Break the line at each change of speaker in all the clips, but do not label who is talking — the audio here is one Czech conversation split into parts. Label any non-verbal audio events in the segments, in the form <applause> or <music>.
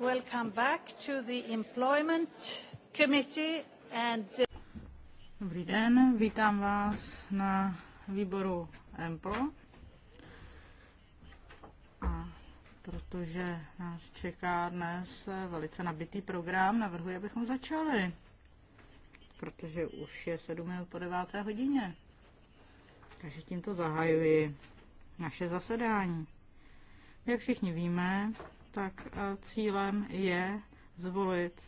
Welcome back to the Employment Committee and...
Uh, Dobrý den, vítám vás na výboru EMPL. A protože nás čeká dnes velice nabitý program, navrhuji, abychom začali, protože už je 7 minut po 9. hodině. Takže tímto zahajuji naše zasedání. Jak všichni víme, tak eh, cílem je zvolit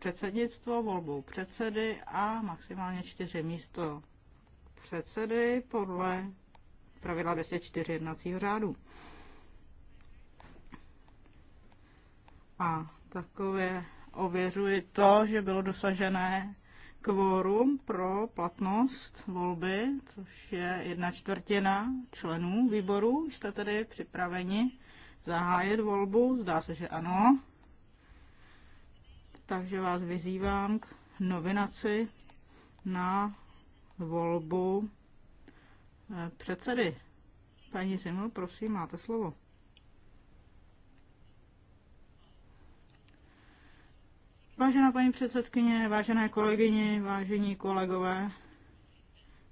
předsednictvo volbou předsedy a maximálně čtyři místo předsedy podle pravidla 204 jednacího řádu. A takové ověřuji to, že bylo dosažené kvórum pro platnost volby, což je jedna čtvrtina členů výboru. Jste tedy připraveni zahájit volbu? Zdá se, že ano. Takže vás vyzývám k novinaci na volbu eh, předsedy. Paní Zimu, prosím, máte slovo. Vážená paní předsedkyně, vážené kolegyně, vážení kolegové,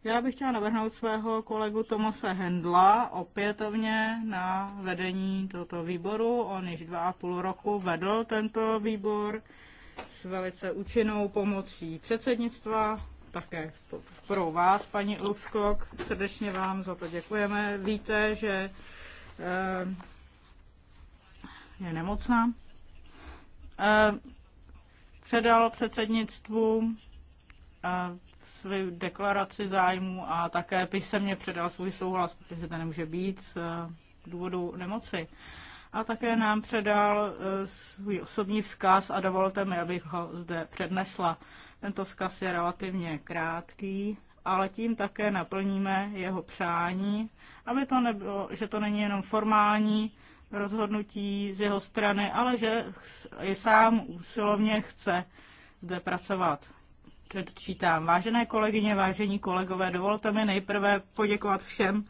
já bych chtěla navrhnout svého kolegu Tomase Hendla opětovně na vedení tohoto výboru. On již dva a půl roku vedl tento výbor s velice účinnou pomocí předsednictva, také pro vás, paní Luxkok. Srdečně vám za to děkujeme. Víte, že eh, je nemocná. Eh, předal předsednictvu eh, svou deklaraci zájmu a také písemně předal svůj souhlas, protože ten nemůže být z eh, důvodu nemoci. A také nám předal eh, svůj osobní vzkaz a dovolte mi, abych ho zde přednesla. Tento vzkaz je relativně krátký, ale tím také naplníme jeho přání, aby to nebylo, že to není jenom formální rozhodnutí z jeho strany, ale že je sám úsilovně chce zde pracovat předčítám. Vážené kolegyně, vážení kolegové, dovolte mi nejprve poděkovat všem,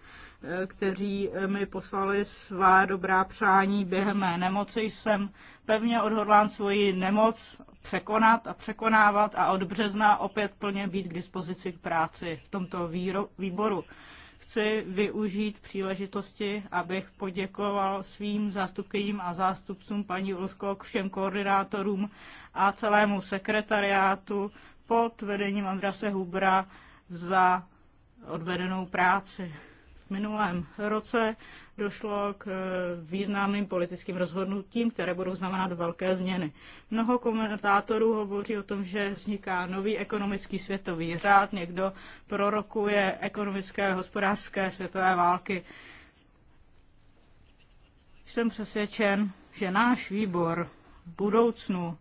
eh, kteří mi poslali svá dobrá přání během mé nemoci. Jsem pevně odhodlán svoji nemoc překonat a překonávat a od března opět plně být k dispozici k práci v tomto výboru. Chci využít příležitosti, abych poděkoval svým zástupkyním a zástupcům paní k všem koordinátorům a celému sekretariátu pod vedením Andrase Hubra za odvedenou práci. V minulém roce došlo k významným politickým rozhodnutím, které budou znamenat velké změny. Mnoho komentátorů hovoří o tom, že vzniká nový ekonomický světový řád, někdo prorokuje ekonomické a hospodářské světové války. Jsem přesvědčen, že náš výbor v budoucnu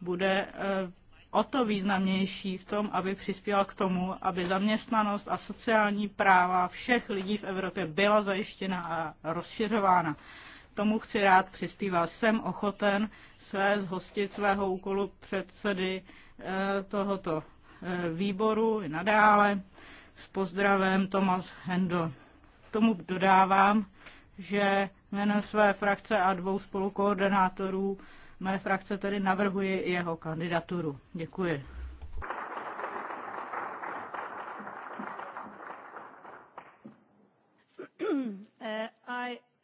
bude eh, o to významnější v tom, aby přispěla k tomu, aby zaměstnanost a sociální práva všech lidí v Evropě byla zajištěna a rozšiřována. Tomu chci rád přispívat. Jsem ochoten své zhostit svého úkolu předsedy eh, tohoto eh, výboru i nadále. S pozdravem Tomas Hendl. Tomu dodávám, že jménem své frakce a dvou spolukoordinátorů Mé frakce tedy navrhuje jeho kandidaturu. Děkuji.
Eh,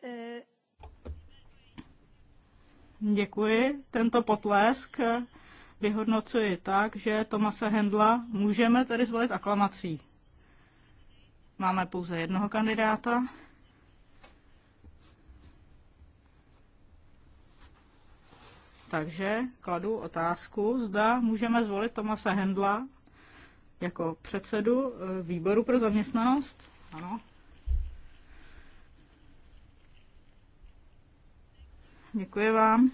eh,
Děkuji. Tento potlesk vyhodnocuji tak, že Tomase Hendla můžeme tedy zvolit aklamací. Máme pouze jednoho kandidáta. Takže kladu otázku, zda můžeme zvolit Tomase Hendla jako předsedu e, výboru pro zaměstnanost. Ano. Děkuji vám.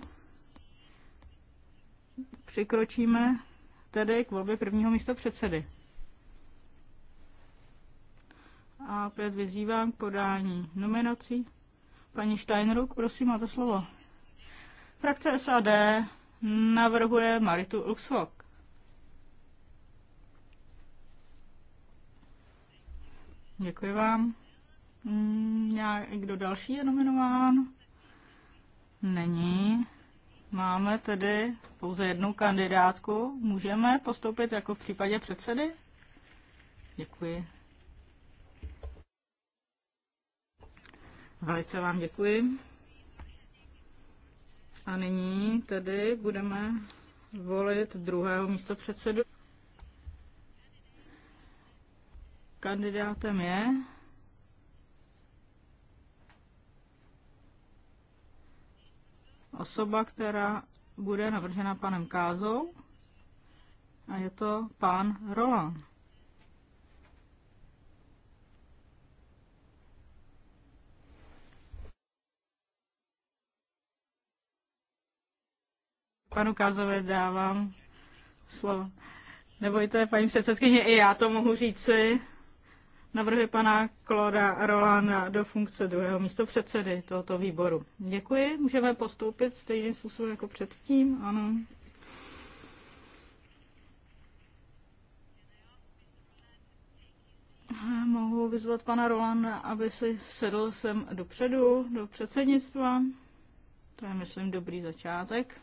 Přikročíme tedy k volbě prvního místo předsedy. A opět vyzývám k podání nominací. Paní Steinruck, prosím, máte slovo. Frakce SAD navrhuje Maritu Luxvok. Děkuji vám. Mm, někdo další je nominován? Není. Máme tedy pouze jednu kandidátku. Můžeme postoupit jako v případě předsedy? Děkuji. Velice vám děkuji. A nyní tedy budeme volit druhého místo předsedu. Kandidátem je osoba, která bude navržena panem Kázou a je to pan Roland. Panu kázové dávám slovo. Nebojte, paní předsedkyně, i já to mohu říci. Navrhuji pana Kloda Rolanda do funkce druhého místo předsedy tohoto výboru. Děkuji, můžeme postoupit stejným způsobem jako předtím, ano. Mohu vyzvat pana Rolanda, aby si sedl sem dopředu, do předsednictva. To je, myslím, dobrý začátek.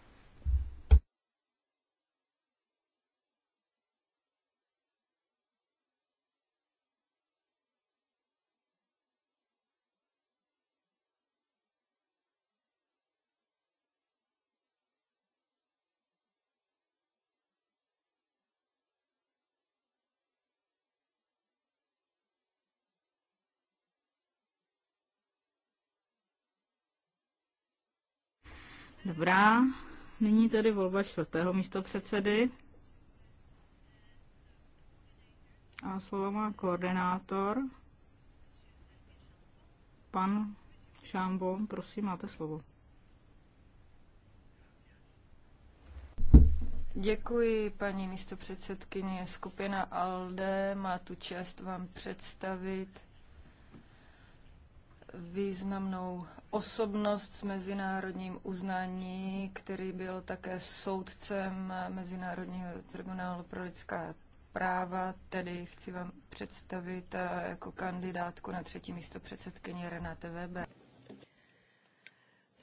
Dobrá, nyní tedy volba čtvrtého místo předsedy. A slovo má koordinátor. Pan Šámbo, prosím, máte slovo.
Děkuji, paní místopředsedkyně. Skupina ALDE má tu čest vám představit významnou osobnost s mezinárodním uznání, který byl také soudcem Mezinárodního tribunálu pro lidská práva, tedy chci vám představit eh, jako kandidátku na třetí místo předsedkyně Renate Weber.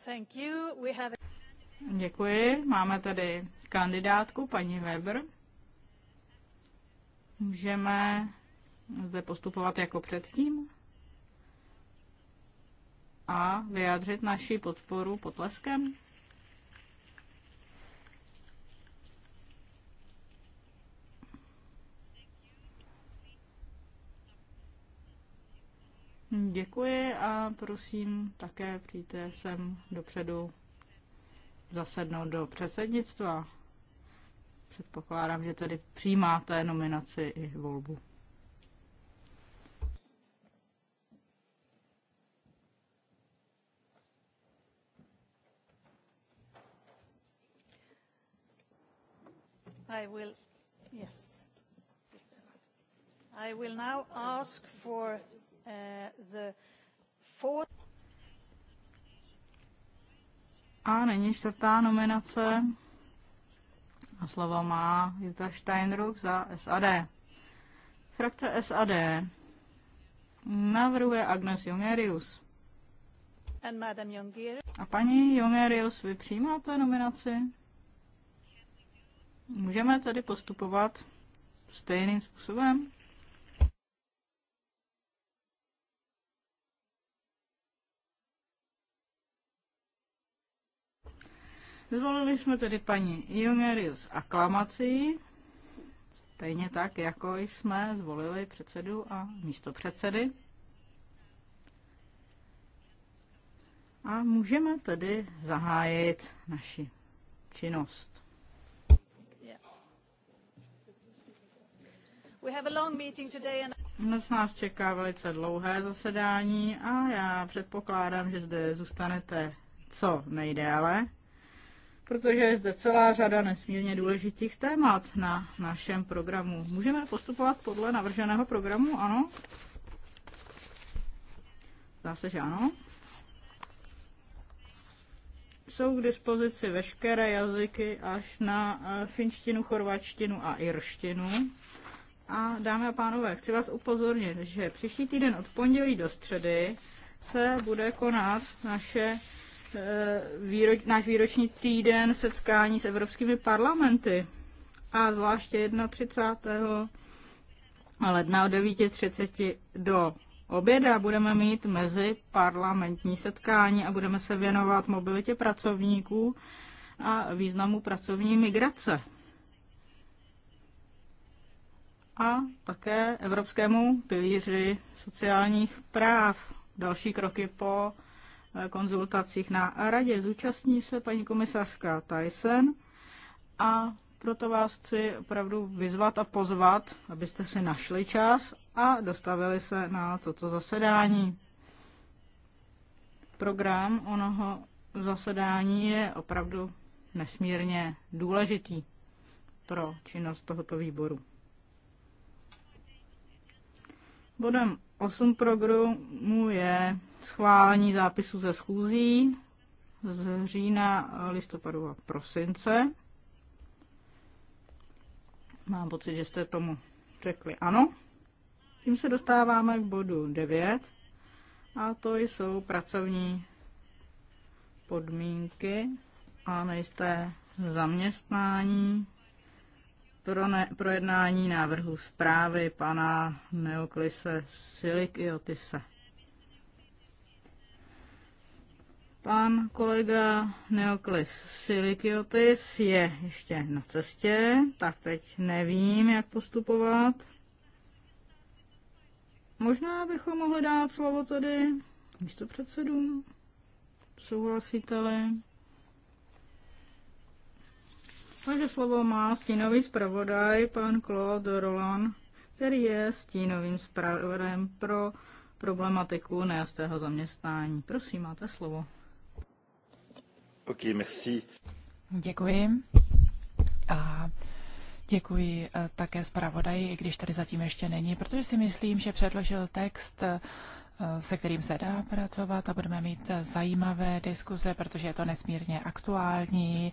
Thank you. We have...
Děkuji. Máme tady kandidátku paní Weber. Můžeme zde postupovat jako předtím a vyjádřit naši podporu potleskem? Děkuji a prosím také přijďte sem dopředu zasednout do předsednictva. Předpokládám, že tedy přijímáte nominaci i volbu.
I will, yes. I will now ask for uh, the
fourth. A nyní čtvrtá nominace. A slovo má Jutta Steinruch za SAD. Frakce SAD navrhuje Agnes Jungerius. A paní Jungerius, vy přijímáte nominaci? Můžeme tedy postupovat stejným způsobem? Zvolili jsme tedy paní Jungerius aklamací, stejně tak, jako jsme zvolili předsedu a místo předsedy. A můžeme tedy zahájit naši činnost. Dnes nás čeká velice dlouhé zasedání a já předpokládám, že zde zůstanete co nejdéle, protože je zde celá řada nesmírně důležitých témat na našem programu. Můžeme postupovat podle navrženého programu, ano? Zdá se, že ano. Jsou k dispozici veškeré jazyky až na eh, finštinu, chorvačtinu a irštinu. A dámy a pánové, chci vás upozornit, že příští týden od pondělí do středy se bude konat naše, e, výroč, náš výroční týden setkání s evropskými parlamenty a zvláště 31. ledna od 9.30 do oběda budeme mít mezi parlamentní setkání a budeme se věnovat mobilitě pracovníků a významu pracovní migrace a také Evropskému pilíři sociálních práv. Další kroky po eh, konzultacích na radě zúčastní se paní komisařka Tyson a proto vás chci opravdu vyzvat a pozvat, abyste si našli čas a dostavili se na toto zasedání. Program onoho zasedání je opravdu nesmírně důležitý pro činnost tohoto výboru. Bodem 8 programu je schválení zápisu ze schůzí z října, listopadu a prosince. Mám pocit, že jste tomu řekli ano. Tím se dostáváme k bodu 9 a to jsou pracovní podmínky a nejisté zaměstnání pro ne, projednání návrhu zprávy pana Neoklise Silikiotise. Pan kolega Neoklis Silikiotis je ještě na cestě, tak teď nevím, jak postupovat. Možná bychom mohli dát slovo tady místo předsedům. Souhlasíte-li? Takže slovo má stínový zpravodaj pan Claude Roland, který je stínovým zpravodajem pro problematiku nejastého zaměstnání. Prosím, máte slovo.
OK, merci.
Děkuji. A děkuji eh, také zpravodaji, i když tady zatím ještě není, protože si myslím, že předložil text, eh, se kterým se dá pracovat a budeme mít eh, zajímavé diskuze, protože je to nesmírně aktuální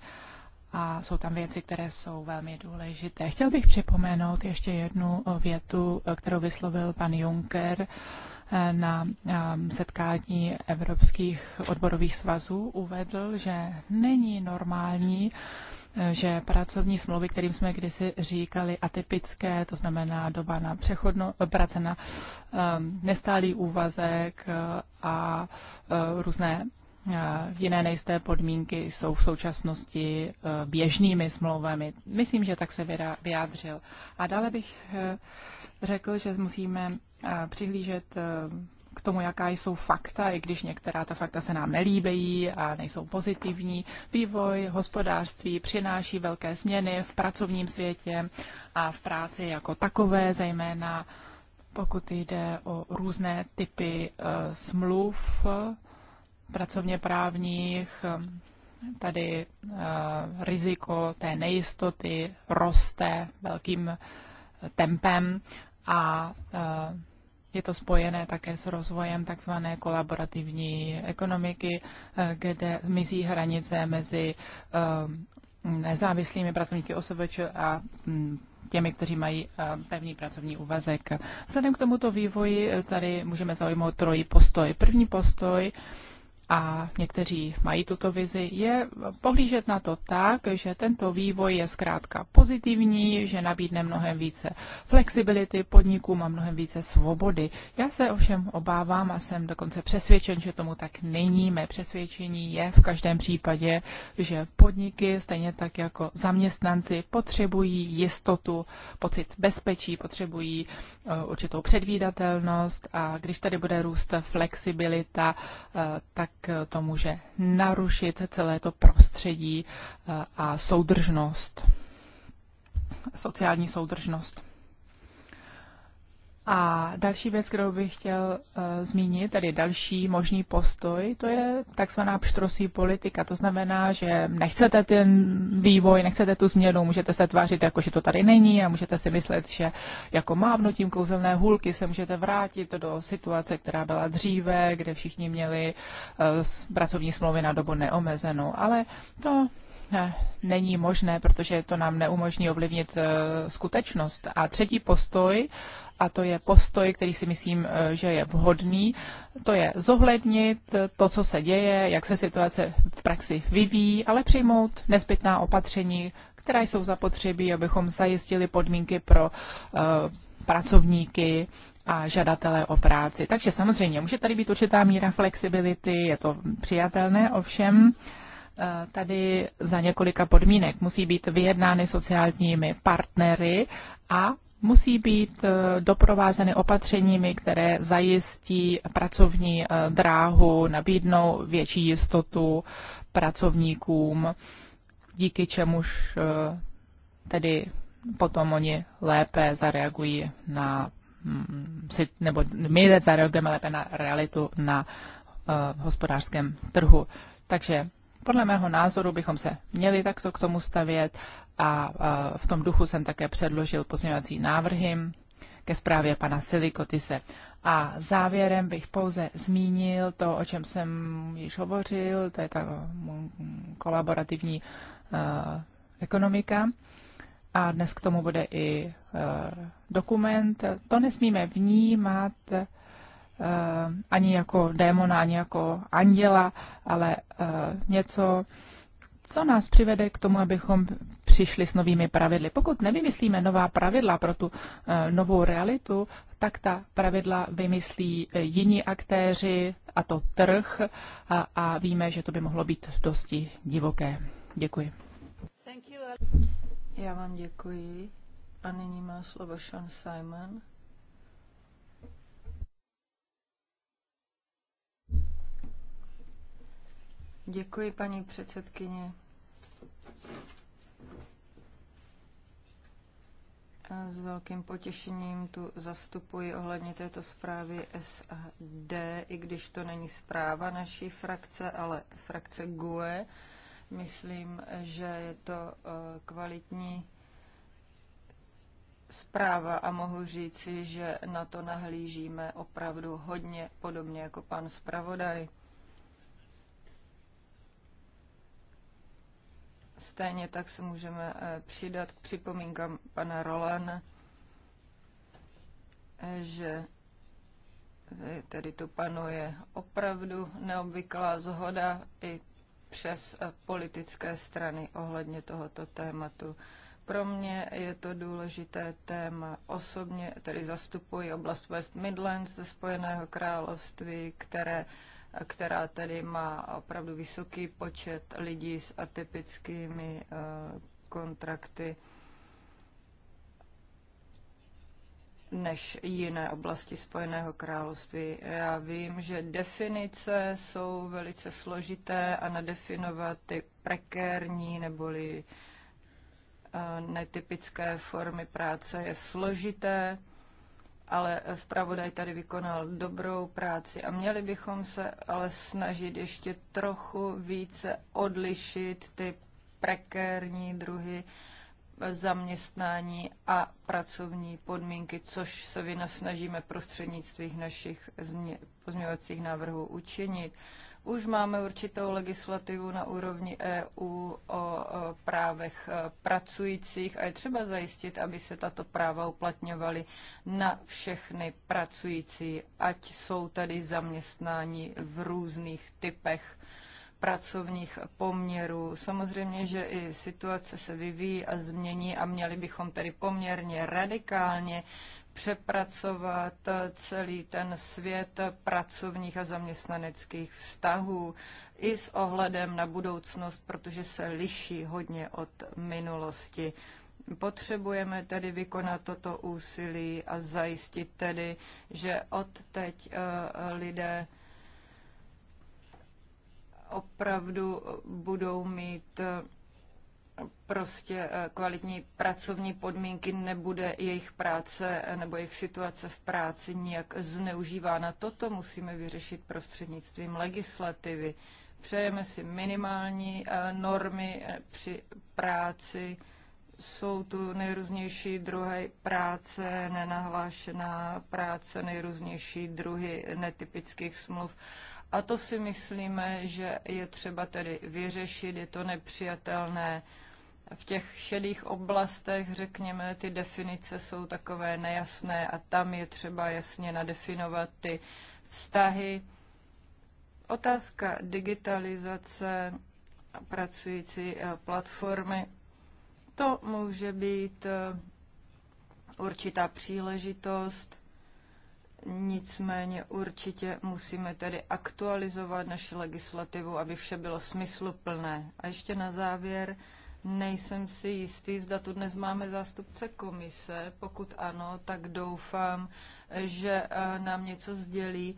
a jsou tam věci, které jsou velmi důležité. Chtěl bych připomenout ještě jednu eh, větu, eh, kterou vyslovil pan Juncker eh, na setkání evropských odborových svazů. Uvedl, že není normální, že pracovní smlouvy, kterým jsme kdysi říkali atypické, to znamená doba na přechodno, práce na um, nestálý úvazek a uh, různé Eh, jiné nejisté podmínky jsou v současnosti eh, běžnými smlouvami. Myslím, že tak se vyjádřil. A dále bych eh, řekl, že musíme přihlížet k tomu, jaká jsou fakta, i když některá ta fakta se nám nelíbejí a nejsou pozitivní. Vývoj hospodářství přináší velké změny v pracovním světě a v práci jako takové, zejména pokud jde o různé typy smluv, pracovně právních. Ehm, tady eh, riziko té nejistoty roste velkým eh, tempem a eh, je to spojené také s rozvojem tzv. kolaborativní ekonomiky, kde mizí hranice mezi ehm, nezávislými pracovníky OSVČ a hm, těmi, kteří mají pevný pracovní úvazek. Vzhledem k tomuto vývoji tady můžeme zaujmout trojí postoj. První postoj a někteří mají tuto vizi, je pohlížet na to tak, že tento vývoj je zkrátka pozitivní, že nabídne mnohem více flexibility podnikům a mnohem více svobody. Já se ovšem obávám a jsem dokonce přesvědčen, že tomu tak není. Mé přesvědčení je v každém případě, že podniky, stejně tak jako zaměstnanci, potřebují jistotu, pocit bezpečí, potřebují eh, určitou předvídatelnost a když tady bude růst flexibilita, eh, tak to může narušit celé to prostředí eh, a soudržnost, sociální soudržnost. A další věc, kterou bych chtěl uh, zmínit, tedy další možný postoj, to je takzvaná pštrosí politika. To znamená, že nechcete ten vývoj, nechcete tu změnu, můžete se tvářit jako, že to tady není a můžete si myslet, že jako mávnutím kouzelné hůlky se můžete vrátit do situace, která byla dříve, kde všichni měli uh, pracovní smlouvy na dobu neomezenou. Ale to Eh, není možné, protože to nám neumožní ovlivnit eh, skutečnost. A třetí postoj, a to je postoj, který si myslím, eh, že je vhodný, to je zohlednit to, co se děje, jak se situace v praxi vyvíjí, ale přijmout nezbytná opatření, která jsou zapotřebí, abychom zajistili podmínky pro pracovníky a žadatelé o práci. Takže samozřejmě může tady být určitá míra flexibility, je to přijatelné, ovšem Eh, tady za několika podmínek. Musí být vyjednány sociálními partnery a musí být eh, doprovázeny opatřeními, které zajistí pracovní eh, dráhu, nabídnou větší jistotu pracovníkům, díky čemuž tedy potom oni lépe zareagují na mm, nebo my zareagujeme lépe na realitu na hospodářském trhu. Takže podle mého názoru bychom se měli takto k tomu stavět a v tom duchu jsem také předložil pozměňovací návrhy ke zprávě pana Silikotise. A závěrem bych pouze zmínil to, o čem jsem již hovořil, to je ta kolaborativní e, ekonomika. A dnes k tomu bude i e, dokument. To nesmíme vnímat Eh, ani jako démona, ani jako anděla, ale eh, něco, co nás přivede k tomu, abychom přišli s novými pravidly. Pokud nevymyslíme nová pravidla pro tu eh, novou realitu, tak ta pravidla vymyslí jiní aktéři, a to trh, a, a víme, že to by mohlo být dosti divoké. Děkuji.
Já vám děkuji. A nyní má slovo Sean Simon. Děkuji, paní předsedkyně. A s velkým potěšením tu zastupuji ohledně této zprávy SAD, i když to není zpráva naší frakce, ale frakce GUE. Myslím, že je to eh, kvalitní zpráva a mohu říci, že na to nahlížíme opravdu hodně podobně jako pan zpravodaj. Stejně tak se můžeme eh, přidat k připomínkám pana Rolana, eh, že tedy tu panuje opravdu neobvyklá zhoda i přes eh, politické strany ohledně tohoto tématu. Pro mě je to důležité téma. Osobně tedy zastupuji oblast West Midlands ze Spojeného království, které která tady má opravdu vysoký počet lidí s atypickými eh, kontrakty než jiné oblasti Spojeného království. Já vím, že definice jsou velice složité a nadefinovat ty prekérní neboli eh, netypické formy práce je složité ale zpravodaj tady vykonal dobrou práci a měli bychom se ale snažit ještě trochu více odlišit ty prekérní druhy zaměstnání a pracovní podmínky, což se vynasnažíme prostřednictvím našich pozměňovacích návrhů učinit. Už máme určitou legislativu na úrovni EU o právech e, pracujících a je třeba zajistit, aby se tato práva uplatňovaly na všechny pracující, ať jsou tady zaměstnáni v různých typech pracovních poměrů. Samozřejmě, že i situace se vyvíjí a změní a měli bychom tedy poměrně radikálně přepracovat celý ten svět pracovních a zaměstnaneckých vztahů i s ohledem na budoucnost, protože se liší hodně od minulosti. Potřebujeme tedy vykonat toto úsilí a zajistit tedy, že od teď eh, lidé opravdu budou mít eh, prostě eh, kvalitní pracovní podmínky, nebude jejich práce eh, nebo jejich situace v práci nijak zneužívána. Toto musíme vyřešit prostřednictvím legislativy. Přejeme si minimální eh, normy při práci, jsou tu nejrůznější druhy práce, nenahlášená práce, nejrůznější druhy netypických smluv. A to si myslíme, že je třeba tedy vyřešit, je to nepřijatelné v těch šedých oblastech, řekněme, ty definice jsou takové nejasné a tam je třeba jasně nadefinovat ty vztahy. Otázka digitalizace pracující eh, platformy, to může být eh, určitá příležitost, nicméně určitě musíme tedy aktualizovat naši legislativu, aby vše bylo smysluplné. A ještě na závěr, Nejsem si jistý, zda tu dnes máme zástupce komise. Pokud ano, tak doufám, že eh, nám něco sdělí.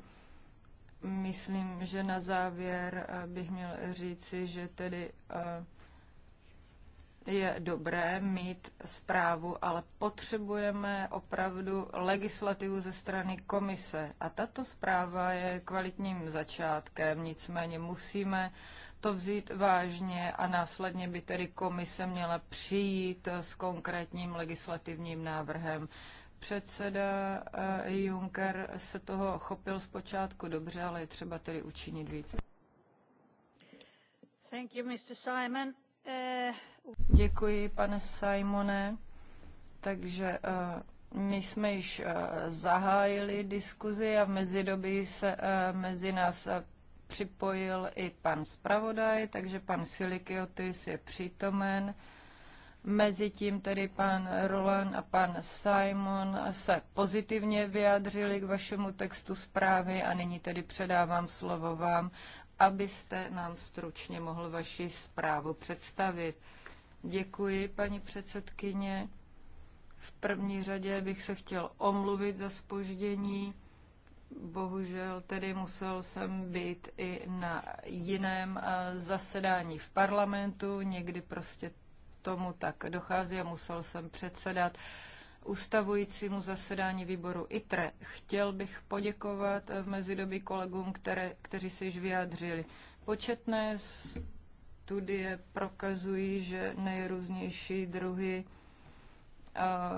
Myslím, že na závěr eh, bych měl říci, že tedy eh, je dobré mít zprávu, ale potřebujeme opravdu legislativu ze strany komise. A tato zpráva je kvalitním začátkem, nicméně musíme to vzít vážně a následně by tedy komise měla přijít s konkrétním legislativním návrhem. Předseda eh, Juncker se toho chopil zpočátku dobře, ale je třeba tedy učinit víc. Thank you, Mr. Simon. Uh... Děkuji, pane Simone. Takže uh, my jsme již zahájili diskuzi a v mezidobí se mezi nás připojil i pan zpravodaj, takže pan Silikiotis je přítomen. Mezitím tedy pan Roland a pan Simon se pozitivně vyjádřili k vašemu textu zprávy a nyní tedy předávám slovo vám, abyste nám stručně mohl vaši zprávu představit. Děkuji, paní předsedkyně. V první řadě bych se chtěl omluvit za spoždění. Bohužel tedy musel jsem být i na jiném eh, zasedání v parlamentu, někdy prostě tomu tak dochází a musel jsem předsedat ustavujícímu zasedání výboru ITRE. Chtěl bych poděkovat eh, v mezidobí kolegům, které, kteří se již vyjádřili. Početné studie prokazují, že nejrůznější druhy Eh,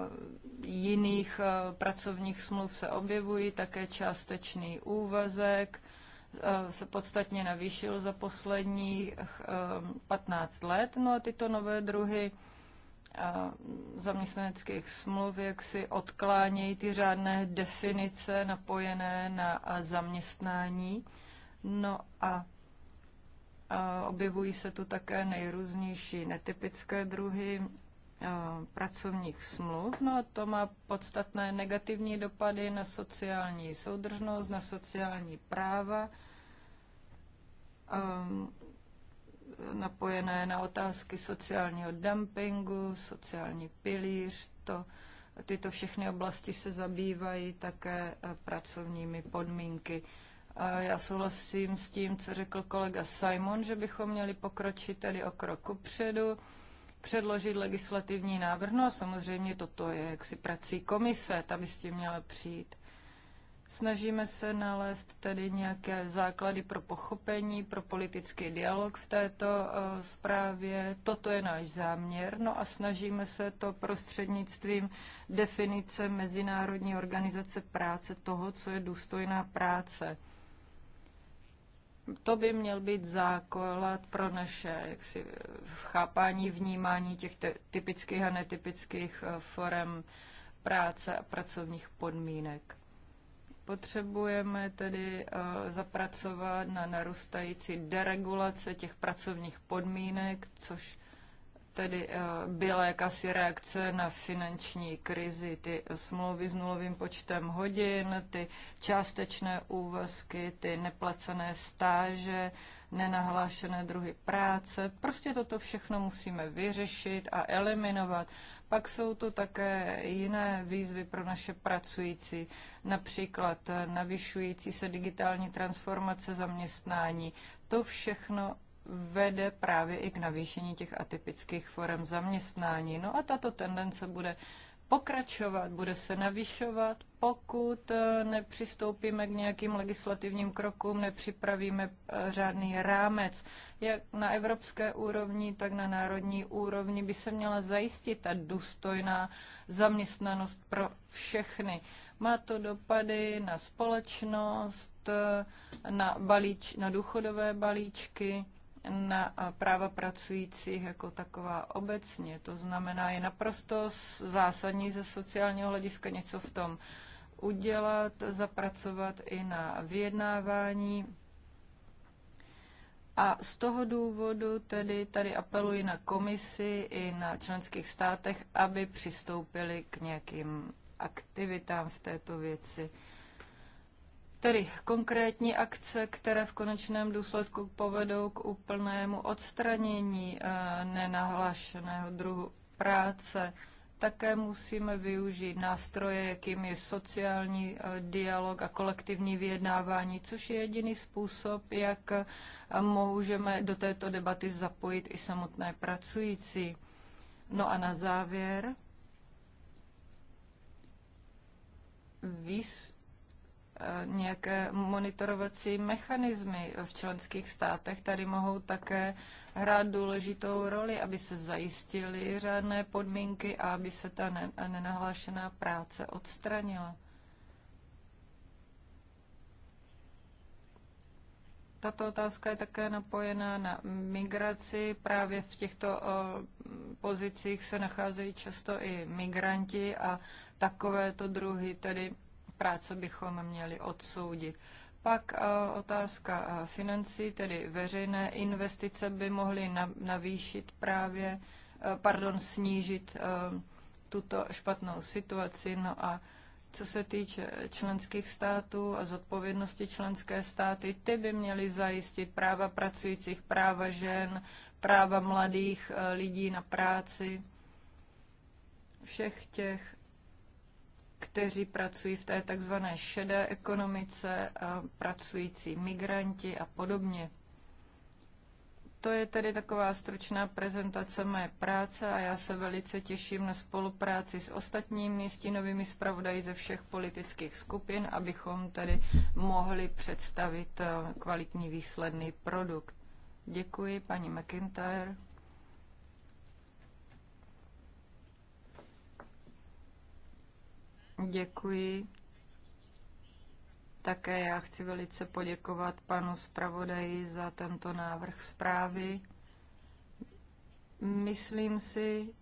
jiných eh, pracovních smluv se objevují, také částečný úvazek eh, se podstatně navýšil za posledních 15 let. No a tyto nové druhy zaměstnaneckých smluv, jak si odklánějí ty řádné definice napojené na zaměstnání. No a objevují se tu také nejrůznější netypické druhy pracovních smluv, no a to má podstatné negativní dopady na sociální soudržnost, na sociální práva, napojené na otázky sociálního dumpingu, sociální pilíř, to, tyto všechny oblasti se zabývají také pracovními podmínky. Já souhlasím s tím, co řekl kolega Simon, že bychom měli pokročit tedy o kroku předu předložit legislativní návrh. No a samozřejmě toto je jaksi prací komise, ta by s tím měla přijít. Snažíme se nalézt tedy nějaké základy pro pochopení, pro politický dialog v této uh, zprávě. Toto je náš záměr. No a snažíme se to prostřednictvím definice Mezinárodní organizace práce toho, co je důstojná práce. To by měl být základ pro naše jaksi, chápání, vnímání těch typických a netypických eh, forem práce a pracovních podmínek. Potřebujeme tedy eh, zapracovat na narůstající deregulace těch pracovních podmínek, což tedy eh, byla jakási reakce na finanční krizi, ty smlouvy s nulovým počtem hodin, ty částečné úvazky, ty neplacené stáže, nenahlášené druhy práce. Prostě toto všechno musíme vyřešit a eliminovat. Pak jsou tu také jiné výzvy pro naše pracující, například navyšující se digitální transformace zaměstnání. To všechno vede právě i k navýšení těch atypických forem zaměstnání. No a tato tendence bude pokračovat, bude se navyšovat, pokud eh, nepřistoupíme k nějakým legislativním krokům, nepřipravíme žádný eh, rámec. Jak na evropské úrovni, tak na národní úrovni by se měla zajistit ta důstojná zaměstnanost pro všechny. Má to dopady na společnost, eh, na, balíč, na důchodové balíčky na práva pracujících jako taková obecně. To znamená, je naprosto zásadní ze sociálního hlediska něco v tom udělat, zapracovat i na vyjednávání. A z toho důvodu tedy tady apeluji na komisi i na členských státech, aby přistoupili k nějakým aktivitám v této věci. Tedy konkrétní akce, které v konečném důsledku povedou k úplnému odstranění eh, nenahlášeného druhu práce. Také musíme využít nástroje, jakým je sociální eh, dialog a kolektivní vyjednávání, což je jediný způsob, jak eh, můžeme do této debaty zapojit i samotné pracující. No a na závěr. Výs- nějaké monitorovací mechanismy v členských státech tady mohou také hrát důležitou roli, aby se zajistily řádné podmínky a aby se ta nenahlášená práce odstranila. Tato otázka je také napojená na migraci. Právě v těchto pozicích se nacházejí často i migranti a takovéto druhy tedy práce bychom měli odsoudit. Pak eh, otázka eh, financí, tedy veřejné investice by mohly navýšit právě, eh, pardon, snížit tuto špatnou situaci. No a co se týče členských států a zodpovědnosti členské státy, ty by měly zajistit práva pracujících, práva žen, práva mladých lidí na práci, všech těch kteří pracují v té takzvané šedé ekonomice, a pracující migranti a podobně. To je tedy taková stručná prezentace mé práce a já se velice těším na spolupráci s ostatními stínovými zpravodají ze všech politických skupin, abychom tedy mohli představit eh, kvalitní výsledný produkt. Děkuji, paní McIntyre. Děkuji. Také já chci velice poděkovat panu zpravodaji za tento návrh zprávy. Myslím si,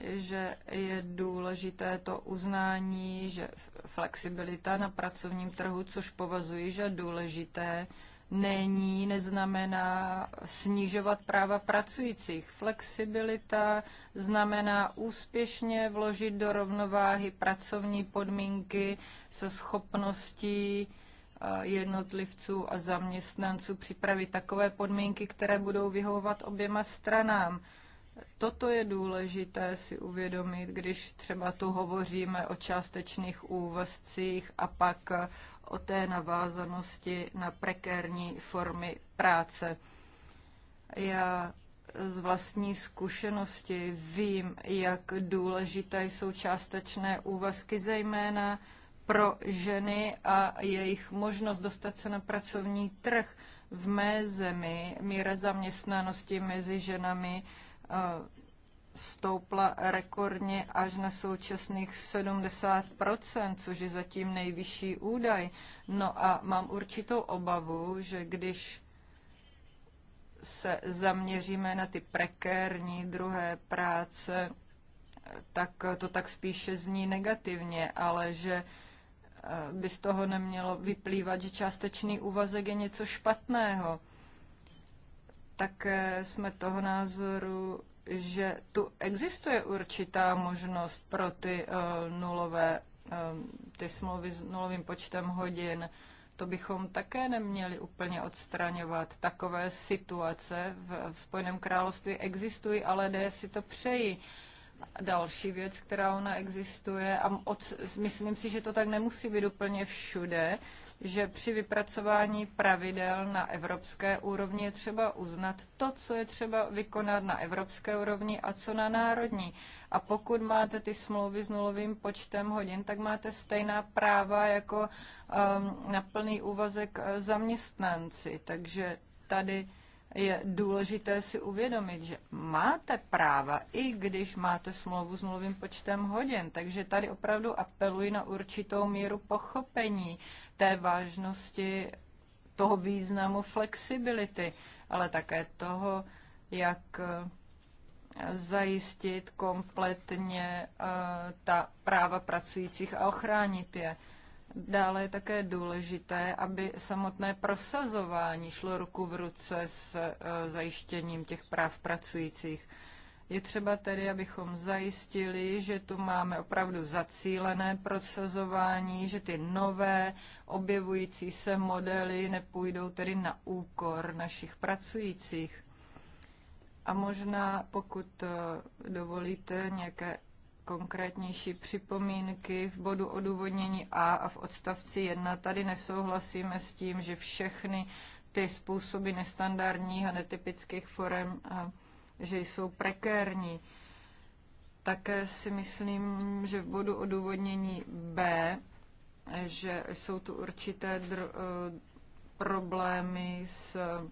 že je důležité to uznání, že flexibilita na pracovním trhu, což považuji, že důležité, není, neznamená snižovat práva pracujících. Flexibilita znamená úspěšně vložit do rovnováhy pracovní podmínky se schopností eh, jednotlivců a zaměstnanců připravit takové podmínky, které budou vyhovovat oběma stranám. Toto je důležité si uvědomit, když třeba tu hovoříme o částečných úvazcích a pak o té navázanosti na prekérní formy práce. Já z vlastní zkušenosti vím, jak důležité jsou částečné úvazky, zejména pro ženy a jejich možnost dostat se na pracovní trh. V mé zemi míra zaměstnanosti mezi ženami stoupla rekordně až na současných 70 což je zatím nejvyšší údaj. No a mám určitou obavu, že když se zaměříme na ty prekérní druhé práce, tak to tak spíše zní negativně, ale že eh, by z toho nemělo vyplývat, že částečný úvazek je něco špatného. Také eh, jsme toho názoru, že tu existuje určitá možnost pro ty eh, nulové, eh, ty smlouvy s nulovým počtem hodin. To bychom také neměli úplně odstraňovat. Takové situace v, v Spojeném království existují, ale lidé si to přejí. Další věc, která ona existuje, a od, myslím si, že to tak nemusí být úplně všude, že při vypracování pravidel na evropské úrovni je třeba uznat to, co je třeba vykonat na evropské úrovni a co na národní. A pokud máte ty smlouvy s nulovým počtem hodin, tak máte stejná práva jako um, na plný úvazek eh, zaměstnanci. Takže tady je důležité si uvědomit, že máte práva, i když máte smlouvu s nulovým počtem hodin. Takže tady opravdu apeluji na určitou míru pochopení té vážnosti toho významu flexibility, ale také toho, jak eh, zajistit kompletně eh, ta práva pracujících a ochránit je. Dále je také důležité, aby samotné prosazování šlo ruku v ruce s e, zajištěním těch práv pracujících. Je třeba tedy, abychom zajistili, že tu máme opravdu zacílené prosazování, že ty nové objevující se modely nepůjdou tedy na úkor našich pracujících. A možná, pokud e, dovolíte, nějaké konkrétnější připomínky v bodu odůvodnění A a v odstavci 1. Tady nesouhlasíme s tím, že všechny ty způsoby nestandardních a netypických forem, že jsou prekérní. Také si myslím, že v bodu odůvodnění B, že jsou tu určité e, problémy s, e,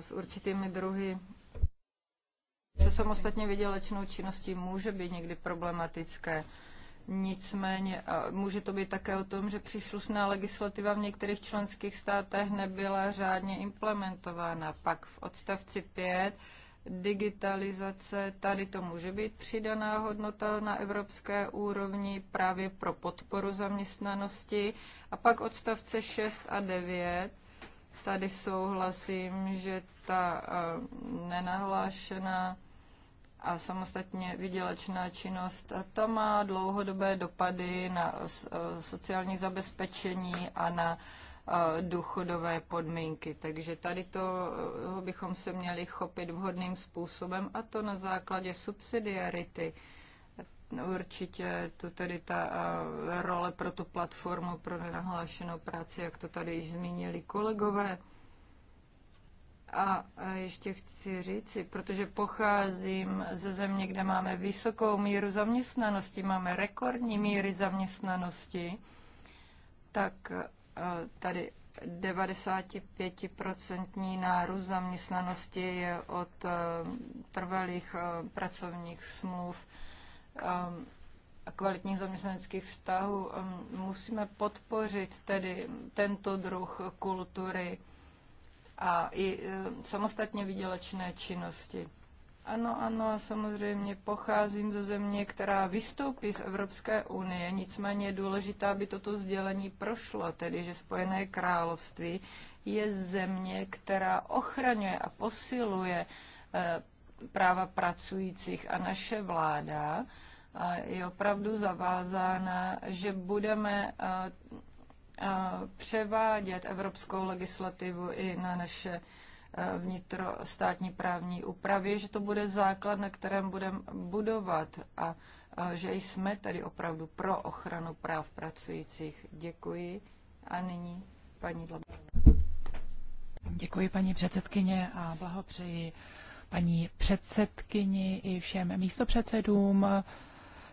s určitými druhy se samostatně vydělečnou činností může být někdy problematické. Nicméně může to být také o tom, že příslušná legislativa v některých členských státech nebyla řádně implementována. Pak v odstavci 5 digitalizace, tady to může být přidaná hodnota na evropské úrovni právě pro podporu zaměstnanosti. A pak odstavce 6 a 9 Tady souhlasím, že ta nenahlášená a samostatně vydělečná činnost, ta má dlouhodobé dopady na sociální zabezpečení a na důchodové podmínky. Takže tady to bychom se měli chopit vhodným způsobem a to na základě subsidiarity určitě tu tedy ta role pro tu platformu pro nenahlášenou práci, jak to tady již zmínili kolegové. A ještě chci říci, protože pocházím ze země, kde máme vysokou míru zaměstnanosti, máme rekordní míry zaměstnanosti, tak tady 95% nárůst zaměstnanosti je od trvalých pracovních smluv Um, kvalitních zaměstnaneckých vztahů. Um, musíme podpořit tedy tento druh kultury a i eh, samostatně vydělečné činnosti. Ano, ano, a samozřejmě pocházím ze země, která vystoupí z Evropské unie, nicméně je důležité, aby toto sdělení prošlo, tedy že Spojené království je země, která ochraňuje a posiluje eh, práva pracujících a naše vláda je opravdu zavázána, že budeme převádět evropskou legislativu i na naše vnitrostátní právní úpravy, že to bude základ, na kterém budeme budovat a že jsme tady opravdu pro ochranu práv pracujících. Děkuji. A nyní paní Dlabová.
Děkuji paní předsedkyně a blahopřeji paní předsedkyni i všem místopředsedům.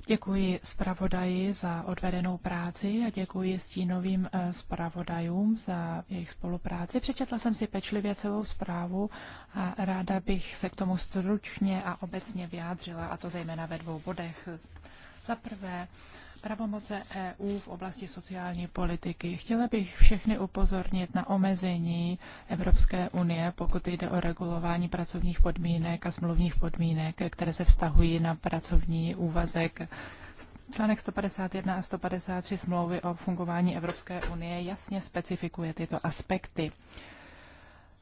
Děkuji zpravodaji za odvedenou práci a děkuji stínovým eh, zpravodajům za jejich spolupráci. Přečetla jsem si pečlivě celou zprávu a ráda bych se k tomu stručně a obecně vyjádřila, a to zejména ve dvou bodech. Za prvé, pravomoce EU v oblasti sociální politiky. Chtěla bych všechny upozornit na omezení Evropské unie, pokud jde o regulování pracovních podmínek a smluvních podmínek, které se vztahují na pracovní úvazek. Článek 151 a 153 smlouvy o fungování Evropské unie jasně specifikuje tyto aspekty.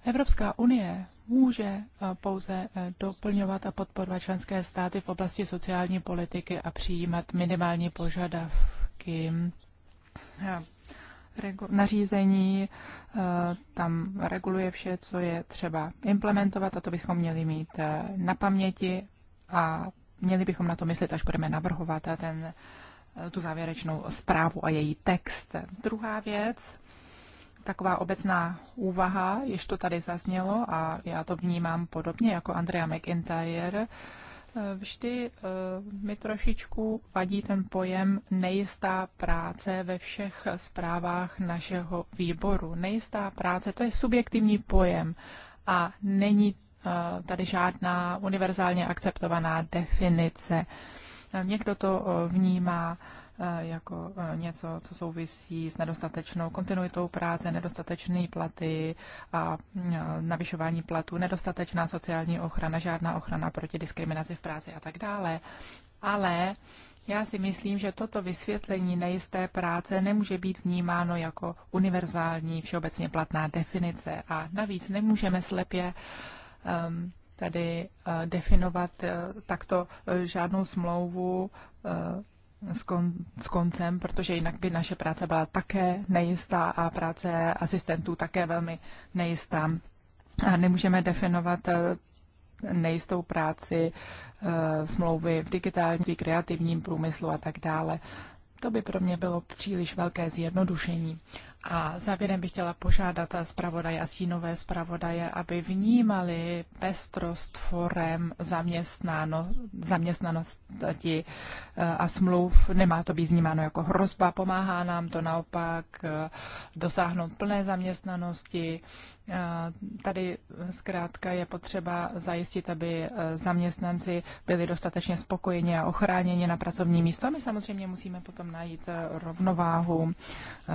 Evropská unie může eh, pouze eh, doplňovat a podporovat členské státy v oblasti sociální politiky a přijímat minimální požadavky eh, nařízení, tam reguluje vše, co je třeba implementovat a to bychom měli mít na paměti a měli bychom na to myslet, až budeme navrhovat ten, tu závěrečnou zprávu a její text. Druhá věc, taková obecná úvaha, jež to tady zaznělo a já to vnímám podobně jako Andrea McIntyre, eh, Vždy eh, mi trošičku vadí ten pojem nejistá práce ve všech zprávách našeho výboru. Nejistá práce, to je subjektivní pojem a není eh, tady žádná univerzálně akceptovaná definice. Někdo to vnímá Eh, jako eh, něco, co souvisí s nedostatečnou kontinuitou práce, nedostatečné platy a mm, eh, navyšování platů, nedostatečná sociální ochrana, žádná ochrana proti diskriminaci v práci a tak dále. Ale já si myslím, že toto vysvětlení nejisté práce nemůže být vnímáno jako univerzální, všeobecně platná definice a navíc nemůžeme slepě um, tady uh, definovat uh, takto uh, žádnou smlouvu uh, s, kon, s koncem, protože jinak by naše práce byla také nejistá a práce asistentů také velmi nejistá. A nemůžeme definovat eh, nejistou práci, eh, smlouvy v digitálním, kreativním průmyslu a tak dále. To by pro mě bylo příliš velké zjednodušení. A závěrem bych chtěla požádat zpravodaje a stínové zpravodaje, aby vnímali pestrost forem zaměstnáno, zaměstnanosti eh, a smluv. Nemá to být vnímáno jako hrozba, pomáhá nám to naopak eh, dosáhnout plné zaměstnanosti Eh, tady eh, zkrátka je potřeba zajistit, aby eh, zaměstnanci byli dostatečně spokojeni a ochráněni na pracovní místo. A my samozřejmě musíme potom najít rovnováhu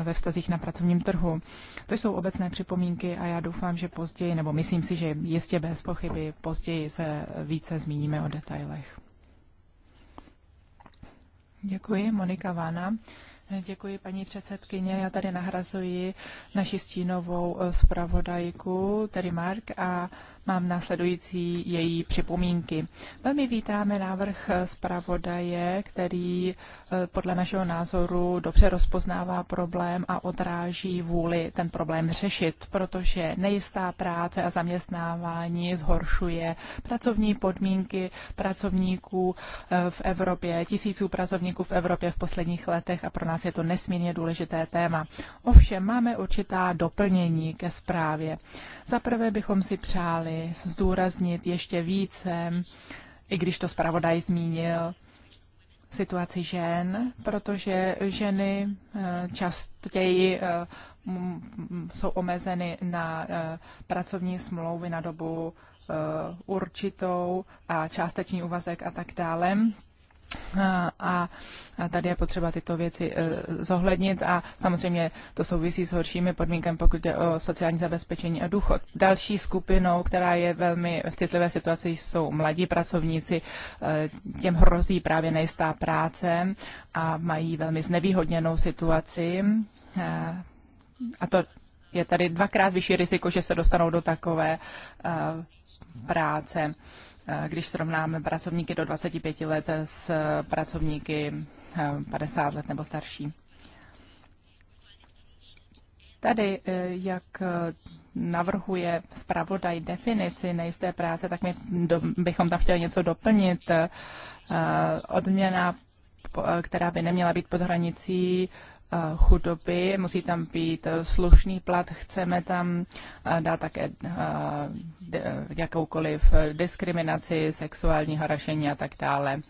ve vztazích na pracovním trhu. To jsou obecné připomínky a já doufám, že později, nebo myslím si, že jistě bez pochyby, později se více zmíníme o detailech. Děkuji, Monika Vána. Děkuji, paní předsedkyně. Já tady nahrazuji naši stínovou eh, zpravodajku, tedy Mark, a mám následující její připomínky. Velmi vítáme návrh zpravodaje, který eh, podle našeho názoru dobře rozpoznává problém a odráží vůli ten problém řešit, protože nejistá práce a zaměstnávání zhoršuje pracovní podmínky pracovníků eh, v Evropě, tisíců pracovníků v Evropě v posledních letech a pro nás je to nesmírně důležité téma. Ovšem máme určitá doplnění ke zprávě. Za prvé bychom si přáli, měli zdůraznit ještě více, i když to zpravodaj zmínil, situaci žen, protože ženy eh, častěji eh, jsou omezeny na eh, pracovní smlouvy na dobu určitou a částečný úvazek a tak dále a tady je potřeba tyto věci e, zohlednit a samozřejmě to souvisí s horšími podmínkami, pokud jde o sociální zabezpečení a důchod. Další skupinou, která je velmi v citlivé situaci, jsou mladí pracovníci, e, těm hrozí právě nejistá práce a mají velmi znevýhodněnou situaci. E, a to je tady dvakrát vyšší riziko, že se dostanou do takové práce když srovnáme pracovníky do 25 let s pracovníky 50 eh, let nebo starší. Tady, eh, jak eh, navrhuje zpravodaj definici nejisté práce, tak my do, bychom tam chtěli něco doplnit. Odměna, která by neměla být pod hranicí Eh, chudoby, musí tam být eh, slušný plat, chceme tam eh, dát také jakoukoliv diskriminaci, sexuální harašení a tak dále.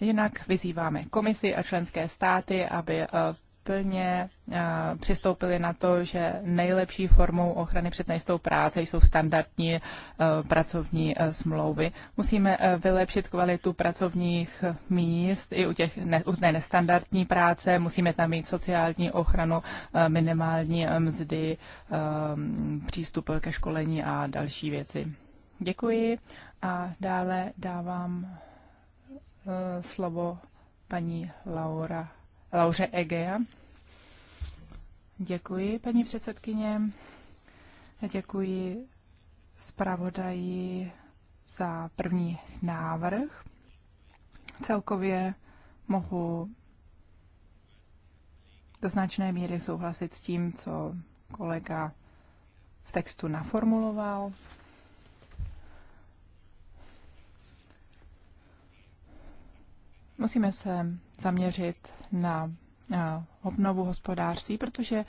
Jinak vyzýváme komisi a členské státy, aby plně eh, přistoupili na to, že nejlepší formou ochrany před nejistou práce jsou standardní eh, pracovní eh, smlouvy. Musíme vylepšit kvalitu pracovních míst i u, těch ne, nestandardní práce. Musíme tam mít sociální ochranu, minimální mzdy, přístup ke školení a další věci. Děkuji a dále dávám slovo paní Laura Lauře Egea. Děkuji, paní předsedkyně. Děkuji zpravodaji za první návrh. Celkově mohu do značné míry souhlasit s tím, co kolega v textu naformuloval. Musíme se zaměřit na obnovu hospodářství, protože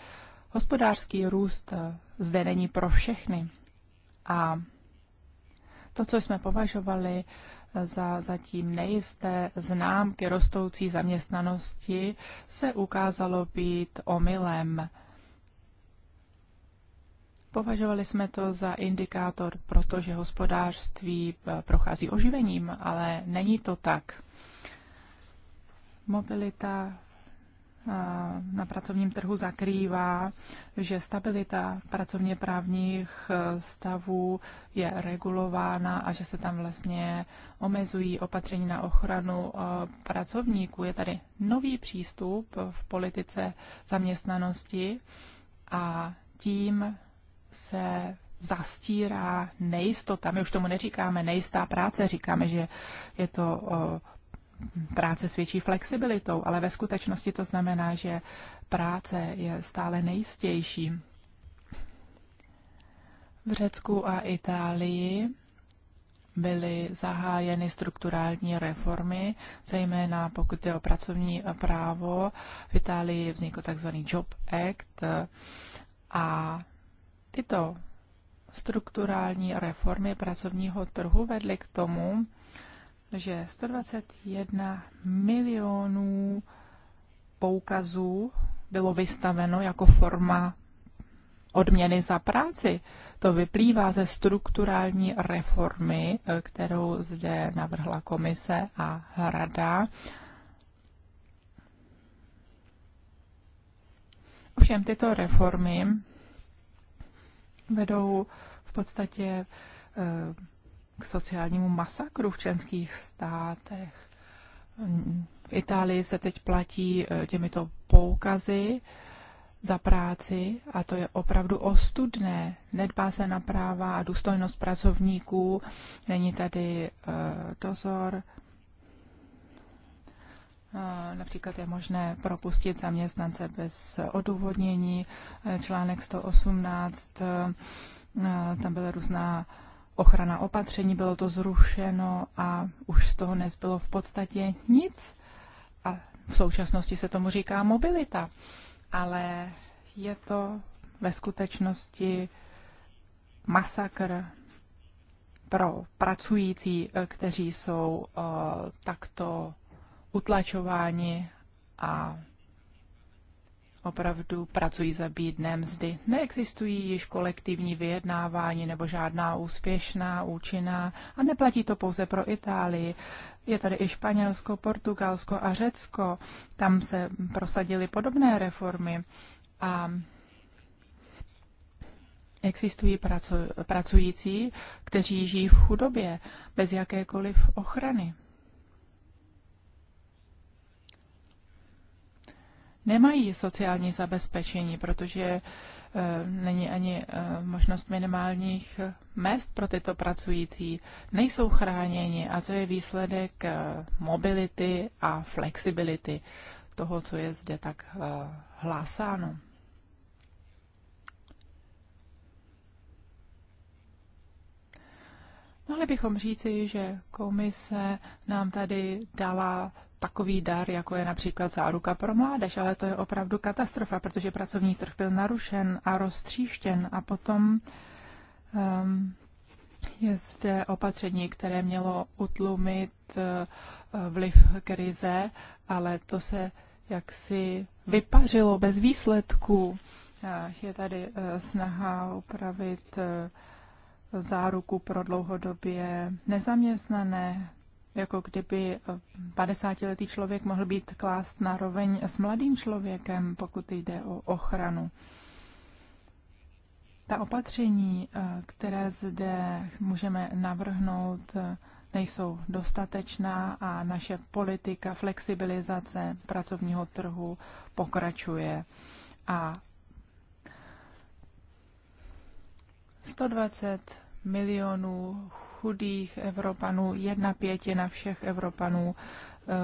hospodářský růst eh, zde není pro všechny. A to, co jsme považovali eh, za zatím nejisté známky rostoucí zaměstnanosti, se ukázalo být omylem. Považovali jsme to za indikátor, protože hospodářství eh, prochází oživením, ale není to tak. Mobilita na pracovním trhu zakrývá, že stabilita pracovně právních e, stavů je regulována a že se tam vlastně omezují opatření na ochranu e, pracovníků. Je tady nový přístup v politice zaměstnanosti a tím se zastírá nejistota. My už tomu neříkáme nejistá práce, říkáme, že je to e, práce s větší flexibilitou, ale ve skutečnosti to znamená, že práce je stále nejistější. V Řecku a Itálii byly zahájeny strukturální reformy, zejména pokud je o pracovní právo. V Itálii vznikl tzv. Job Act a tyto strukturální reformy pracovního trhu vedly k tomu, že 121 milionů poukazů bylo vystaveno jako forma odměny za práci. To vyplývá ze strukturální reformy, eh, kterou zde navrhla komise a rada. Ovšem tyto reformy vedou v podstatě eh, k sociálnímu masakru v členských státech. V Itálii se teď platí e, těmito poukazy za práci a to je opravdu ostudné. Nedbá se na práva a důstojnost pracovníků, není tady e, dozor. E, například je možné propustit zaměstnance bez odůvodnění. Článek 118, tam byla různá ochrana opatření, bylo to zrušeno a už z toho nezbylo v podstatě nic. A v současnosti se tomu říká mobilita, ale je to ve skutečnosti masakr pro pracující, eh, kteří jsou eh, takto utlačováni a opravdu pracují za bídné mzdy. Neexistují již kolektivní vyjednávání nebo žádná úspěšná, účinná a neplatí to pouze pro Itálii. Je tady i Španělsko, Portugalsko a Řecko. Tam se prosadily podobné reformy a existují pracující, kteří žijí v chudobě bez jakékoliv ochrany. nemají sociální zabezpečení, protože eh, není ani eh, možnost minimálních eh, mest pro tyto pracující, nejsou chráněni a to je výsledek mobility a flexibility toho, co je zde tak hlásáno. Mohli bychom říci, že komise nám tady dala takový dar, jako je například záruka pro mládež, ale to je opravdu katastrofa, protože pracovní trh byl narušen a roztříštěn a potom um, je zde opatření, které mělo utlumit uh, vliv krize, ale to se jaksi vypařilo bez výsledků. Eh, je tady uh, snaha upravit uh, záruku pro dlouhodobě nezaměstnané, jako kdyby 50-letý člověk mohl být klást na roveň s mladým člověkem, pokud jde o ochranu. Ta opatření, eh, které zde můžeme navrhnout, eh, nejsou dostatečná a naše politika flexibilizace pracovního trhu pokračuje. A 120 milionů chudých Evropanů, jedna pětina všech Evropanů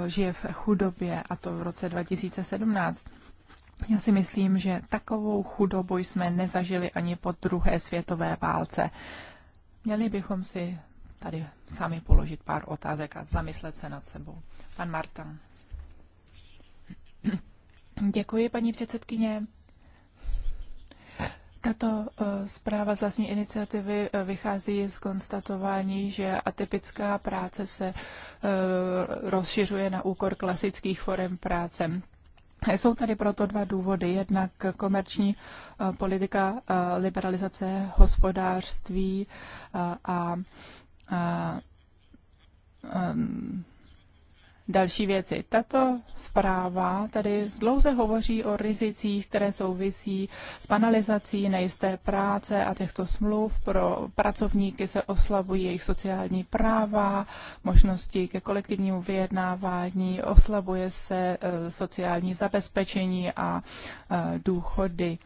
eh, žije v chudobě, a to v roce 2017. Já si myslím, že takovou chudobu jsme nezažili ani po druhé světové válce. Měli bychom si tady sami položit pár otázek a zamyslet se nad sebou. Pan Marta. <clears throat> Děkuji, paní předsedkyně. Tato eh, zpráva z vlastní iniciativy eh, vychází z konstatování, že atypická práce se eh, rozšiřuje na úkor klasických forem práce. Jsou tady proto dva důvody. Jednak komerční politika liberalizace hospodářství a, a, a další věci. Tato zpráva tady dlouze hovoří o rizicích, které souvisí s banalizací nejisté práce a těchto smluv. Pro pracovníky se oslabují jejich sociální práva, možnosti ke kolektivnímu vyjednávání, oslabuje se eh, sociální zabezpečení a eh, důchody.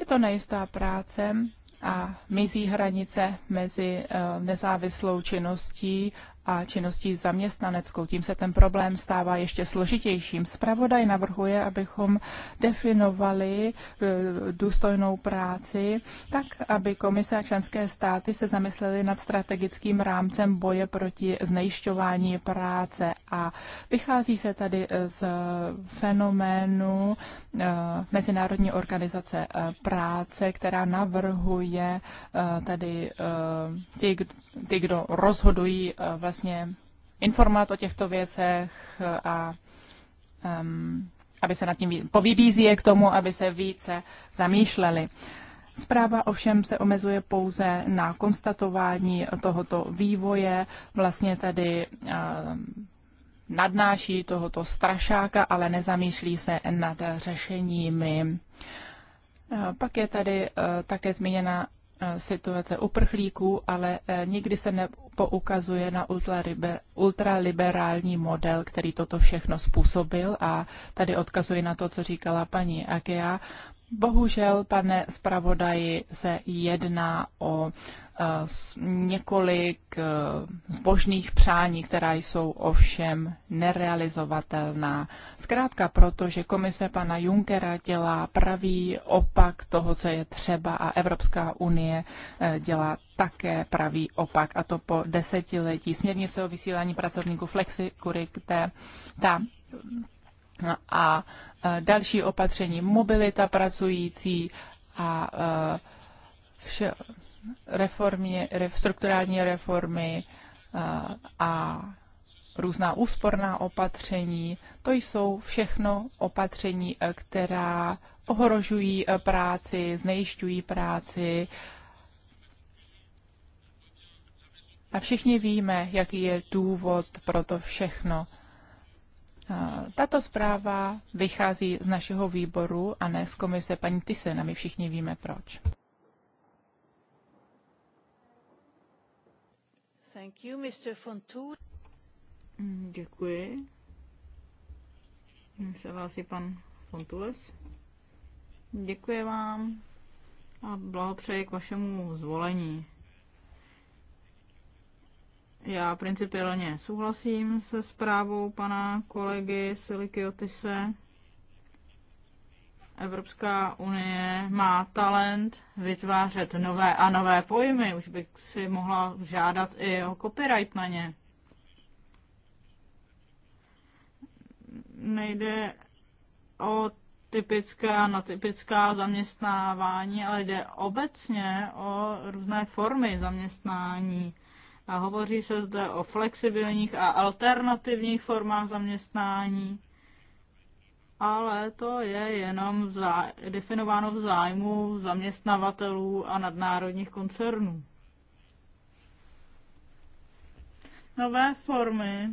Je to nejistá práce, a mizí hranice mezi eh, nezávislou činností a činností zaměstnaneckou. Tím se ten problém stává ještě složitějším. Spravodaj navrhuje, abychom definovali e, důstojnou práci tak, aby komise a členské státy se zamyslely nad strategickým rámcem boje proti znejišťování práce. A vychází se tady e, z fenoménu e, Mezinárodní organizace práce, která navrhuje tady ti, ty, kdo rozhodují vlastně vlastně informovat o těchto věcech a um, aby se nad tím povybízí je k tomu, aby se více zamýšleli. Zpráva ovšem se omezuje pouze na konstatování tohoto vývoje, vlastně tedy uh, nadnáší tohoto strašáka, ale nezamýšlí se nad řešeními. Uh, pak je tady uh, také zmíněna Eh, situace uprchlíků, ale eh, nikdy se nepoukazuje na ultraliberální model, který toto všechno způsobil a tady odkazuji na to, co říkala paní Akea. Bohužel, pane zpravodaji, se jedná o Eh, několik eh, zbožných přání, která jsou ovšem nerealizovatelná. Zkrátka proto, že komise pana Junckera dělá pravý opak toho, co je třeba a Evropská unie eh, dělá také pravý opak, a to po desetiletí. Směrnice o vysílání pracovníků Flexikurikte, ta no, a další opatření mobilita pracující a vše, reformě, strukturální reformy eh, a různá úsporná opatření. To jsou všechno opatření, eh, která ohrožují eh, práci, znejišťují práci. A všichni víme, jaký je důvod pro to všechno. Tato zpráva vychází z našeho výboru a ne z komise paní Tysena. my všichni víme proč.
Thank you, Mr.
Mm, děkuji.
Se vás pan Fontules. Děkuji vám a blahopřeji k vašemu zvolení. Já principiálně souhlasím se zprávou pana kolegy Silikiotise. Evropská unie má talent vytvářet nové a nové pojmy. Už bych si mohla žádat i o copyright na ně. Nejde o typická na natypická zaměstnávání, ale jde obecně o různé formy zaměstnání. A hovoří se zde o flexibilních a alternativních formách zaměstnání ale to je jenom vzá- definováno v zájmu zaměstnavatelů a nadnárodních koncernů. Nové formy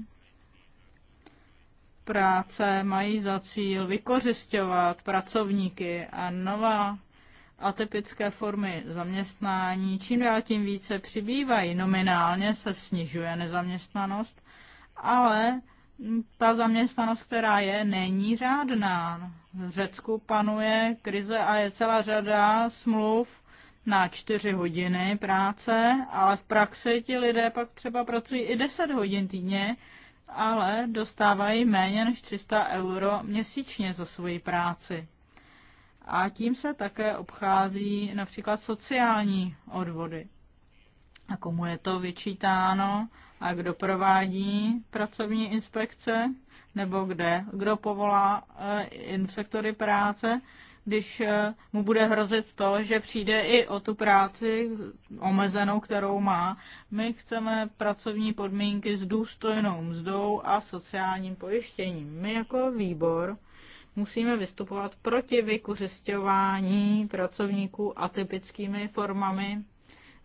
práce mají za cíl vykořišťovat pracovníky a nová atypické formy zaměstnání čím dál tím více přibývají. Nominálně se snižuje nezaměstnanost, ale ta zaměstnanost, která je, není řádná. V Řecku panuje krize a je celá řada smluv na čtyři hodiny práce, ale v praxi ti lidé pak třeba pracují i 10 hodin týdně, ale dostávají méně než 300 euro měsíčně za svoji práci. A tím se také obchází například sociální odvody. A komu je to vyčítáno? a kdo provádí pracovní inspekce, nebo kde, kdo povolá eh, inspektory práce, když eh, mu bude hrozit to, že přijde i o tu práci omezenou, kterou má. My chceme pracovní podmínky s důstojnou mzdou a sociálním pojištěním. My jako výbor musíme vystupovat proti vykořišťování pracovníků atypickými formami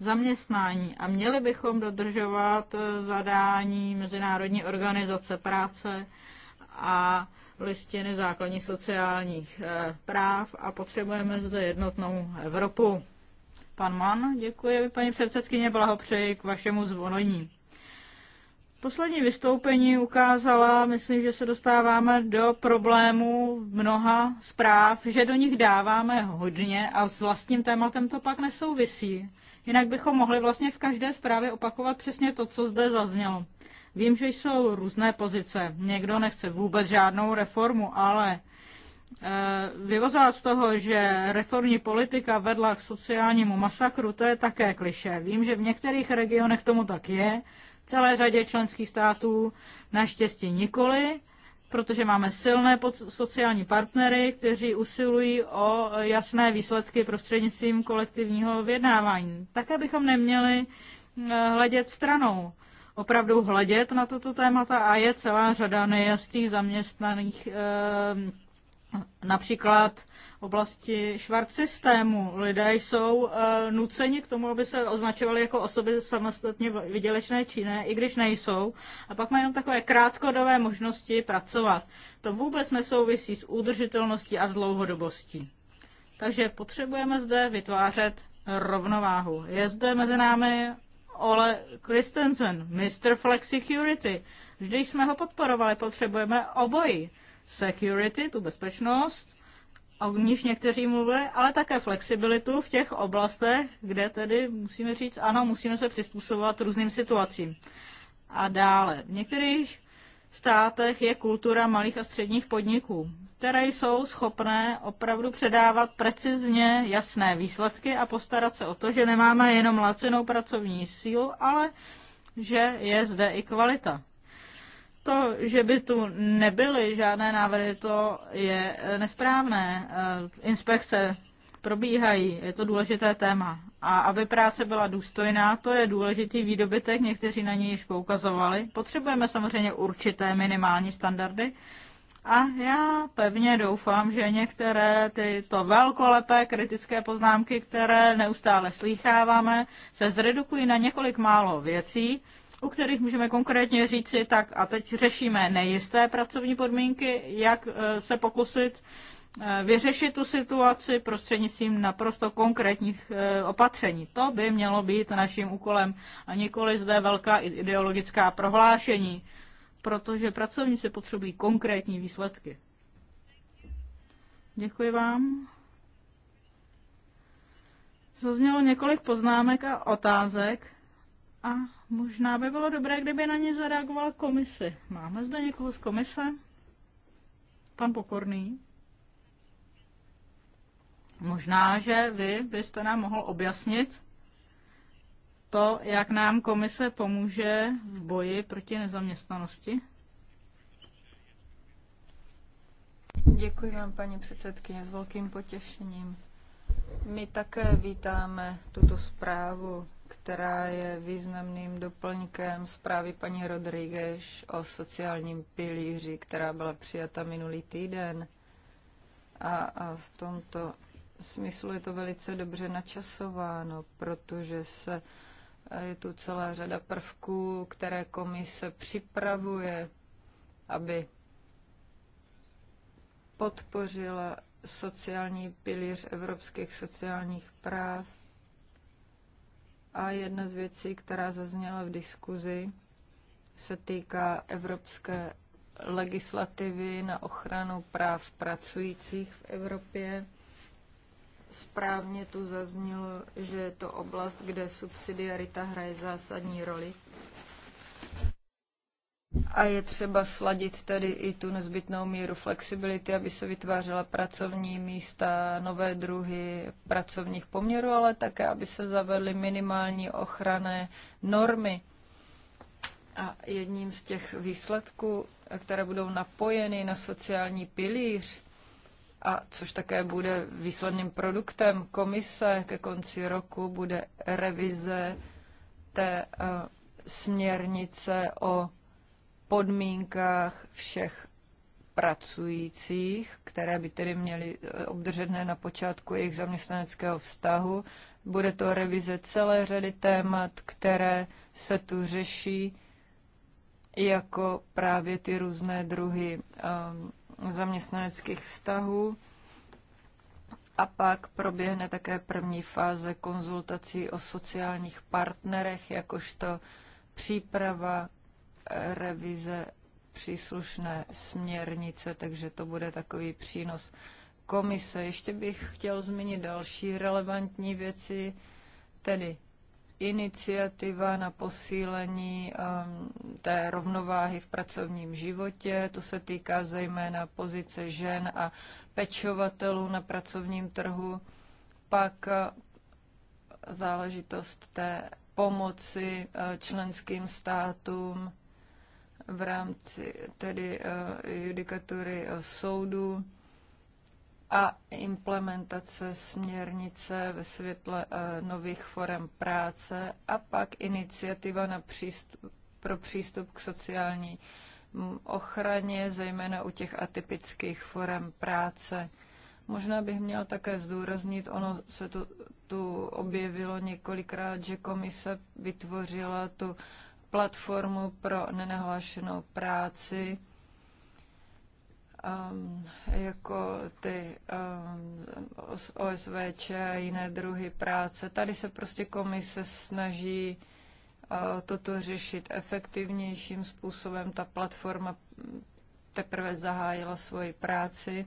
zaměstnání a měli bychom dodržovat eh, zadání Mezinárodní organizace práce a listiny základních sociálních eh, práv a potřebujeme zde jednotnou Evropu. Pan Mann, děkuji, paní předsedkyně, blahopřeji k vašemu zvolení. Poslední vystoupení ukázala, myslím, že se dostáváme do problému mnoha zpráv, že do nich dáváme hodně a s vlastním tématem to pak nesouvisí. Jinak bychom mohli vlastně v každé zprávě opakovat přesně to, co zde zaznělo. Vím, že jsou různé pozice. Někdo nechce vůbec žádnou reformu, ale e, vyvozovat z toho, že reformní politika vedla k sociálnímu masakru, to je také kliše. Vím, že v některých regionech tomu tak je, v celé řadě členských států naštěstí nikoli, protože máme silné sociální partnery, kteří usilují o jasné výsledky prostřednictvím kolektivního vyjednávání. Také bychom neměli eh, hledět stranou. Opravdu hledět na toto témata a je celá řada nejasných zaměstnaných eh, například v oblasti švart systému. Lidé jsou uh, nuceni k tomu, aby se označovali jako osoby samostatně vydělečné činné, i když nejsou. A pak mají jenom takové krátkodové možnosti pracovat. To vůbec nesouvisí s udržitelností a s dlouhodobostí. Takže potřebujeme zde vytvářet rovnováhu. Je zde mezi námi Ole Christensen, Mr. Flex Security. Vždy jsme ho podporovali, potřebujeme obojí security, tu bezpečnost, o níž někteří mluví, ale také flexibilitu v těch oblastech, kde tedy musíme říct, ano, musíme se přizpůsobovat různým situacím. A dále, v některých státech je kultura malých a středních podniků, které jsou schopné opravdu předávat precizně jasné výsledky a postarat se o to, že nemáme jenom lacenou pracovní sílu, ale že je zde i kvalita. To, že by tu nebyly žádné návrhy, to je eh, nesprávné. Eh, inspekce probíhají, je to důležité téma. A aby práce byla důstojná, to je důležitý výdobytek, někteří na něj již poukazovali. Potřebujeme samozřejmě určité minimální standardy. A já pevně doufám, že některé tyto velkolepé kritické poznámky, které neustále slýcháváme, se zredukují na několik málo věcí, u kterých můžeme konkrétně říci, tak a teď řešíme nejisté pracovní podmínky, jak e, se pokusit e, vyřešit tu situaci prostřednictvím naprosto konkrétních e, opatření. To by mělo být naším úkolem a nikoli zde velká ideologická prohlášení, protože pracovníci potřebují konkrétní výsledky. Děkuji vám. Zaznělo několik poznámek a otázek. A možná by bylo dobré, kdyby na ně zareagoval komise. Máme zde někoho z komise? Pan Pokorný? Možná, že vy byste nám mohl objasnit to, jak nám komise pomůže v boji proti nezaměstnanosti?
Děkuji vám, paní předsedkyně, s velkým potěšením. My také vítáme tuto zprávu která je významným doplňkem zprávy paní Rodríguez o sociálním pilíři, která byla přijata minulý týden. A, a v tomto smyslu je to velice dobře načasováno, protože se eh, je tu celá řada prvků, které komise připravuje, aby podpořila sociální pilíř evropských sociálních práv a jedna z věcí, která zazněla v diskuzi, se týká evropské legislativy na ochranu práv pracujících v Evropě. Správně tu zaznělo, že je to oblast, kde subsidiarita hraje zásadní roli a je třeba sladit tedy i tu nezbytnou míru flexibility, aby se vytvářela pracovní místa, nové druhy pracovních poměrů, ale také, aby se zavedly minimální ochranné normy. A jedním z těch výsledků, které budou napojeny na sociální pilíř, a což také bude výsledným produktem komise ke konci roku, bude revize té uh, směrnice o podmínkách všech pracujících, které by tedy měly eh, obdržené na počátku jejich zaměstnaneckého vztahu. Bude to revize celé řady témat, které se tu řeší, jako právě ty různé druhy eh, zaměstnaneckých vztahů. A pak proběhne také první fáze konzultací o sociálních partnerech, jakožto příprava revize příslušné směrnice, takže to bude takový přínos komise. Ještě bych chtěl zmínit další relevantní věci, tedy iniciativa na posílení um, té rovnováhy v pracovním životě. To se týká zejména pozice žen a pečovatelů na pracovním trhu. Pak uh, záležitost té pomoci uh, členským státům v rámci tedy eh, judikatury eh, soudu a implementace směrnice ve světle eh, nových forem práce a pak iniciativa na přístup, pro přístup k sociální mm, ochraně, zejména u těch atypických forem práce. Možná bych měl také zdůraznit, ono se tu, tu objevilo několikrát, že komise vytvořila tu platformu pro nenahlášenou práci um, jako ty um, OSVČ a jiné druhy práce. Tady se prostě komise snaží uh, toto řešit efektivnějším způsobem. Ta platforma teprve zahájila svoji práci.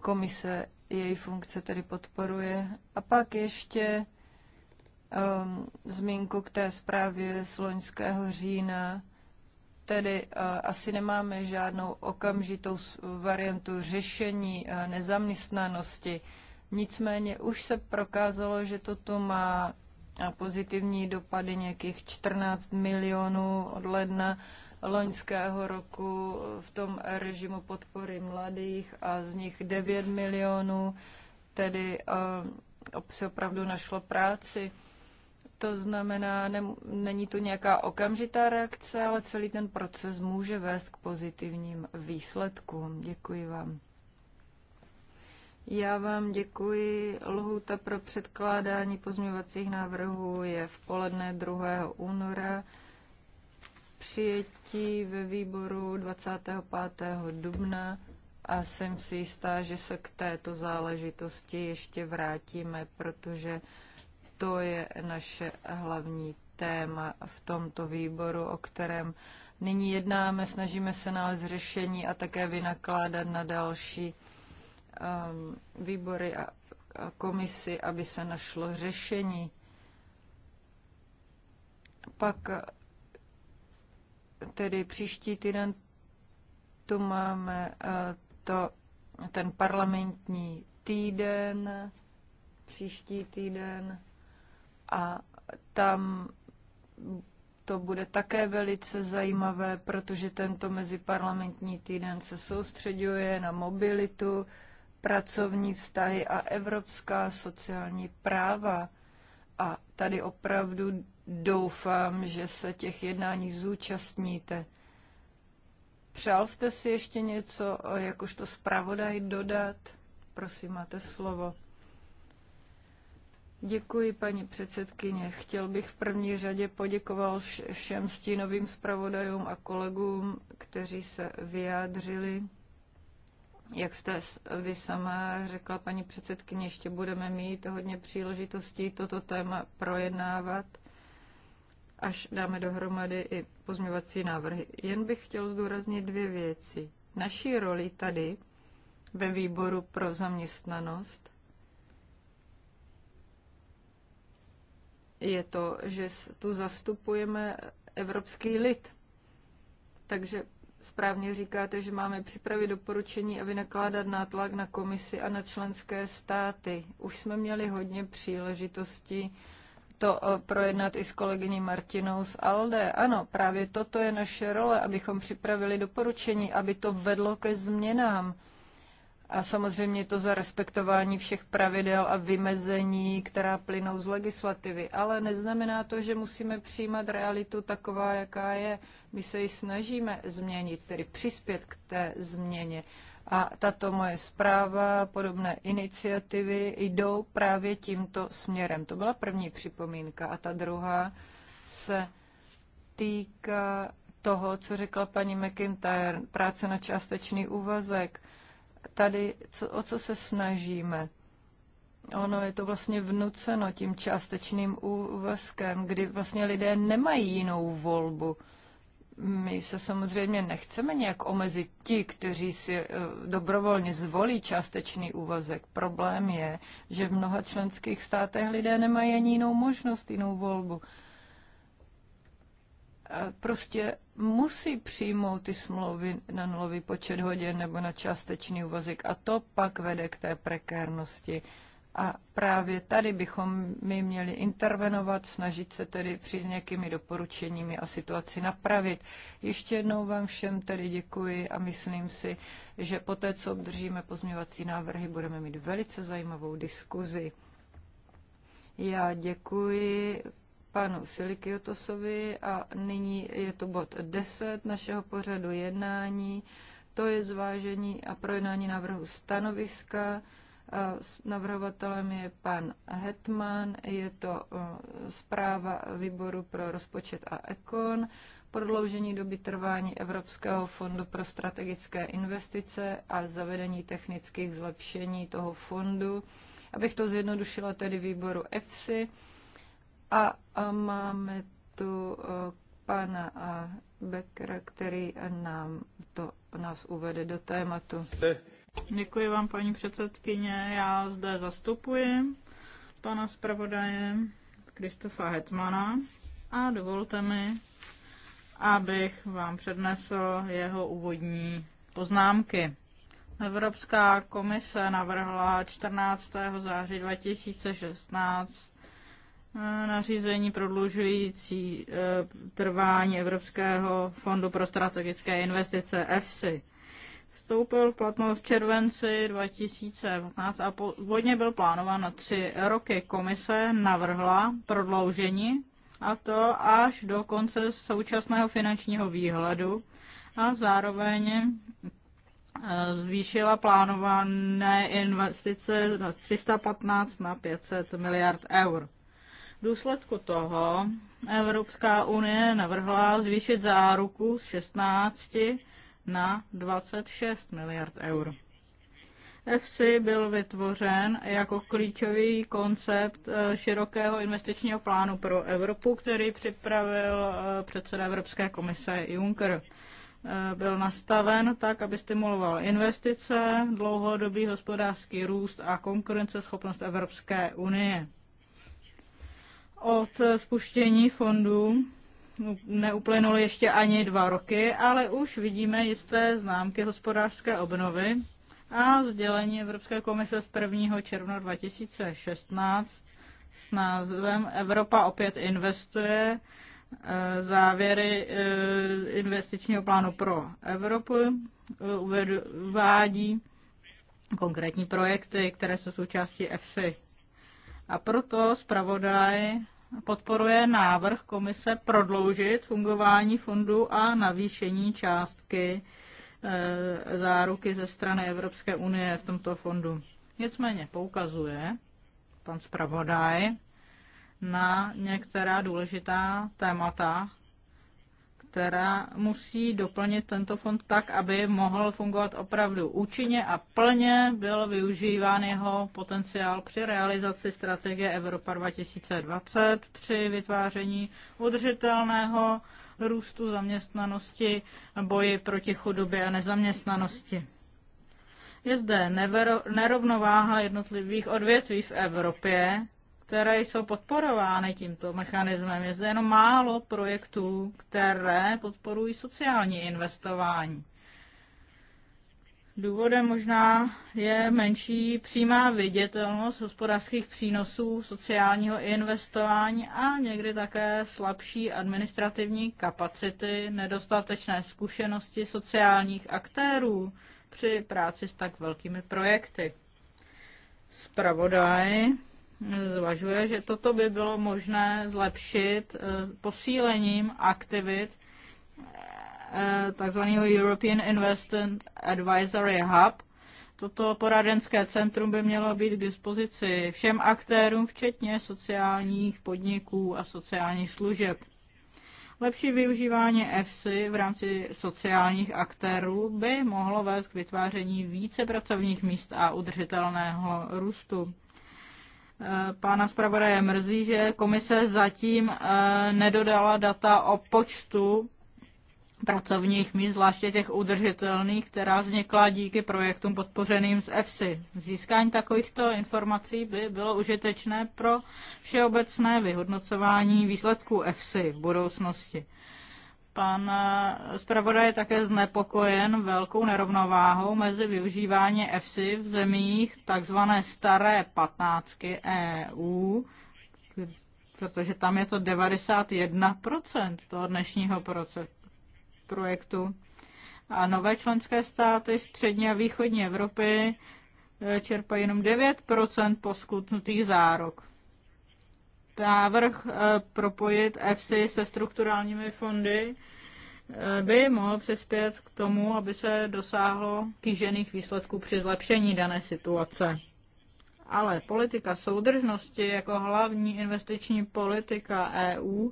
Komise její funkce tedy podporuje. A pak ještě um, zmínku k té zprávě z loňského října. Tedy uh, asi nemáme žádnou okamžitou variantu řešení uh, nezaměstnanosti. Nicméně už se prokázalo, že toto má uh, pozitivní dopady nějakých 14 milionů od ledna loňského roku v tom režimu podpory mladých a z nich 9 milionů tedy uh, se opravdu našlo práci. To znamená, ne, není to nějaká okamžitá reakce, ale celý ten proces může vést k pozitivním výsledkům. Děkuji vám. Já vám děkuji. Lhůta pro předkládání pozměňovacích návrhů je v poledne 2. února. Přijetí ve výboru 25. dubna a jsem si jistá, že se k této záležitosti ještě vrátíme, protože to je naše hlavní téma v tomto výboru, o kterém nyní jednáme, snažíme se nalézt řešení a také vynakládat na další um, výbory a, a komisy, aby se našlo řešení. Pak eh, tedy příští týden tu máme eh, to, ten parlamentní týden, příští týden a tam to bude také velice zajímavé, protože tento meziparlamentní týden se soustředuje na mobilitu, pracovní vztahy a evropská sociální práva. A tady opravdu doufám, že se těch jednání zúčastníte. Přál jste si ještě něco, jakožto zpravodaj dodat? Prosím, máte slovo. Děkuji, paní předsedkyně. Chtěl bych v první řadě poděkoval všem stínovým zpravodajům a kolegům, kteří se vyjádřili. Jak jste vy sama řekla, paní předsedkyně, ještě budeme mít hodně příležitostí toto téma projednávat, až dáme dohromady i pozměvací návrhy. Jen bych chtěl zdůraznit dvě věci. Naší roli tady ve výboru pro zaměstnanost – je to, že tu zastupujeme evropský lid. Takže správně říkáte, že máme připravit doporučení a vynakládat nátlak na komisi a na členské státy. Už jsme měli hodně příležitostí to eh, projednat i s kolegyní Martinou z ALDE. Ano, právě toto je naše role, abychom připravili doporučení, aby to vedlo ke změnám. A samozřejmě to za respektování všech pravidel a vymezení, která plynou z legislativy. Ale neznamená to, že musíme přijímat realitu taková, jaká je. My se ji snažíme změnit, tedy přispět k té změně. A tato moje zpráva, podobné iniciativy jdou právě tímto směrem. To byla první připomínka. A ta druhá se týká toho, co řekla paní McIntyre, práce na částečný úvazek tady, co, o co se snažíme? Ono je to vlastně vnuceno tím částečným úvazkem, kdy vlastně lidé nemají jinou volbu. My se samozřejmě nechceme nějak omezit ti, kteří si eh, dobrovolně zvolí částečný úvazek. Problém je, že v mnoha členských státech lidé nemají ani jinou možnost, jinou volbu prostě musí přijmout ty smlouvy na nulový počet hodin nebo na částečný úvazek a to pak vede k té prekérnosti. A právě tady bychom my měli intervenovat, snažit se tedy přijít s nějakými doporučeními a situaci napravit. Ještě jednou vám všem tedy děkuji a myslím si, že po té, co obdržíme pozměvací návrhy, budeme mít velice zajímavou diskuzi. Já děkuji panu Silikiotosovi a nyní je to bod 10 našeho pořadu jednání. To je zvážení a projednání návrhu stanoviska. Navrhovatelem je pan Hetman, je to e, zpráva výboru pro rozpočet a ekon, prodloužení doby trvání Evropského fondu pro strategické investice a zavedení technických zlepšení toho fondu. Abych to zjednodušila tedy výboru EFSI, a, a máme tu e, pana e, Beckera, který nám to nás uvede do tématu. Děkuji vám, paní předsedkyně. Já zde zastupuji
pana zpravodaje Kristofa Hetmana a dovolte mi, abych vám přednesl jeho úvodní poznámky. Evropská komise navrhla 14. září 2016 nařízení prodlužující e, trvání Evropského fondu pro strategické investice EFSI. Vstoupil v platnost v červenci 2015 a původně byl plánován na tři roky. Komise navrhla prodloužení a to až do konce současného finančního výhledu a zároveň e, zvýšila plánované investice z 315 na 500 miliard eur. V důsledku toho Evropská unie navrhla zvýšit záruku z 16 na 26 miliard eur. EFSI byl vytvořen jako klíčový koncept eh, širokého investičního plánu pro Evropu, který připravil eh, předseda Evropské komise Juncker. Eh, byl nastaven tak, aby stimuloval investice, dlouhodobý hospodářský růst a konkurenceschopnost Evropské unie. Od spuštění fondu neuplynuly ještě ani dva roky, ale už vidíme jisté známky hospodářské obnovy a sdělení Evropské komise z 1. června 2016 s názvem Evropa opět investuje e, závěry e, investičního plánu pro Evropu e, uvádí konkrétní projekty, které jsou součástí EFSI. A proto zpravodaj podporuje návrh komise prodloužit fungování fondu a navýšení částky e, záruky ze strany Evropské unie v tomto fondu. Nicméně poukazuje pan zpravodaj na některá důležitá témata, která musí doplnit tento fond tak, aby mohl fungovat opravdu účinně a plně byl využíván jeho potenciál při realizaci strategie Evropa 2020, při vytváření udržitelného růstu zaměstnanosti, boji proti chudobě a nezaměstnanosti. Je zde nerovnováha jednotlivých odvětví v Evropě, které jsou podporovány tímto mechanismem. Je zde jenom málo projektů, které podporují sociální investování. Důvodem možná je menší přímá vidětelnost hospodářských přínosů sociálního investování a někdy také slabší administrativní kapacity, nedostatečné zkušenosti sociálních aktérů při práci s tak velkými projekty. Spravodaj zvažuje, že toto by bylo možné zlepšit eh, posílením aktivit eh, takzvaného European Investment Advisory Hub. Toto poradenské centrum by mělo být k dispozici všem aktérům, včetně sociálních podniků a sociálních služeb. Lepší využívání EFSI v rámci sociálních aktérů by mohlo vést k vytváření více pracovních míst a udržitelného růstu. Pána zpravodaje mrzí, že komise zatím eh, nedodala data o počtu pracovních míst, zvláště těch udržitelných, která vznikla díky projektům podpořeným z EFSI. Získání takovýchto informací by bylo užitečné pro všeobecné vyhodnocování výsledků EFSI v budoucnosti. Pan eh, zpravodaj je také znepokojen velkou nerovnováhou mezi využívání EFSI v zemích tzv. staré patnáctky EU, protože tam je to 91% toho dnešního projektu. A nové členské státy střední a východní Evropy eh, čerpají jenom 9% poskutnutých zárok návrh eh, propojit EFSI se strukturálními fondy eh, by mohl přispět k tomu, aby se dosáhlo kýžených výsledků při zlepšení dané situace. Ale politika soudržnosti jako hlavní investiční politika EU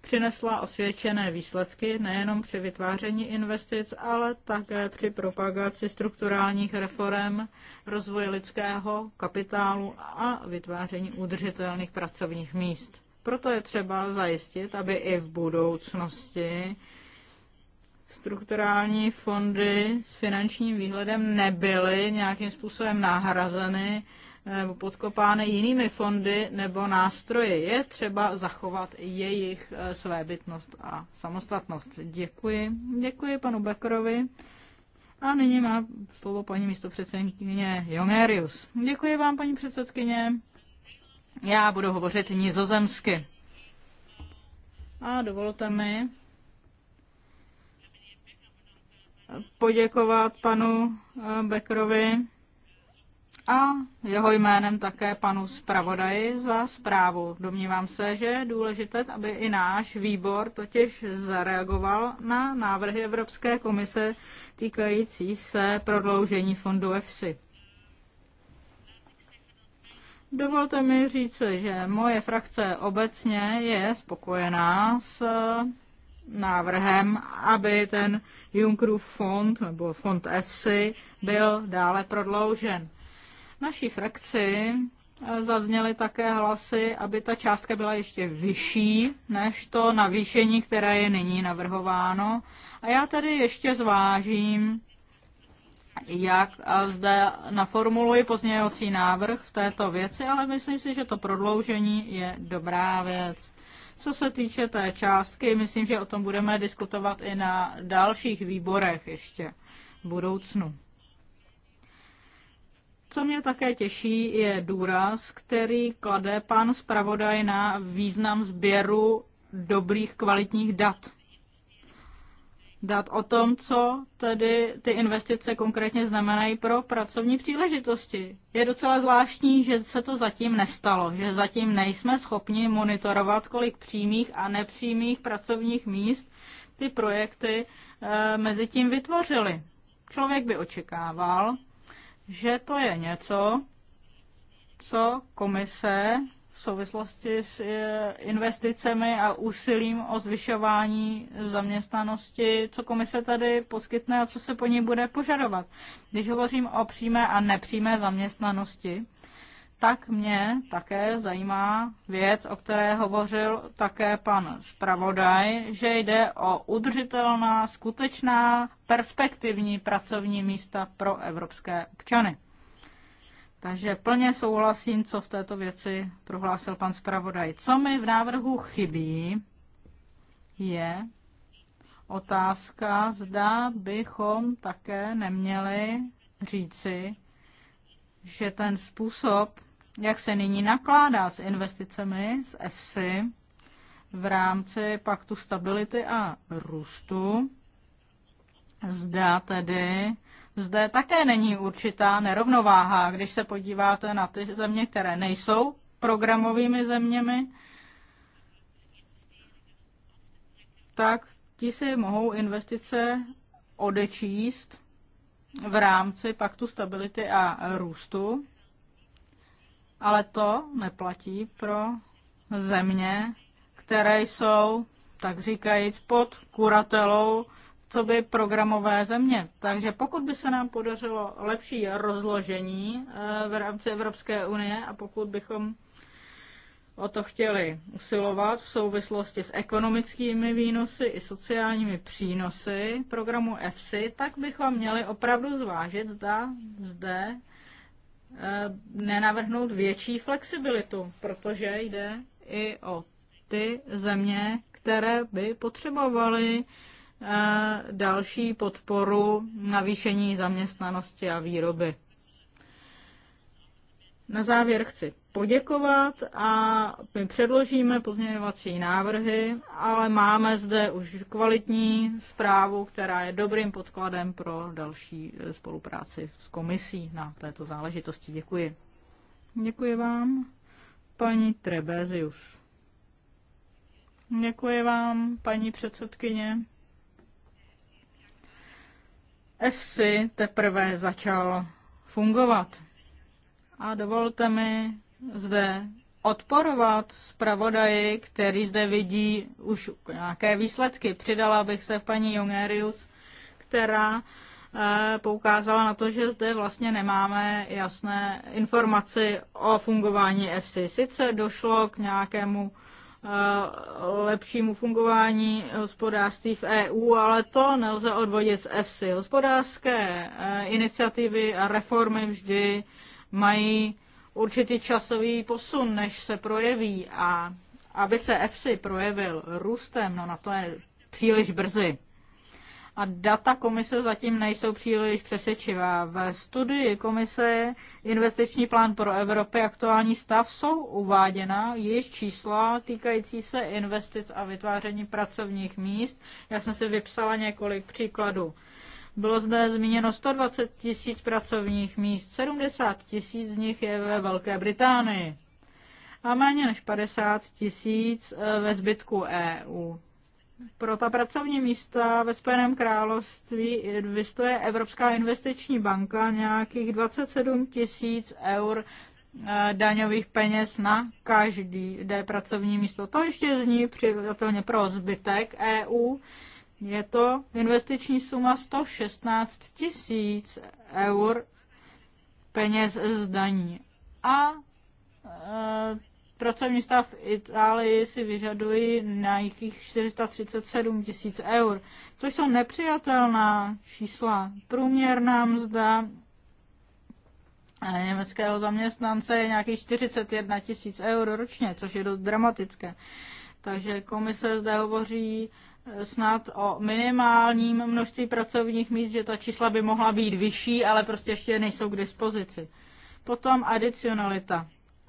přinesla osvědčené výsledky nejenom při vytváření investic, ale také při propagaci strukturálních reform, rozvoje lidského kapitálu a vytváření udržitelných pracovních míst. Proto je třeba zajistit, aby i v budoucnosti strukturální fondy s finančním výhledem nebyly nějakým způsobem nahrazeny nebo podkopány jinými fondy nebo nástroje Je třeba zachovat jejich eh, bytnost a samostatnost. Děkuji. Děkuji panu Beckerovi. A nyní má slovo paní místopředsedkyně Jongerius. Děkuji vám, paní předsedkyně. Já budu hovořit nizozemsky. A dovolte mi poděkovat panu eh, Beckerovi a jeho jménem také panu zpravodaji za zprávu. Domnívám se, že je důležité, aby i náš výbor totiž zareagoval na návrhy Evropské komise týkající se prodloužení fondu EFSI. Dovolte mi říct, že moje frakce obecně je spokojená s návrhem, aby ten Junckerův fond nebo fond EFSI byl dále prodloužen naší frakci eh, zazněly také hlasy, aby ta částka byla ještě vyšší než to navýšení, které je nyní navrhováno. A já tady ještě zvážím, jak a eh, zde naformuluji pozměňovací návrh v této věci, ale myslím si, že to prodloužení je dobrá věc. Co se týče té částky, myslím, že o tom budeme diskutovat i na dalších výborech ještě v budoucnu. Co mě také těší, je důraz, který klade pan zpravodaj na význam sběru dobrých kvalitních dat. Dat o tom, co tedy ty investice konkrétně znamenají pro pracovní příležitosti. Je docela zvláštní, že se to zatím nestalo, že zatím nejsme schopni monitorovat, kolik přímých a nepřímých pracovních míst ty projekty e, mezi tím vytvořily. Člověk by očekával, že to je něco, co komise v souvislosti s eh, investicemi a úsilím o zvyšování zaměstnanosti, co komise tady poskytne a co se po ní bude požadovat. Když hovořím o přímé a nepřímé zaměstnanosti, tak mě také zajímá věc, o které hovořil také pan zpravodaj, že jde o udržitelná, skutečná, perspektivní pracovní místa pro evropské občany. Takže plně souhlasím, co v této věci prohlásil pan zpravodaj. Co mi v návrhu chybí, je otázka, zda bychom také neměli říci, že ten způsob, jak se nyní nakládá s investicemi z EFSI v rámci paktu stability a růstu. Zda tedy, zde také není určitá nerovnováha, když se podíváte na ty země, které nejsou programovými zeměmi, tak ti si mohou investice odečíst v rámci paktu stability a růstu ale to neplatí pro země, které jsou, tak říkajíc, pod kuratelou co by programové země. Takže pokud by se nám podařilo lepší rozložení eh, v rámci Evropské unie a pokud bychom o to chtěli usilovat v souvislosti s ekonomickými výnosy i sociálními přínosy programu EFSI, tak bychom měli opravdu zvážit, zda zde Eh, nenavrhnout větší flexibilitu, protože jde i o ty země, které by potřebovaly eh, další podporu navýšení zaměstnanosti a výroby. Na závěr chci poděkovat a my předložíme pozměňovací návrhy, ale máme zde už kvalitní zprávu, která je dobrým podkladem pro další eh, spolupráci s komisí na této záležitosti. Děkuji. Děkuji vám, paní Trebezius. Děkuji vám, paní předsedkyně. FC teprve začal fungovat. A dovolte mi zde odporovat zpravodaji, který zde vidí už nějaké výsledky. Přidala bych se paní Jongerius, která eh, poukázala na to, že zde vlastně nemáme jasné informaci o fungování FC. Sice došlo k nějakému eh, lepšímu fungování hospodářství v EU, ale to nelze odvodit z FC. Hospodářské eh, iniciativy a reformy vždy mají určitý časový posun, než se projeví a aby se EFSI projevil růstem, no na to je příliš brzy. A data komise zatím nejsou příliš přesvědčivá. Ve studii komise Investiční plán pro Evropy aktuální stav jsou uváděna již čísla týkající se investic a vytváření pracovních míst. Já jsem si vypsala několik příkladů. Bylo zde zmíněno 120 tisíc pracovních míst, 70 tisíc z nich je ve Velké Británii a méně než 50 tisíc eh, ve zbytku EU. Pro ta pracovní místa ve Spojeném království vystoje Evropská investiční banka nějakých 27 tisíc eur eh, daňových peněz na každý pracovní místo. To ještě zní přijatelně pro zbytek EU, je to investiční suma 116 tisíc eur peněz z daní. A e, pracovní stav v Itálii si vyžadují na nějakých 437 tisíc eur, To jsou nepřijatelná čísla. Průměrná mzda e, německého zaměstnance je nějakých 41 tisíc eur ročně, což je dost dramatické. Takže komise zde hovoří snad o minimálním množství pracovních míst, že ta čísla by mohla být vyšší, ale prostě ještě nejsou k dispozici. Potom adicionalita.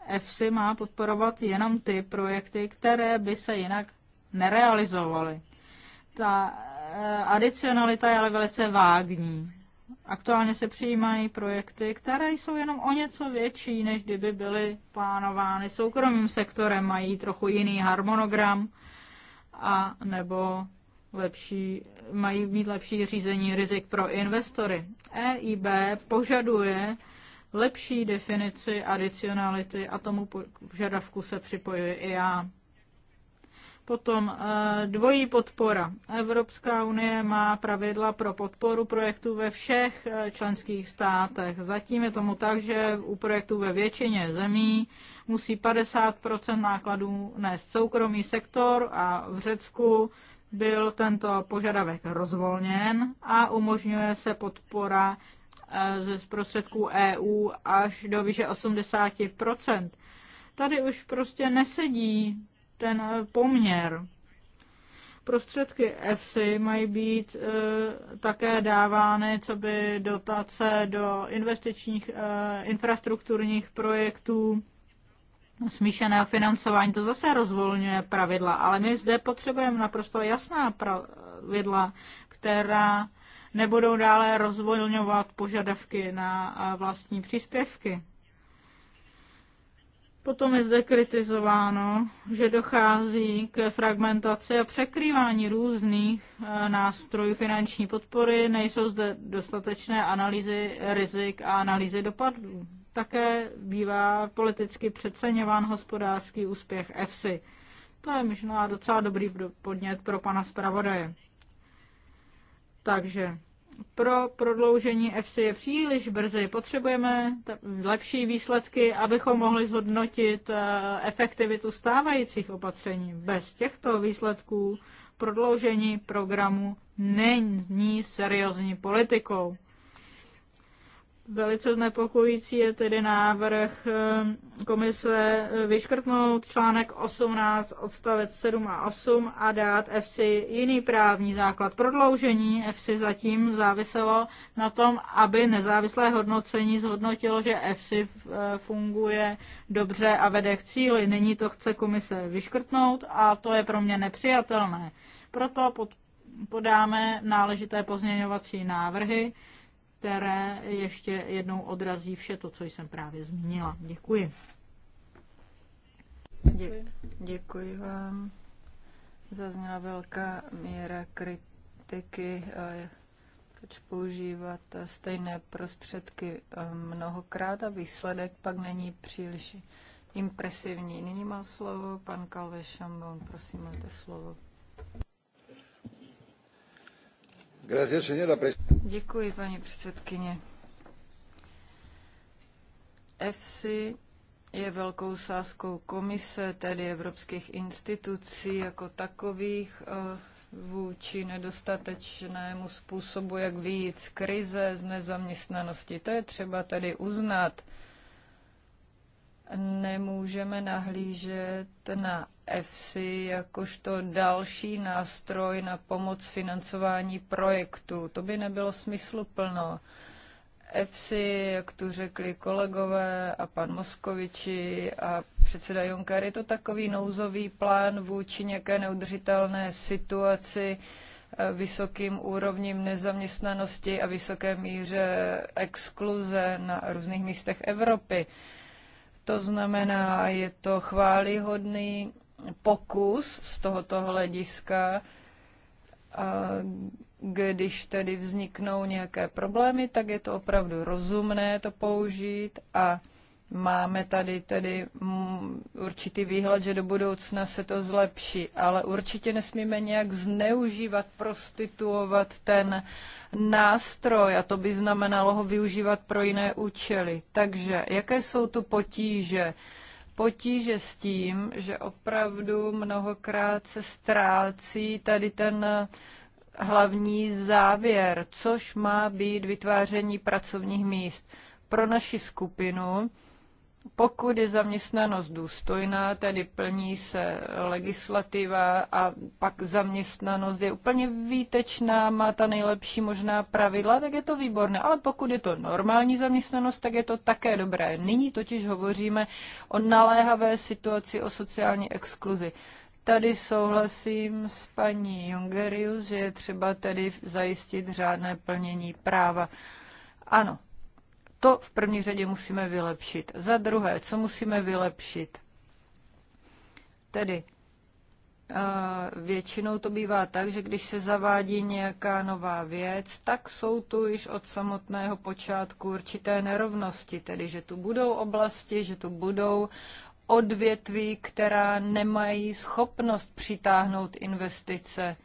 EFSI má podporovat jenom ty projekty, které by se jinak nerealizovaly. Ta eh, adicionalita je ale velice vágní. Aktuálně se přijímají projekty, které jsou jenom o něco větší, než kdyby byly plánovány soukromým sektorem, mají trochu jiný harmonogram a nebo lepší, mají mít lepší řízení rizik pro investory. EIB požaduje lepší definici adicionality a tomu požadavku se připojuje i já. Potom eh, dvojí podpora. Evropská unie má pravidla pro podporu projektů ve všech eh, členských státech. Zatím je tomu tak, že u projektů ve většině zemí musí 50 nákladů nést soukromý sektor a v Řecku byl tento požadavek rozvolněn a umožňuje se podpora eh, ze prostředků EU až do výše 80 Tady už prostě nesedí ten eh, poměr. Prostředky EFSI mají být e, také dávány, co by dotace do investičních e, infrastrukturních projektů, smíšeného financování, to zase rozvolňuje pravidla, ale my zde potřebujeme naprosto jasná pravidla, která nebudou dále rozvolňovat požadavky na vlastní příspěvky. Potom je zde kritizováno, že dochází k fragmentaci a překrývání různých eh, nástrojů finanční podpory, nejsou zde dostatečné analýzy rizik a analýzy dopadů. Také bývá politicky přeceňován hospodářský úspěch EFSI. To je možná docela dobrý podnět pro pana zpravodaje. Takže pro prodloužení FC je příliš brzy. Potřebujeme lepší výsledky, abychom mohli zhodnotit eh, efektivitu stávajících opatření. Bez těchto výsledků prodloužení programu není seriózní politikou. Velice znepokojící je tedy návrh eh, komise eh, vyškrtnout článek 18 odstavec 7 a 8 a dát FC jiný právní základ. Prodloužení FC zatím záviselo na tom, aby nezávislé hodnocení zhodnotilo, že FC eh, funguje dobře a vede k cíli. Není to chce komise vyškrtnout a to je pro mě nepřijatelné. Proto pod podáme náležité pozměňovací návrhy které ještě jednou odrazí vše to, co jsem právě zmínila. Děkuji.
Děkuji, Děkuji vám. Zazněla velká míra kritiky, eh, proč používat stejné prostředky eh, mnohokrát a výsledek pak není příliš impresivní. Nyní má slovo pan Kalve Šambon, prosím, máte slovo. Děkuji, paní předsedkyně. EFSI je velkou sázkou komise, tedy evropských institucí jako takových, eh, vůči nedostatečnému způsobu, jak vyjít z krize, z nezaměstnanosti. To je třeba tedy uznat. Nemůžeme nahlížet na EFSI jakožto další nástroj na pomoc financování projektu. To by nebylo smysluplno. EFSI, jak tu řekli kolegové a pan Moskoviči a předseda Juncker, je to takový nouzový plán vůči nějaké neudržitelné situaci, eh, vysokým úrovním nezaměstnanosti a vysoké míře exkluze na různých místech Evropy. To znamená, je to chválihodný pokus z tohoto hlediska, když tedy vzniknou nějaké problémy, tak je to opravdu rozumné to použít a máme tady tedy mm, určitý výhled, že do budoucna se to zlepší, ale určitě nesmíme nějak zneužívat, prostituovat ten nástroj a to by znamenalo ho využívat pro jiné účely. Takže jaké jsou tu potíže? potíže s tím, že opravdu mnohokrát se ztrácí tady ten eh, hlavní závěr, což má být vytváření pracovních míst. Pro naši skupinu pokud je zaměstnanost důstojná, tedy plní se legislativa a pak zaměstnanost je úplně výtečná, má ta nejlepší možná pravidla, tak je to výborné. Ale pokud je to normální zaměstnanost, tak je to také dobré. Nyní totiž hovoříme o naléhavé situaci, o sociální exkluzi. Tady souhlasím s paní Jungerius, že je třeba tedy zajistit řádné plnění práva. Ano, to v první řadě musíme vylepšit. Za druhé, co musíme vylepšit? Tedy eh, Většinou to bývá tak, že když se zavádí nějaká nová věc, tak jsou tu již od samotného počátku určité nerovnosti, tedy že tu budou oblasti, že tu budou odvětví, která nemají schopnost přitáhnout investice.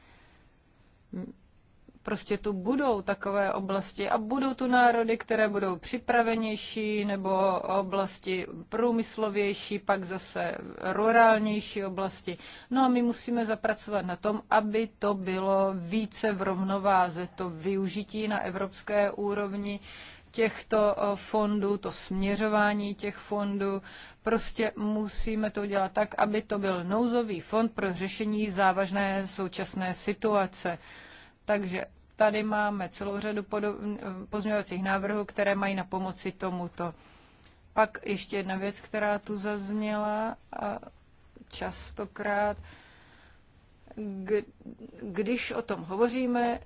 Prostě tu budou takové oblasti a budou tu národy, které budou připravenější nebo oblasti průmyslovější, pak zase rurálnější oblasti. No a my musíme zapracovat na tom, aby to bylo více v rovnováze, to využití na evropské úrovni těchto eh, fondů, to směřování těch fondů. Prostě musíme to udělat tak, aby to byl nouzový fond pro řešení závažné současné situace. Takže tady máme celou řadu pozměňovacích návrhů, které mají na pomoci tomuto. Pak ještě jedna věc, která tu zazněla a častokrát, když o tom hovoříme,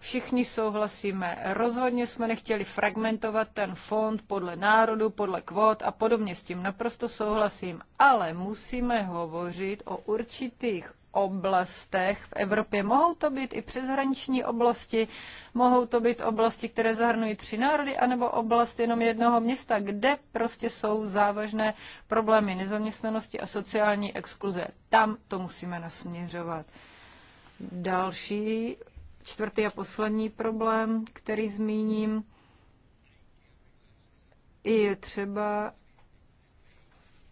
všichni souhlasíme. Rozhodně jsme nechtěli fragmentovat ten fond podle národu, podle kvót a podobně s tím naprosto souhlasím. Ale musíme hovořit o určitých oblastech v Evropě. Mohou to být i přeshraniční oblasti, mohou to být oblasti, které zahrnují tři národy, anebo oblast jenom jednoho města, kde prostě jsou závažné problémy nezaměstnanosti a sociální exkluze. Tam to musíme nasměřovat. Další, čtvrtý a poslední problém, který zmíním, je třeba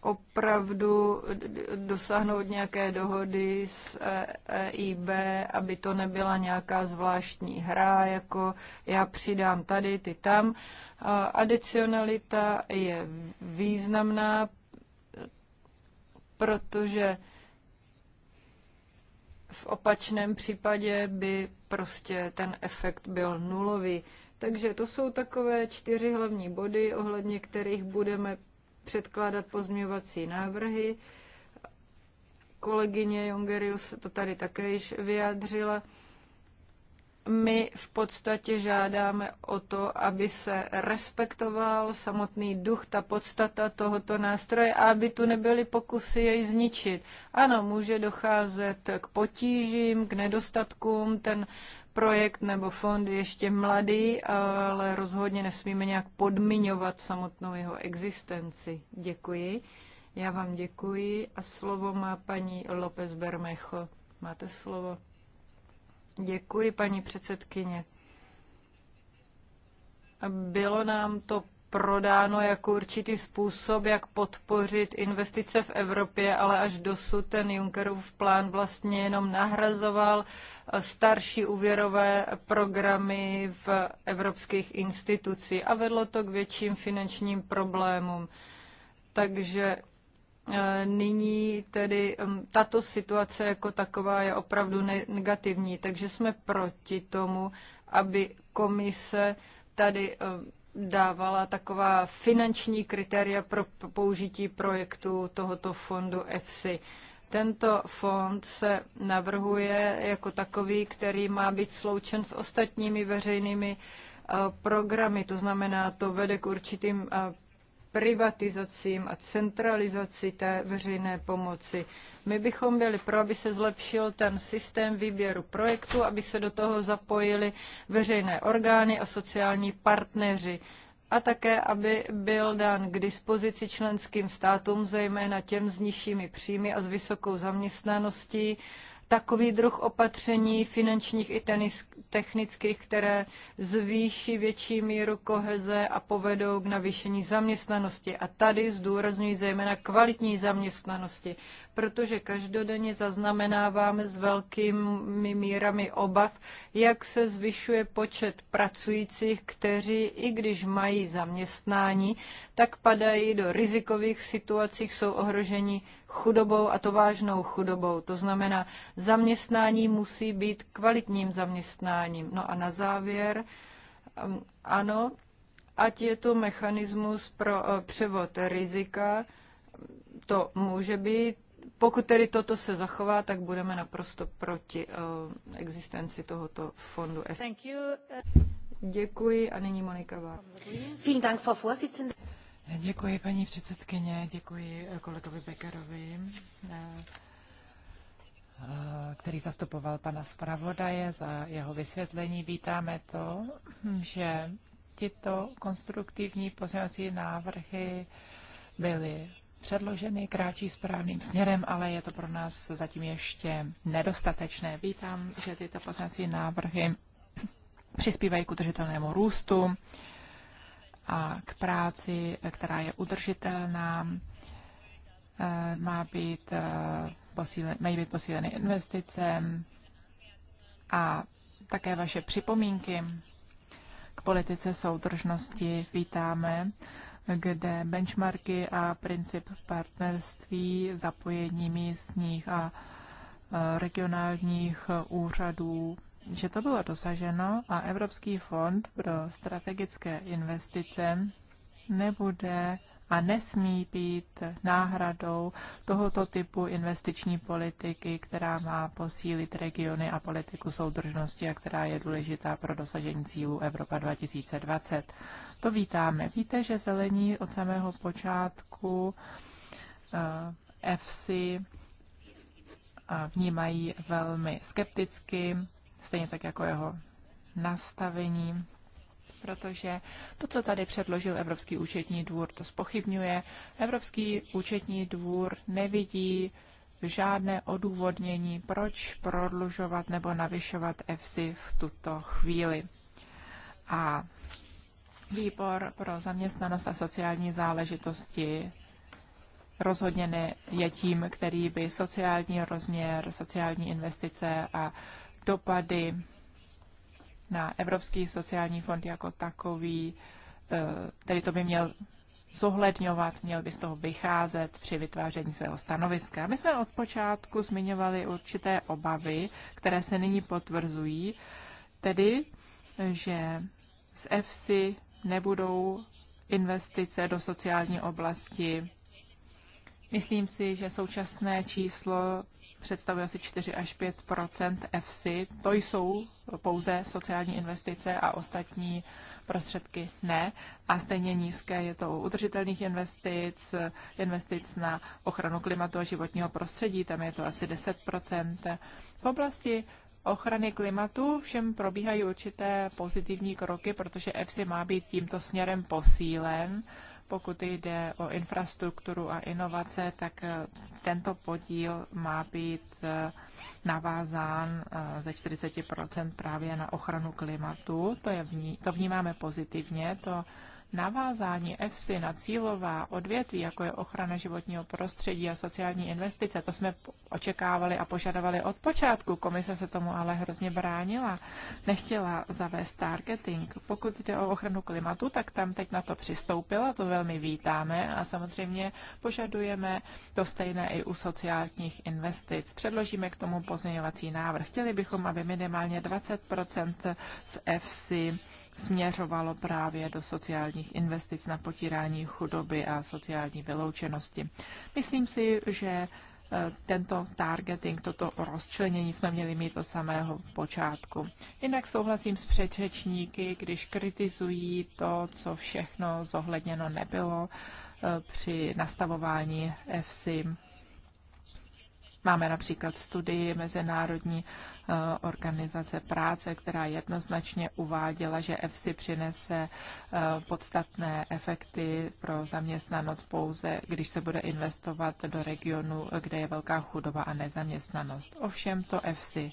opravdu dosáhnout nějaké dohody s EIB, e aby to nebyla nějaká zvláštní hra, jako já přidám tady, ty tam. Adicionalita je významná, protože v opačném případě by prostě ten efekt byl nulový. Takže to jsou takové čtyři hlavní body, ohledně kterých budeme předkládat pozměňovací návrhy. Kolegyně Jongerius to tady také již vyjádřila. My v podstatě žádáme o to, aby se respektoval samotný duch, ta podstata tohoto nástroje a aby tu nebyly pokusy jej zničit. Ano, může docházet k potížím, k nedostatkům, ten projekt nebo fond ještě mladý, ale rozhodně nesmíme nějak podmiňovat samotnou jeho existenci. Děkuji. Já vám děkuji a slovo má paní López Bermecho. Máte slovo. Děkuji, paní předsedkyně. Bylo nám to prodáno jako určitý způsob, jak podpořit investice v Evropě, ale až dosud ten Junckerův plán vlastně jenom nahrazoval starší úvěrové programy v evropských institucí a vedlo to k větším finančním problémům. Takže eh, nyní tedy mm, tato situace jako taková je opravdu negativní, takže jsme proti tomu, aby komise tady eh, dávala taková finanční kritéria pro použití projektu tohoto fondu EFSI. Tento fond se navrhuje jako takový, který má být sloučen s ostatními veřejnými eh, programy. To znamená, to vede k určitým eh, privatizacím a centralizaci té veřejné pomoci. My bychom byli pro, aby se zlepšil ten systém výběru projektu, aby se do toho zapojili veřejné orgány a sociální partneři a také, aby byl dán k dispozici členským státům, zejména těm s nižšími příjmy a s vysokou zaměstnaností, takový druh opatření finančních i technických, které zvýší větší míru koheze a povedou k navýšení zaměstnanosti. A tady zdůrazňuji zejména kvalitní zaměstnanosti protože každodenně zaznamenáváme s velkými mírami obav, jak se zvyšuje počet pracujících, kteří i když mají zaměstnání, tak padají do rizikových situací, jsou ohroženi chudobou a to vážnou chudobou. To znamená, zaměstnání musí být kvalitním zaměstnáním. No a na závěr, um, ano, ať je to mechanismus pro eh, převod rizika, to může být pokud tedy toto se zachová, tak budeme naprosto proti eh, existenci tohoto fondu. Thank you. Děkuji a nyní Monika Vár.
Děkuji paní předsedkyně, děkuji eh, kolegovi Beckerovi, eh, který zastupoval pana zpravodaje za jeho vysvětlení. Vítáme to, hm, že tyto konstruktivní pozměňovací návrhy byly předloženy, kráčí správným směrem, ale je to pro nás zatím ještě nedostatečné. Vítám, že tyto poslanecí návrhy přispívají k udržitelnému růstu a k práci, která je udržitelná. Má být posílen, mají být posíleny investice a také vaše připomínky k politice soudržnosti vítáme kde benchmarky a princip partnerství, zapojení místních a e, regionálních úřadů, že to bylo dosaženo a Evropský fond pro strategické investice nebude a nesmí být náhradou tohoto typu investiční politiky, která má posílit regiony a politiku soudržnosti a která je důležitá pro dosažení cílů Evropa 2020. To vítáme. Víte, že zelení od samého počátku eh, FC eh, vnímají velmi skepticky, stejně tak jako jeho nastavení protože to, co tady předložil Evropský účetní dvůr, to spochybňuje. Evropský účetní dvůr nevidí žádné odůvodnění, proč prodlužovat nebo navyšovat EFSI v tuto chvíli. A Výbor pro zaměstnanost a sociální záležitosti rozhodně ne, je tím, který by sociální rozměr, sociální investice a dopady na Evropský sociální fond jako takový, eh, tedy to by měl zohledňovat, měl by z toho vycházet při vytváření svého stanoviska. My jsme od počátku zmiňovali určité obavy, které se nyní potvrzují, tedy, že z EFSI nebudou investice do sociální oblasti. Myslím si, že současné číslo představuje asi 4 až 5 EFSI. To jsou pouze sociální investice a ostatní prostředky ne. A stejně nízké je to u udržitelných investic, investic na ochranu klimatu a životního prostředí, tam je to asi 10 V oblasti ochrany klimatu všem probíhají určité pozitivní kroky, protože EFSI má být tímto směrem posílen. Pokud jde o infrastrukturu a inovace, tak eh, tento podíl má být eh, navázán eh, ze 40 právě na ochranu klimatu. To, je vní, to vnímáme pozitivně, to navázání EFSI na cílová odvětví, jako je ochrana životního prostředí a sociální investice, to jsme očekávali a požadovali od počátku. Komise se tomu ale hrozně bránila, nechtěla zavést targeting. Pokud jde o ochranu klimatu, tak tam teď na to přistoupila, to velmi vítáme a samozřejmě požadujeme to stejné i u sociálních investic. Předložíme k tomu pozměňovací návrh. Chtěli bychom, aby minimálně 20 z EFSI směřovalo právě do sociálních investic na potírání chudoby a sociální vyloučenosti. Myslím si, že eh, tento targeting, toto rozčlenění jsme měli mít od samého počátku. Jinak souhlasím s předřečníky, když kritizují to, co všechno zohledněno nebylo eh, při nastavování FSIM Máme například studii Mezinárodní eh, organizace práce, která jednoznačně uváděla, že EFSI přinese eh, podstatné efekty pro zaměstnanost pouze, když se bude investovat do regionu, eh, kde je velká chudoba a nezaměstnanost. Ovšem to EFSI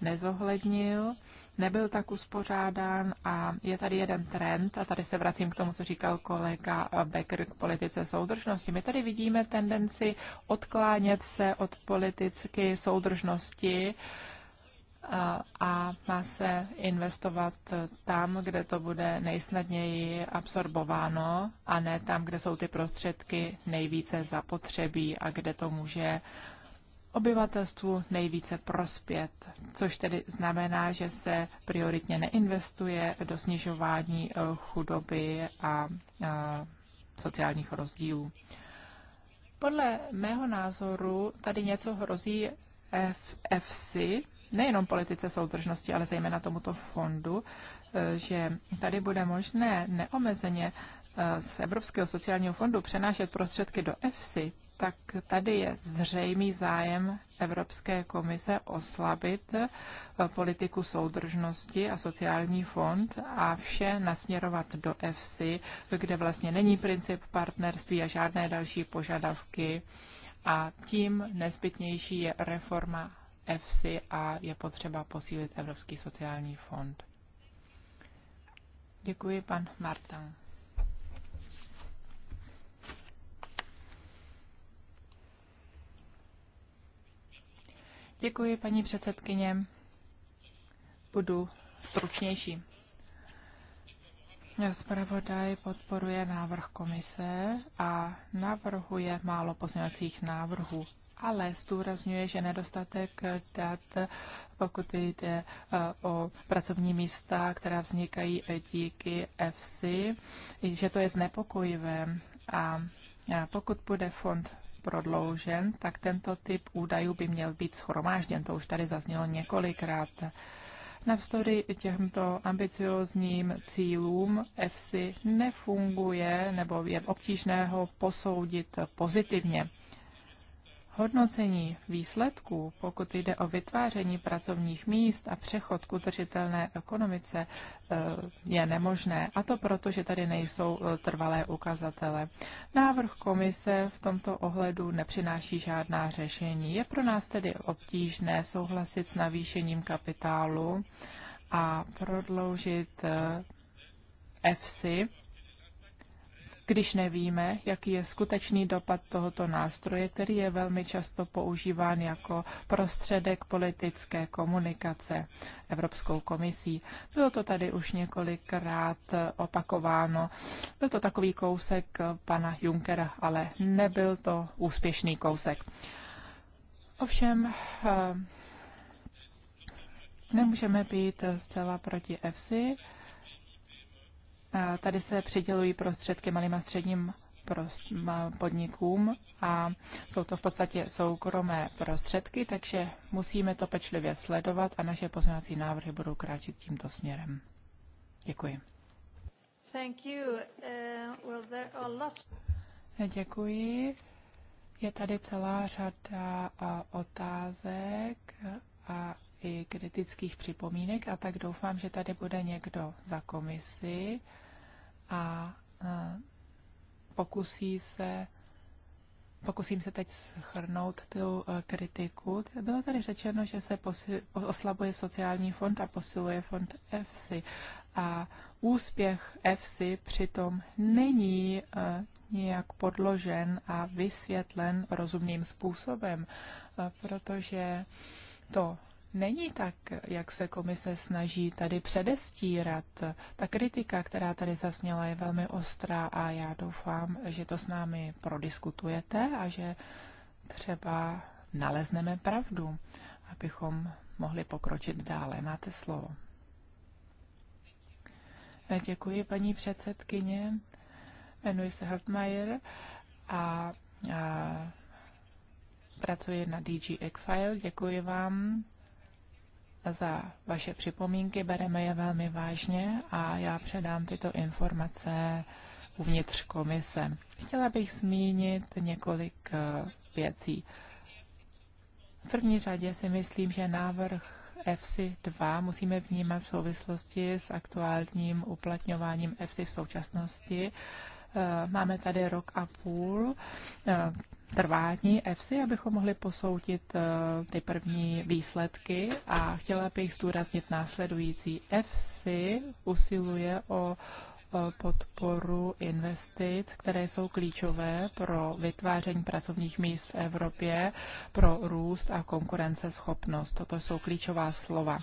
nezohlednil, nebyl tak uspořádán a je tady jeden trend, a tady se vracím k tomu, co říkal kolega Becker k politice soudržnosti. My tady vidíme tendenci odklánět se od politicky soudržnosti a má se investovat tam, kde to bude nejsnadněji absorbováno a ne tam, kde jsou ty prostředky nejvíce zapotřebí a kde to může obyvatelstvu nejvíce prospět, což tedy znamená, že se prioritně neinvestuje do snižování eh, chudoby a eh, sociálních rozdílů. Podle mého názoru tady něco hrozí FFC, nejenom politice soudržnosti, ale zejména tomuto fondu, eh, že tady bude možné neomezeně z Evropského sociálního fondu přenášet prostředky do EFSI, tak tady je zřejmý zájem Evropské komise oslabit eh, politiku soudržnosti a sociální fond a vše nasměrovat do EFSI, kde vlastně není princip partnerství a žádné další požadavky. A tím nezbytnější je reforma EFSI a je potřeba posílit Evropský sociální fond. Děkuji, pan Martin. Děkuji, paní předsedkyně. Budu stručnější. Zpravodaj podporuje návrh komise a navrhuje málo pozměňovacích návrhů, ale zdůrazňuje, že nedostatek dat, pokud jde eh, o pracovní místa, která vznikají díky EFSI, že to je znepokojivé. A pokud bude fond prodloužen, tak tento typ údajů by měl být schromážděn. To už tady zaznělo několikrát. Navzdory těmto ambiciozním cílům EFSI nefunguje nebo je obtížné ho posoudit pozitivně. Hodnocení výsledků, pokud jde o vytváření pracovních míst a přechod k udržitelné ekonomice, eh, je nemožné. A to proto, že tady nejsou eh, trvalé ukazatele. Návrh komise v tomto ohledu nepřináší žádná řešení. Je pro nás tedy obtížné souhlasit s navýšením kapitálu a prodloužit EFSI eh, když nevíme, jaký je skutečný dopad tohoto nástroje, který je velmi často používán jako prostředek politické komunikace Evropskou komisí. Bylo to tady už několikrát opakováno. Byl to takový kousek pana Junkera, ale nebyl to úspěšný kousek. Ovšem, eh, nemůžeme být zcela proti EFSI, tady se přidělují prostředky malým a středním podnikům a jsou to v podstatě soukromé prostředky, takže musíme to pečlivě sledovat a naše pozměňovací návrhy budou kráčit tímto směrem. Děkuji.
Thank you. Uh, well, there are lots...
Děkuji. Je tady celá řada otázek a i kritických připomínek a tak doufám, že tady bude někdo za komisi a e, pokusí se Pokusím se teď schrnout tu e, kritiku. Bylo tady řečeno, že se posil, oslabuje sociální fond a posiluje fond EFSI. A úspěch EFSI přitom není e, nějak podložen a vysvětlen rozumným způsobem, protože to není tak, jak se komise snaží tady předestírat. Ta kritika, která tady zasněla, je velmi ostrá a já doufám, že to s námi prodiskutujete a že třeba nalezneme pravdu, abychom mohli pokročit dále. Máte slovo. Eh, děkuji, paní předsedkyně. Jmenuji se Hartmeier a, a pracuji na DG Eggfile. Děkuji vám za vaše připomínky, bereme je velmi vážně a já předám tyto informace uvnitř komise. Chtěla bych zmínit několik eh, věcí. V první řadě si myslím, že návrh FC 2 musíme vnímat v souvislosti s aktuálním uplatňováním FC v současnosti. Eh, máme tady rok a půl eh, trvání EFSI, abychom mohli posoudit eh, ty první výsledky a chtěla bych zdůraznit následující. EFSI usiluje o eh, podporu investic, které jsou klíčové pro vytváření pracovních míst v Evropě, pro růst a konkurenceschopnost. Toto jsou klíčová slova.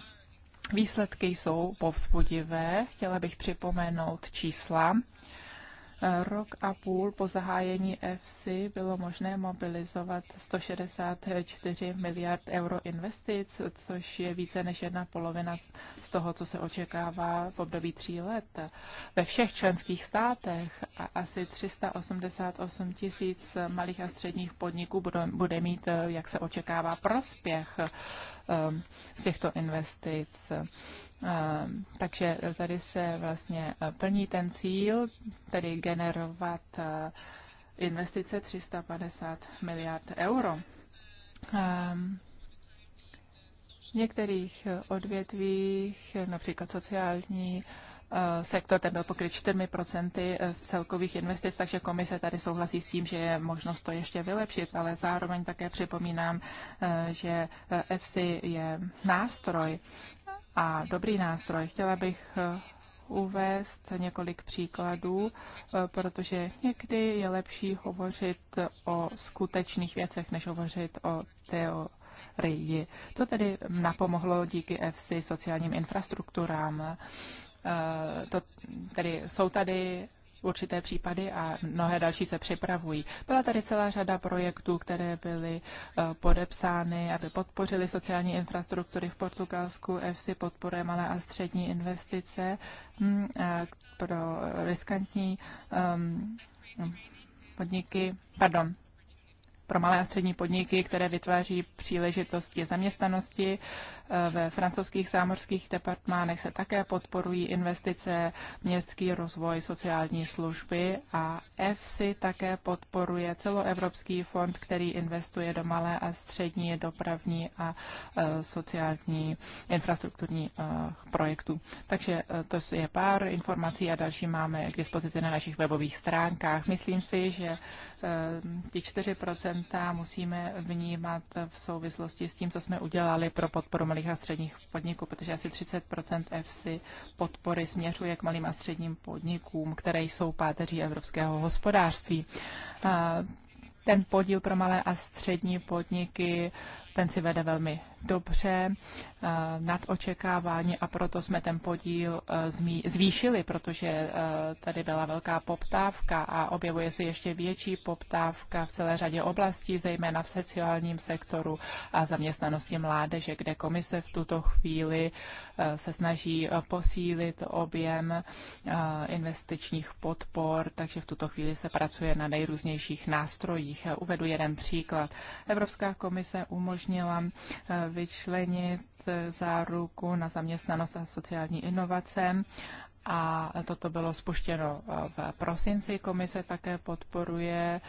Výsledky jsou povzbudivé. Chtěla bych připomenout čísla. Rok a půl po zahájení FC bylo možné mobilizovat 164 miliard euro investic, což je více než jedna polovina z toho, co se očekává v období tří let ve všech členských státech a asi 388 tisíc malých a středních podniků bude mít, eh, jak se očekává, prospěch Um, z těchto investic. Um, takže tady se vlastně uh, plní ten cíl, tedy generovat uh, investice 350 miliard euro. Um, v některých uh, odvětvích, například sociální, Eh, sektor, ten byl pokryt 4% eh, z celkových investic, takže komise tady souhlasí s tím, že je možnost to ještě vylepšit, ale zároveň také připomínám, eh, že EFSI je nástroj a dobrý nástroj. Chtěla bych uvést několik příkladů, protože někdy je lepší hovořit o skutečných věcech, než hovořit o teorii. To tedy napomohlo díky EFSI sociálním infrastrukturám. Eh, to, tedy jsou tady určité případy a mnohé další se připravují. Byla tady celá řada projektů, které byly eh, podepsány, aby podpořili sociální infrastruktury v Portugalsku, EFSI podporuje malé a střední investice hm, eh, pro riskantní hm, podniky, pardon, pro malé a střední podniky, které vytváří příležitosti zaměstnanosti. Eh, ve francouzských zámořských departmánech se také podporují investice, městský rozvoj, sociální služby a EFSI také podporuje celoevropský fond, který investuje do malé a střední dopravní a eh, sociální infrastrukturní eh, projektů. Takže to je pár informací a další máme k dispozici na našich webových stránkách. Myslím si, že ti 4% procenta musíme vnímat v souvislosti s tím, co jsme udělali pro podporu malých a středních podniků, protože asi 30 EFSI podpory směřuje k malým a středním podnikům, které jsou páteří evropského hospodářství. A ten podíl pro malé a střední podniky, ten si vede velmi dobře. Eh, nad očekávání a proto jsme ten podíl eh, zvýšili, protože eh, tady byla velká poptávka a objevuje se ještě větší poptávka v celé řadě oblastí, zejména v sociálním sektoru a zaměstnanosti mládeže, kde komise v tuto chvíli se snaží posílit objem investičních podpor, takže v tuto chvíli se pracuje na nejrůznějších nástrojích. Uvedu jeden příklad. Evropská komise umožnila vyčlenit záruku na zaměstnanost a sociální inovace a toto bylo spuštěno eh, v prosinci. Komise také podporuje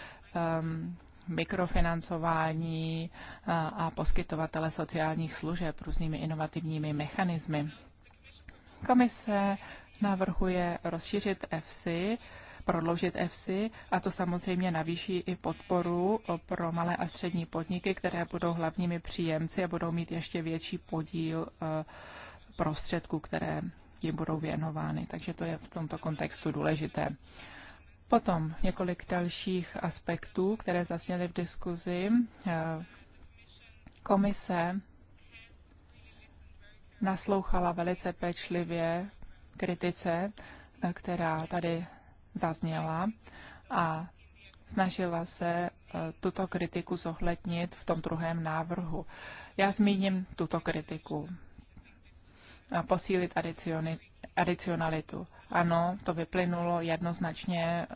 um, mikrofinancování a, eh, a poskytovatele sociálních služeb různými inovativními mechanismy. Komise navrhuje rozšířit EFSI prodloužit EFSI a to samozřejmě navýší i podporu eh, pro malé a střední podniky, které budou hlavními příjemci a budou mít ještě větší podíl eh, prostředků, které jim budou věnovány. Takže to je v tomto kontextu důležité. Potom několik dalších aspektů, které zasněly v diskuzi. Eh, komise naslouchala velice pečlivě kritice, která tady zazněla a snažila se eh, tuto kritiku zohlednit v tom druhém návrhu. Já zmíním tuto kritiku. Posílit adicionalitu. Ano, to vyplynulo jednoznačně eh,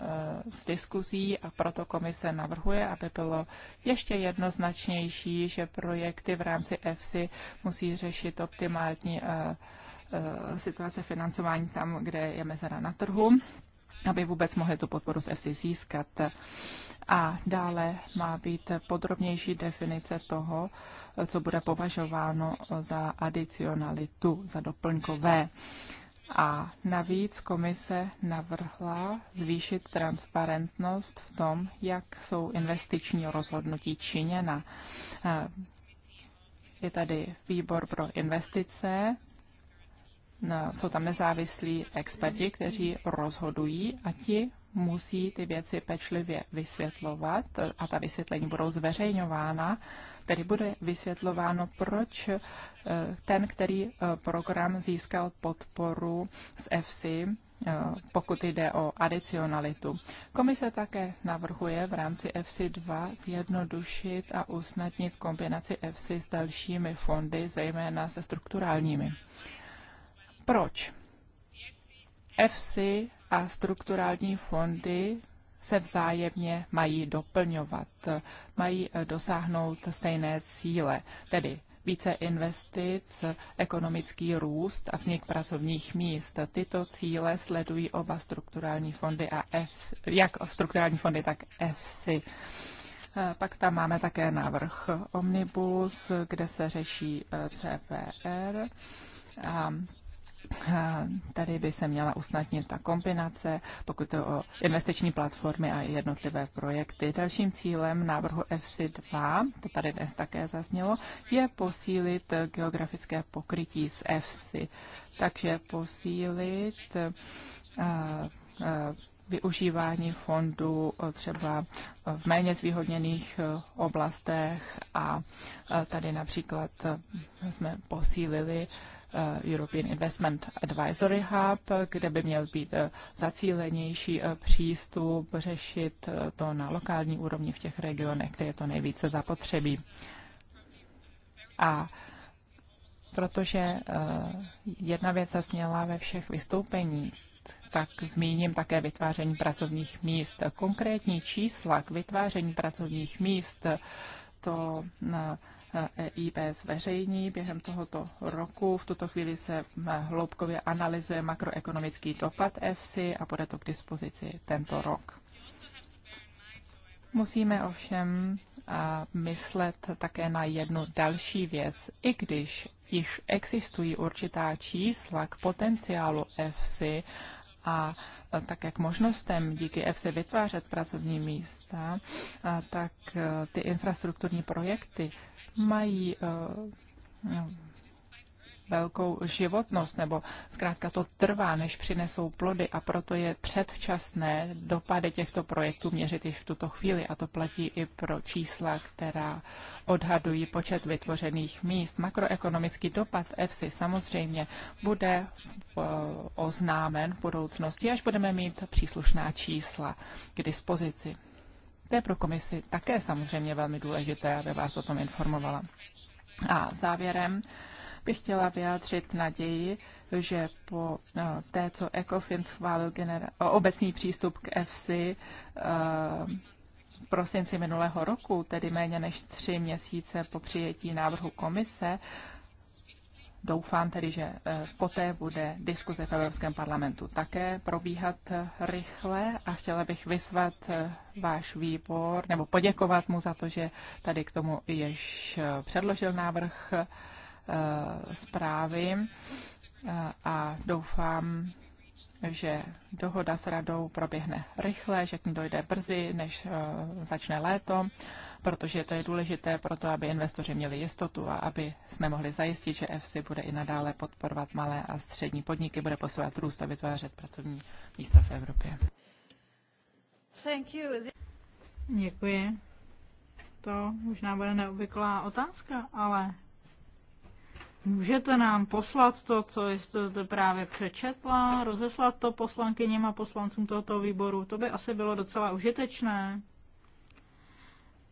z diskuzí a proto komise navrhuje, aby bylo ještě jednoznačnější, že projekty v rámci EFSI musí řešit optimální eh, situace financování tam, kde je mezera na trhu aby vůbec mohli tu podporu z EFSI získat. A dále má být podrobnější definice toho, co bude považováno za adicionalitu, za doplňkové. A navíc komise navrhla zvýšit transparentnost v tom, jak jsou investiční rozhodnutí činěna. Eh, je tady výbor pro investice, jsou tam nezávislí experti, kteří rozhodují a ti musí ty věci pečlivě vysvětlovat a ta vysvětlení budou zveřejňována, tedy bude vysvětlováno, proč eh, ten, který eh, program získal podporu z EFSI, eh, pokud jde o adicionalitu. Komise také navrhuje v rámci FC 2 zjednodušit a usnadnit kombinaci FC s dalšími fondy, zejména se strukturálními. Proč? EFSI a strukturální fondy se vzájemně mají doplňovat, mají eh, dosáhnout stejné cíle, tedy více investic, ekonomický růst a vznik pracovních míst. Tyto cíle sledují oba strukturální fondy a F, jak strukturální fondy, tak EFSI. Eh, pak tam máme také návrh Omnibus, kde se řeší eh, CPR. A Tady by se měla usnadnit ta kombinace, pokud to o investiční platformy a jednotlivé projekty. Dalším cílem návrhu fc 2, to tady dnes také zaznělo, je posílit geografické pokrytí z FC. Takže posílit využívání fondu třeba v méně zvýhodněných oblastech a tady například jsme posílili Eh, European Investment Advisory Hub, kde by měl být eh, zacílenější eh, přístup, řešit to na lokální úrovni v těch regionech, kde je to nejvíce zapotřebí. A protože jedna věc zasněla ve všech vystoupeních, tak zmíním také vytváření pracovních míst. Konkrétní čísla k vytváření pracovních míst, to EIB zveřejní během tohoto roku. V tuto chvíli se hloubkově analyzuje makroekonomický dopad EFSI a bude to k dispozici tento rok. Musíme ovšem myslet také na jednu další věc. I když již existují určitá čísla k potenciálu EFSI a také k možnostem díky EFSI vytvářet pracovní místa, tak e, ty infrastrukturní projekty mají eh, no, velkou životnost, nebo zkrátka to trvá, než přinesou plody a proto je předčasné dopady těchto projektů měřit již v tuto chvíli a to platí i pro čísla, která odhadují počet vytvořených míst. Makroekonomický dopad EFSI samozřejmě bude eh, oznámen v budoucnosti, až budeme mít příslušná čísla k dispozici. To je pro komisi také samozřejmě velmi důležité, aby vás o tom informovala. A závěrem bych chtěla vyjádřit naději, že po eh, té, co ECOFIN schválil obecný přístup k EFSI, eh, v prosinci minulého roku, tedy méně než tři měsíce po přijetí návrhu komise, Doufám tedy, že eh, poté bude diskuze v Evropském parlamentu také probíhat eh, rychle a chtěla bych vyzvat eh, váš výbor nebo poděkovat mu za to, že tady k tomu již předložil návrh zprávy a doufám, že dohoda s radou proběhne rychle, že k ní dojde brzy, než eh, začne léto, protože to je důležité pro to, aby investoři měli jistotu a aby jsme mohli zajistit, že EFSI bude i nadále podporovat malé a střední podniky, bude posouvat růst a vytvářet pracovní místa v Evropě. Thank you. Děkuji.
To možná bude neobvyklá otázka, ale Můžete nám poslat to, co jste to právě přečetla, rozeslat to poslankyním a poslancům tohoto výboru. To by asi bylo docela užitečné,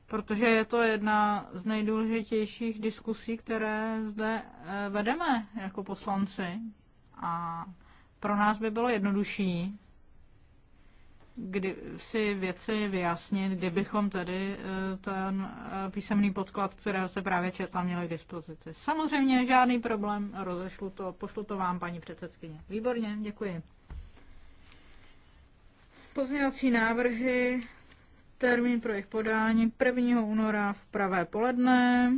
protože je to jedna z nejdůležitějších diskusí, které zde eh, vedeme jako poslanci. A pro nás by bylo jednodušší kdy si věci vyjasnit, kdybychom tedy eh, ten eh, písemný podklad, který se právě četla, měli k dispozici. Samozřejmě žádný problém, rozešlu to, pošlu to vám, paní předsedkyně. Výborně, děkuji. Pozněvací návrhy, termín pro jejich podání 1. února v pravé poledne,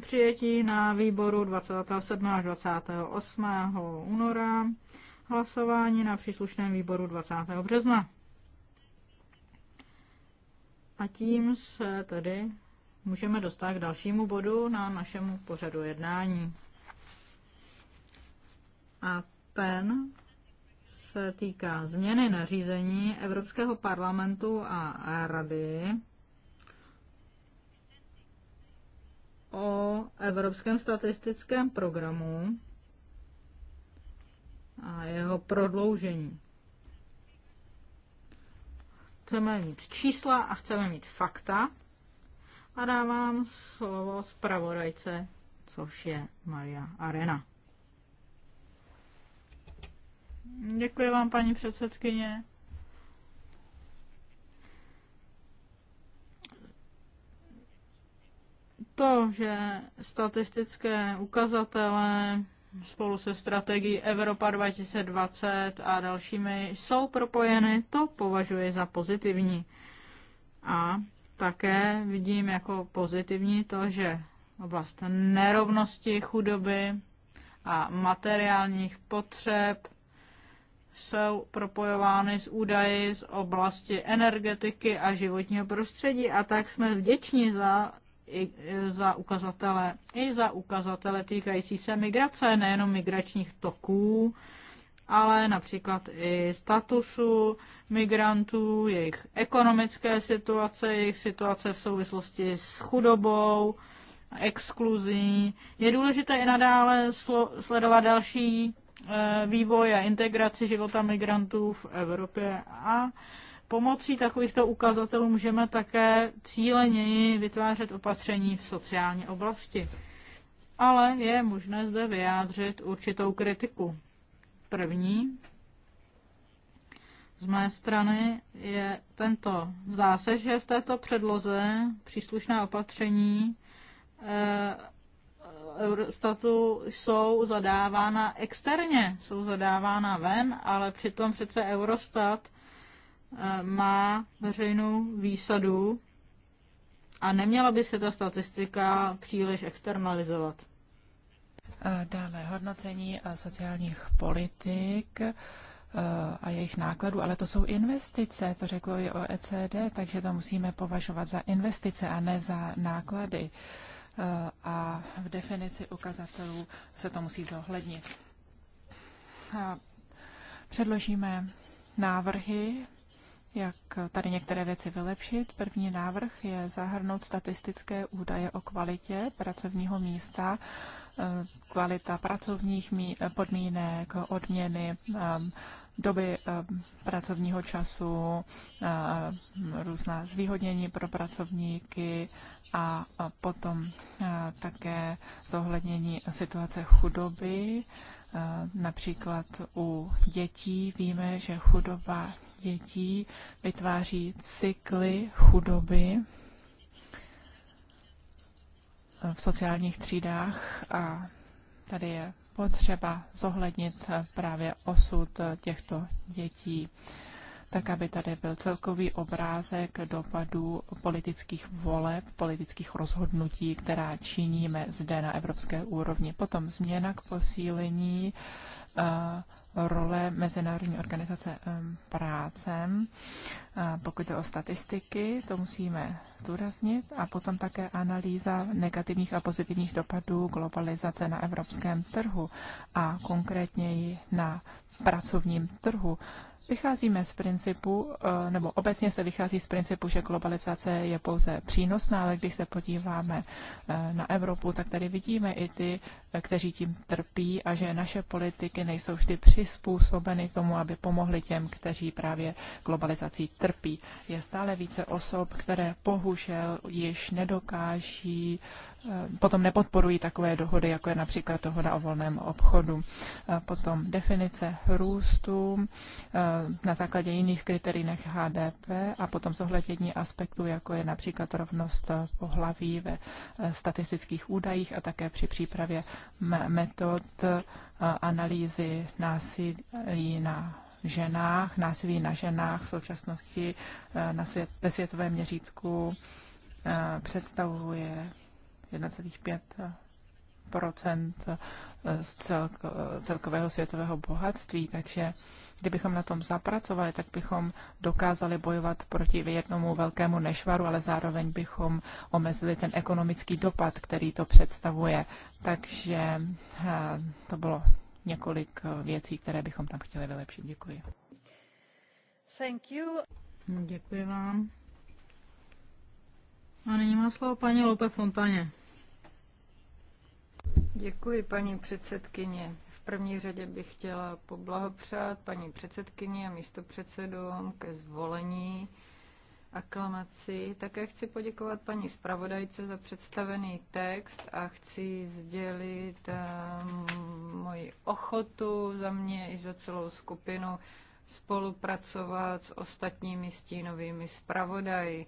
přijetí na výboru 27. až 28. února, hlasování na příslušném výboru 20. března. A tím se tedy můžeme dostat k dalšímu bodu na našemu pořadu jednání. A ten se týká změny nařízení Evropského parlamentu a Rady o Evropském statistickém programu a jeho prodloužení. Chceme mít čísla a chceme mít fakta. A dávám slovo zpravodajce, což je Maria Arena. Děkuji vám, paní předsedkyně. To, že statistické ukazatele spolu se strategií Evropa 2020 a dalšími jsou propojeny, to považuji za pozitivní. A také vidím jako pozitivní to, že oblast nerovnosti, chudoby a materiálních potřeb jsou propojovány s údaji z oblasti energetiky a životního prostředí a tak jsme vděční za i za ukazatele, i za ukazatele týkající se migrace, nejenom migračních toků, ale například i statusu migrantů, jejich ekonomické situace, jejich situace v souvislosti s chudobou, exkluzí. Je důležité i nadále sledovat další eh, vývoj a integraci života migrantů v Evropě a Pomocí takovýchto ukazatelů můžeme také cíleněji vytvářet opatření v sociální oblasti. Ale je možné zde vyjádřit určitou kritiku. První z mé strany je tento. Zdá se, že v této předloze příslušná opatření eh, Eurostatu jsou zadávána externě, jsou zadávána ven, ale přitom přece Eurostat má veřejnou výsadu a neměla by se ta statistika příliš externalizovat.
Eh, dále hodnocení a sociálních politik eh, a jejich nákladů, ale to jsou investice, to řeklo i OECD, takže to musíme považovat za investice a ne za náklady. Eh, a v definici ukazatelů se to musí zohlednit. A předložíme návrhy jak tady některé věci vylepšit. První návrh je zahrnout statistické údaje o kvalitě pracovního místa, eh, kvalita pracovních podmínek, odměny, eh, doby eh, pracovního času, eh, různá zvýhodnění pro pracovníky a potom eh, také zohlednění situace chudoby. Například u dětí víme, že chudoba dětí vytváří cykly chudoby v sociálních třídách a tady je potřeba zohlednit právě osud těchto dětí, tak aby tady byl celkový obrázek dopadů politických voleb, politických rozhodnutí, která činíme zde na evropské úrovni. Potom změna k posílení uh, role Mezinárodní organizace práce. Pokud jde o statistiky, to musíme zdůraznit a potom také analýza negativních a pozitivních dopadů globalizace na evropském trhu a konkrétněji na pracovním trhu. Vycházíme z principu, e, nebo obecně se vychází z principu, že globalizace je pouze přínosná, ale když se podíváme e, na Evropu, tak tady vidíme i ty kteří tím trpí a že naše politiky nejsou vždy přizpůsobeny tomu, aby pomohly těm, kteří právě globalizací trpí. Je stále více osob, které bohužel již nedokáží, eh, potom nepodporují takové dohody, jako je například dohoda o volném obchodu. Potom definice růstu eh, na základě jiných kritérií než HDP a potom zohlednění aspektů, jako je například rovnost pohlaví ve eh, statistických údajích a také při přípravě metod eh, analýzy násilí na ženách, násilí na ženách v současnosti eh, na svět, ve světovém měřítku eh, představuje 1,5 z celkového světového bohatství, takže Kdybychom na tom zapracovali, tak bychom dokázali bojovat proti jednomu velkému nešvaru, ale zároveň bychom omezili ten ekonomický dopad, který to představuje. Takže eh, to bylo několik eh, věcí, které bychom tam chtěli vylepšit. Děkuji.
Thank you.
Děkuji vám.
A nyní má slovo paní Lope
Fontaně.
Děkuji, paní předsedkyně první řadě bych chtěla poblahopřát paní předsedkyni a místopředsedům ke zvolení aklamaci. Také chci poděkovat paní zpravodajce za představený text a chci sdělit ehm, moji ochotu za mě i za celou skupinu spolupracovat s ostatními stínovými zpravodaji.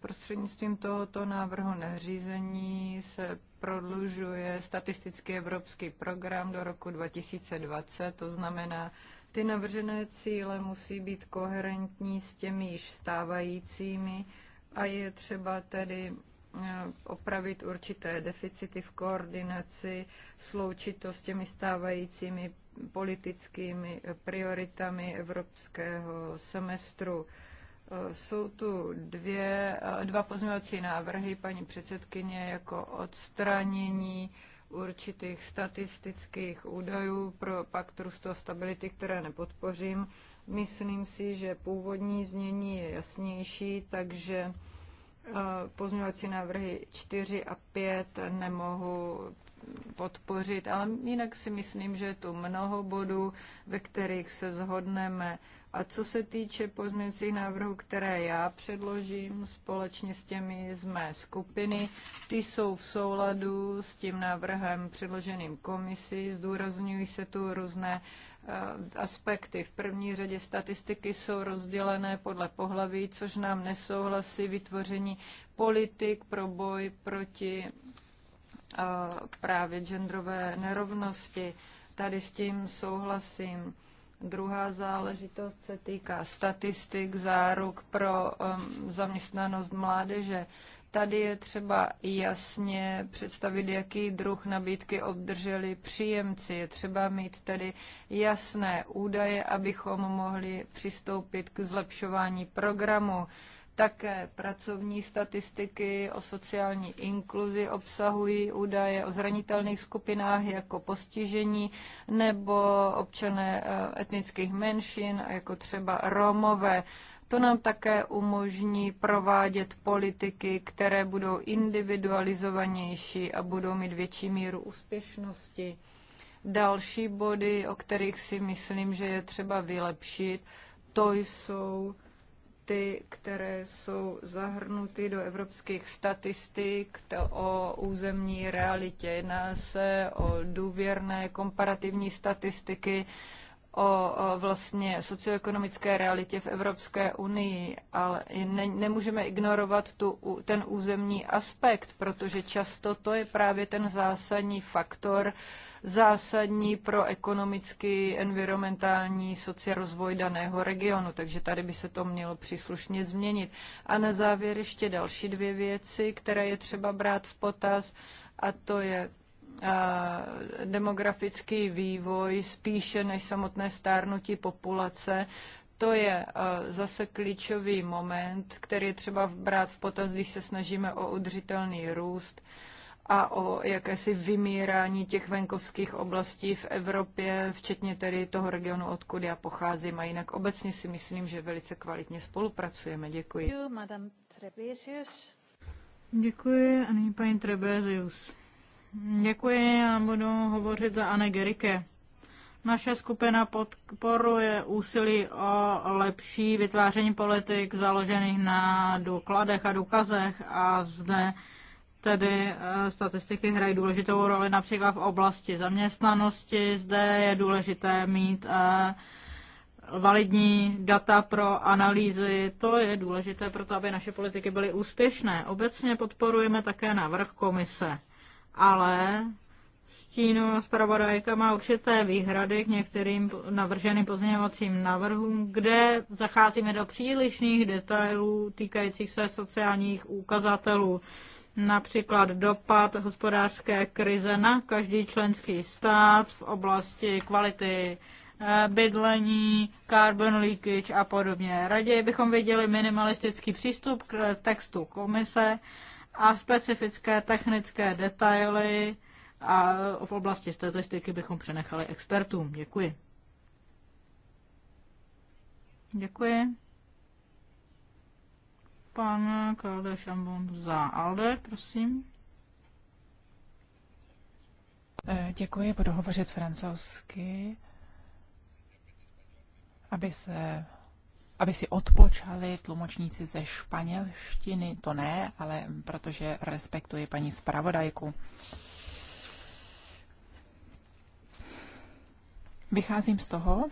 Prostřednictvím tohoto návrhu nařízení se prodlužuje statistický evropský program do roku 2020, to znamená, ty navržené cíle musí být koherentní s těmi již stávajícími a je třeba tedy eh, opravit určité deficity v koordinaci, sloučit to s těmi stávajícími politickými prioritami evropského semestru. Jsou tu dvě, dva pozměňovací návrhy paní předsedkyně jako odstranění určitých statistických údajů pro pakt růstu stability, které nepodpořím. Myslím si, že původní znění je jasnější, takže eh, pozměňovací návrhy 4 a 5 nemohu podpořit, ale jinak si myslím, že je tu mnoho bodů, ve kterých se zhodneme. A co se týče pozměňujících návrhů, které já předložím společně s těmi z mé skupiny, ty jsou v souladu s tím návrhem předloženým komisi. Zdůrazňují se tu různé eh, aspekty. V první řadě statistiky jsou rozdělené podle pohlaví, což nám nesouhlasí vytvoření politik pro boj proti eh, právě genderové nerovnosti. Tady s tím souhlasím. Druhá záležitost se týká statistik, záruk pro um, zaměstnanost mládeže. Tady je třeba jasně představit, jaký druh nabídky obdrželi příjemci. Je třeba mít tedy jasné údaje, abychom mohli přistoupit k zlepšování programu. Také pracovní statistiky o sociální inkluzi obsahují údaje o zranitelných skupinách jako postižení nebo občané eh, etnických menšin, jako třeba Romové. To nám také umožní provádět politiky, které budou individualizovanější a budou mít větší míru úspěšnosti. Další body, o kterých si myslím, že je třeba vylepšit, to jsou ty, které jsou zahrnuty do evropských statistik to o územní realitě. Jedná se o důvěrné komparativní statistiky, o vlastně socioekonomické realitě v Evropské unii, ale ne, nemůžeme ignorovat tu, ten územní aspekt, protože často to je právě ten zásadní faktor, zásadní pro ekonomický, environmentální, sociální rozvoj daného regionu. Takže tady by se to mělo příslušně změnit. A na závěr ještě další dvě věci, které je třeba brát v potaz, a to je demografický vývoj spíše než samotné stárnutí populace. To je e, zase klíčový moment, který je třeba brát v potaz, když se snažíme o udržitelný růst a o jakési vymírání těch venkovských oblastí v Evropě, včetně tedy toho regionu, odkud já pocházím. A jinak obecně si myslím, že velice kvalitně spolupracujeme. Děkuji. Děkuji a nyní paní Trebesius.
Děkuji, já budu hovořit za Anne Gerike. Naše skupina podporuje úsilí o lepší vytváření politik založených na dokladech a důkazech a zde tedy eh, statistiky hrají důležitou roli například v oblasti zaměstnanosti. Zde je důležité mít eh, validní data pro analýzy. To je důležité pro to, aby naše politiky byly úspěšné. Obecně podporujeme také návrh komise ale stínu zpravodajka má určité výhrady k některým navrženým pozměňovacím návrhům, kde zacházíme do přílišných detailů týkajících se sociálních ukazatelů, například dopad hospodářské krize na každý členský stát v oblasti kvality eh, bydlení, carbon leakage a podobně. Raději bychom viděli minimalistický přístup k textu komise, a specifické technické detaily a v oblasti statistiky bychom přenechali expertům. Děkuji. Děkuji.
Pan Kalde Šambon za Alde, prosím. Eh, děkuji, budu hovořit francouzsky, aby se aby si odpočali tlumočníci ze španělštiny, to ne, ale protože respektuji paní zpravodajku. Vycházím z toho,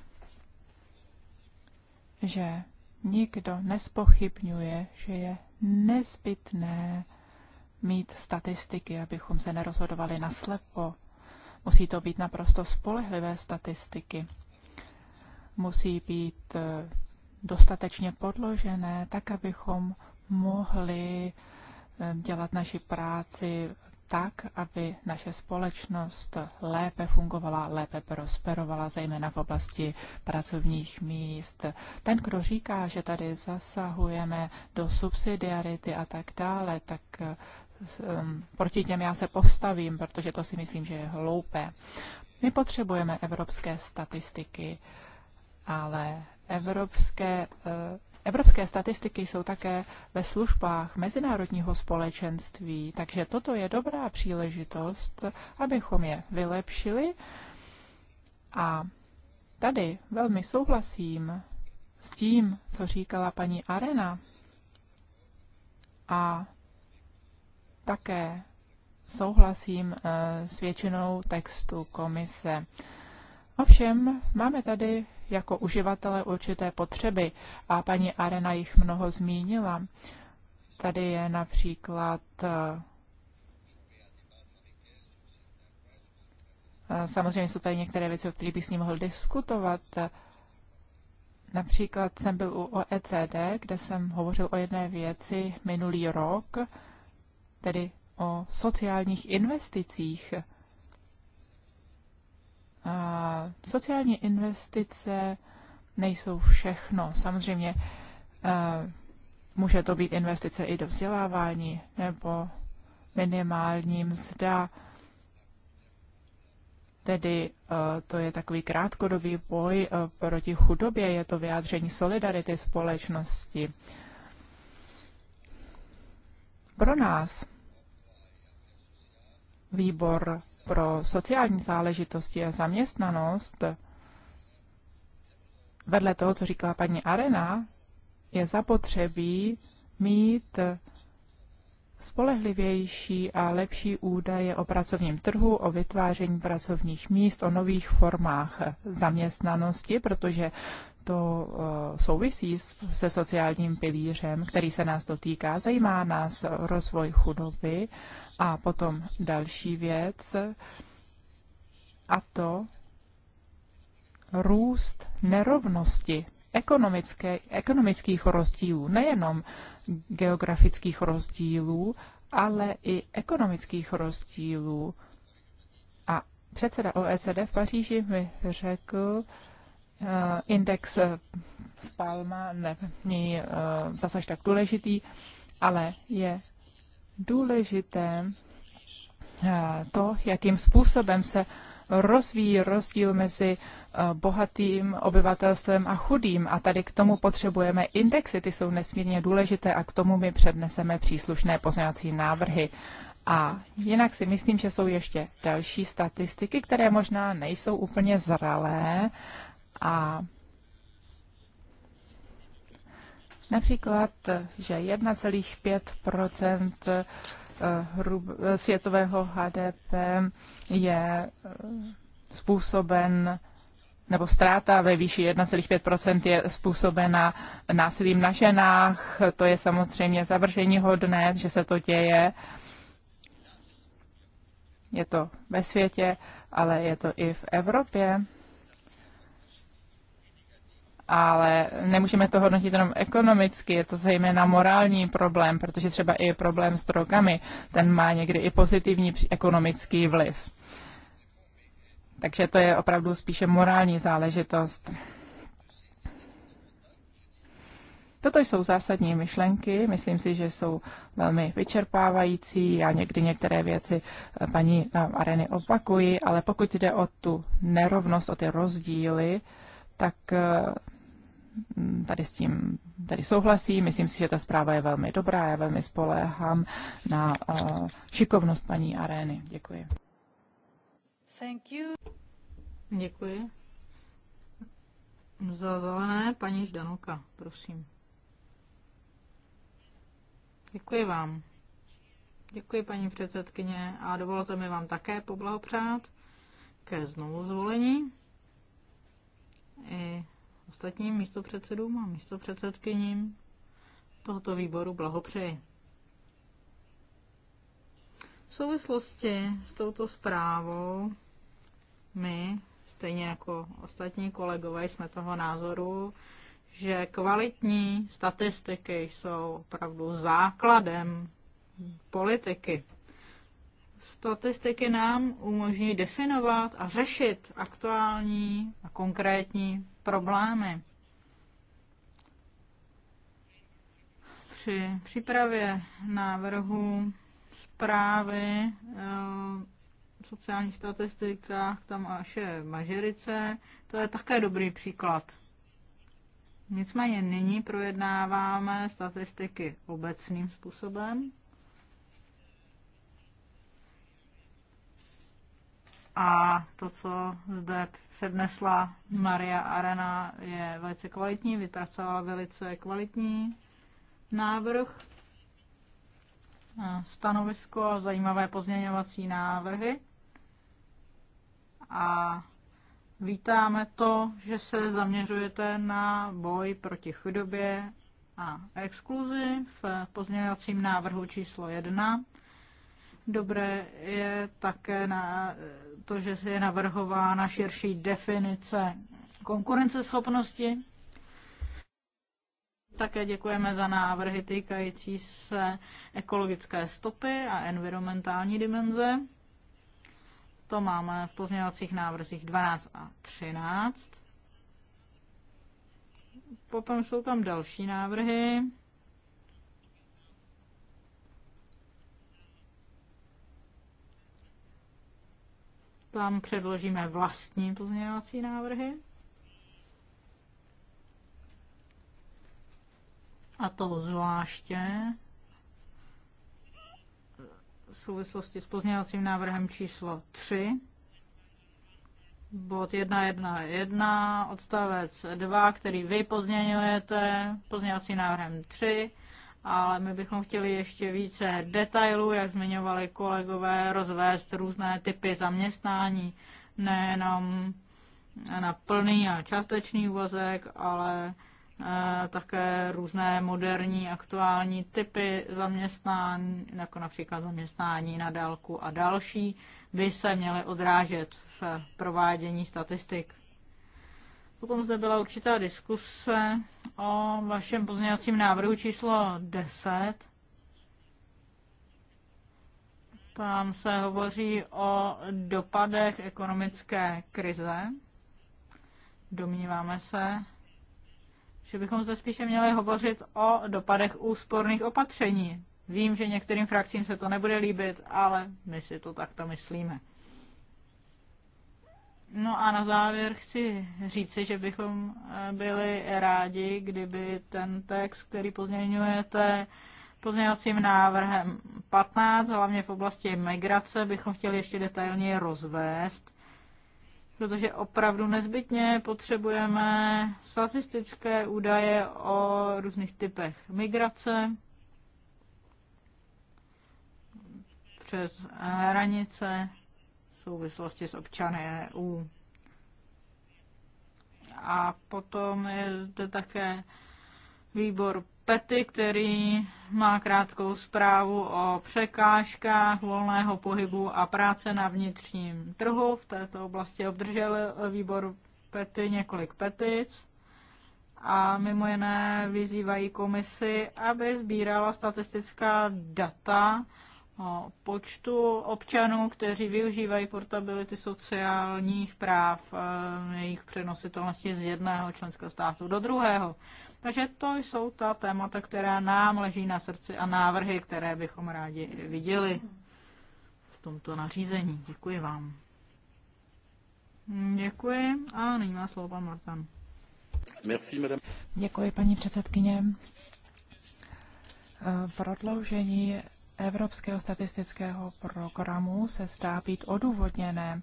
že nikdo nespochybňuje, že je nezbytné mít statistiky, abychom se nerozhodovali naslepo. Musí to být naprosto spolehlivé statistiky. Musí být eh, dostatečně podložené, tak abychom mohli eh, dělat naši práci tak, aby naše společnost lépe fungovala, lépe prosperovala, zejména v oblasti pracovních míst. Ten, kdo říká, že tady zasahujeme do subsidiarity a tak dále, tak eh, proti těm já se postavím, protože to si myslím, že je hloupé. My potřebujeme evropské statistiky, ale evropské, eh, evropské statistiky jsou také ve službách mezinárodního společenství, takže toto je dobrá příležitost, abychom je vylepšili. A tady velmi souhlasím s tím, co říkala paní Arena a také souhlasím eh, s většinou textu komise. Ovšem, máme tady jako uživatele určité potřeby a paní Arena jich mnoho zmínila. Tady je například eh, Samozřejmě jsou tady některé věci, o kterých bych s ním mohl diskutovat. Například jsem byl u OECD, kde jsem hovořil o jedné věci minulý rok, tedy o sociálních investicích sociální investice nejsou všechno. Samozřejmě eh, může to být investice i do vzdělávání nebo minimální mzda. Tedy eh, to je takový krátkodobý boj eh, proti chudobě, je to vyjádření solidarity společnosti. Pro nás výbor pro sociální záležitosti a zaměstnanost, vedle toho, co říkala paní Arena, je zapotřebí mít spolehlivější a lepší údaje o pracovním trhu, o vytváření pracovních míst, o nových formách zaměstnanosti, protože to eh, souvisí se sociálním pilířem, který se nás dotýká. Zajímá nás rozvoj chudoby a potom další věc, a to růst nerovnosti ekonomické, ekonomických rozdílů, nejenom geografických rozdílů, ale i ekonomických rozdílů. A předseda OECD v Paříži mi řekl, Eh, index eh, z Palma není eh, zase až tak důležitý, ale je důležité to, jakým způsobem se rozvíjí rozdíl mezi bohatým obyvatelstvem a chudým. A tady k tomu potřebujeme indexy, ty jsou nesmírně důležité a k tomu my předneseme příslušné pozměňovací návrhy. A jinak si myslím, že jsou ještě další statistiky, které možná nejsou úplně zralé, a například, že 1,5 eh, eh, světového HDP je eh, způsoben nebo ztráta ve výši 1,5 je způsobena násilím na ženách. To je samozřejmě zavržení hodné, že se to děje. Je to ve světě, ale je to i v Evropě ale nemůžeme to hodnotit jenom ekonomicky, je to zejména morální problém, protože třeba i problém s drogami, ten má někdy i pozitivní ekonomický vliv. Takže to je opravdu spíše morální záležitost. Toto jsou zásadní myšlenky, myslím si, že jsou velmi vyčerpávající. Já někdy některé věci eh, paní eh, Areny opakuji, ale pokud jde o tu nerovnost, o ty rozdíly, tak eh, tady s tím tady souhlasí. Myslím si, že ta zpráva je velmi dobrá. Já velmi spoléhám na uh, šikovnost paní Arény. Děkuji.
Thank you.
Děkuji. Za zelené paní Ždanoka, prosím. Děkuji vám. Děkuji, paní předsedkyně, a dovolte mi vám také poblahopřát ke znovu zvolení. I ostatním místopředsedům a místopředsedkyním tohoto výboru blahopřeji. V souvislosti s touto zprávou my, stejně jako ostatní kolegové, jsme toho názoru, že kvalitní statistiky jsou opravdu základem politiky. Statistiky nám umožní definovat a řešit aktuální a konkrétní problémy. Při přípravě návrhu zprávy v eh, sociálních statistikách, tam až je Mažerice, to je také dobrý příklad. Nicméně nyní projednáváme statistiky obecným způsobem, a to, co zde přednesla Maria Arena, je velice kvalitní, vypracovala velice kvalitní návrh, stanovisko a zajímavé pozměňovací návrhy. A vítáme to, že se zaměřujete na boj proti chudobě a exkluzi v pozměňovacím návrhu číslo 1 Dobré je také na to, že se je navrhována širší definice konkurenceschopnosti. Také děkujeme za návrhy týkající se ekologické stopy a environmentální dimenze. To máme v pozměňovacích návrzích 12 a 13. Potom jsou tam další návrhy tam předložíme vlastní pozměňovací návrhy. A to zvláště v souvislosti s pozměňovacím návrhem číslo 3, bod 1.1.1, odstavec 2, který vy pozměňujete pozměňovacím návrhem 3, ale my bychom chtěli ještě více detailů, jak zmiňovali kolegové, rozvést různé typy zaměstnání, nejenom na plný a částečný úvazek, ale eh, také různé moderní, aktuální typy zaměstnání, jako například zaměstnání na dálku a další, by se měly odrážet v provádění statistik. Potom zde byla určitá diskuse o vašem pozměňovacím návrhu číslo 10. Tam se hovoří o dopadech ekonomické krize. Domníváme se, že bychom zde spíše měli hovořit o dopadech úsporných opatření. Vím, že některým frakcím se to nebude líbit, ale my si to takto myslíme. No a na závěr chci říci, že bychom eh, byli rádi, kdyby ten text, který pozměňujete pozměňovacím návrhem 15, hlavně v oblasti migrace, bychom chtěli ještě detailně rozvést, protože opravdu nezbytně potřebujeme statistické údaje o různých typech migrace přes hranice souvislosti s občany EU. A potom je to také výbor Pety, který má krátkou zprávu o překážkách volného pohybu a práce na vnitřním trhu. V této oblasti obdržel výbor Pety několik petic a mimo jiné vyzývají komisi, aby sbírala statistická data o počtu občanů, kteří využívají portability sociálních práv, eh, jejich přenositelnosti z jedného členského státu do druhého. Takže to jsou ta témata, která nám leží na srdci a návrhy, které bychom rádi viděli v tomto nařízení. Děkuji vám. Děkuji a nyní má slovo pan Martan.
Merci, madame. Děkuji, paní předsedkyně. Eh, prodloužení Evropského statistického programu se zdá být odůvodněné,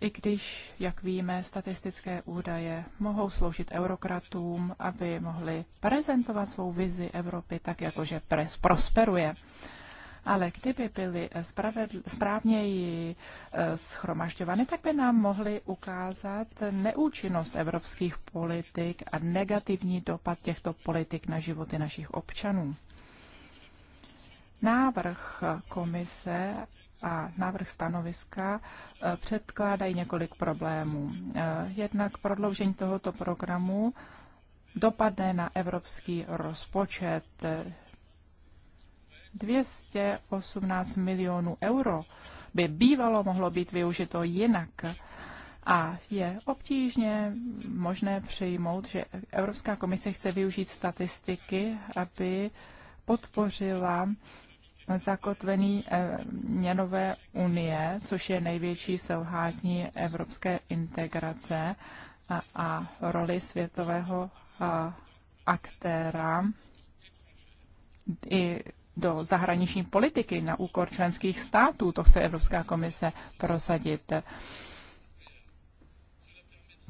i když, jak víme, statistické údaje mohou sloužit eurokratům, aby mohli prezentovat svou vizi Evropy tak, jakože pres prosperuje. Ale kdyby byly spravedl- správněji eh, schromažďovány, tak by nám mohly ukázat neúčinnost evropských politik a negativní dopad těchto politik na životy našich občanů. Návrh komise a návrh stanoviska eh, předkládají několik problémů. Eh, jednak prodloužení tohoto programu dopadne na evropský rozpočet 218 milionů euro by bývalo mohlo být využito jinak. A je obtížně možné přijmout, že Evropská komise chce využít statistiky, aby podpořila zakotvený eh, měnové unie, což je největší selhání evropské integrace a, a roli světového a, eh, aktéra i do zahraniční politiky na úkor členských států. To chce Evropská komise prosadit.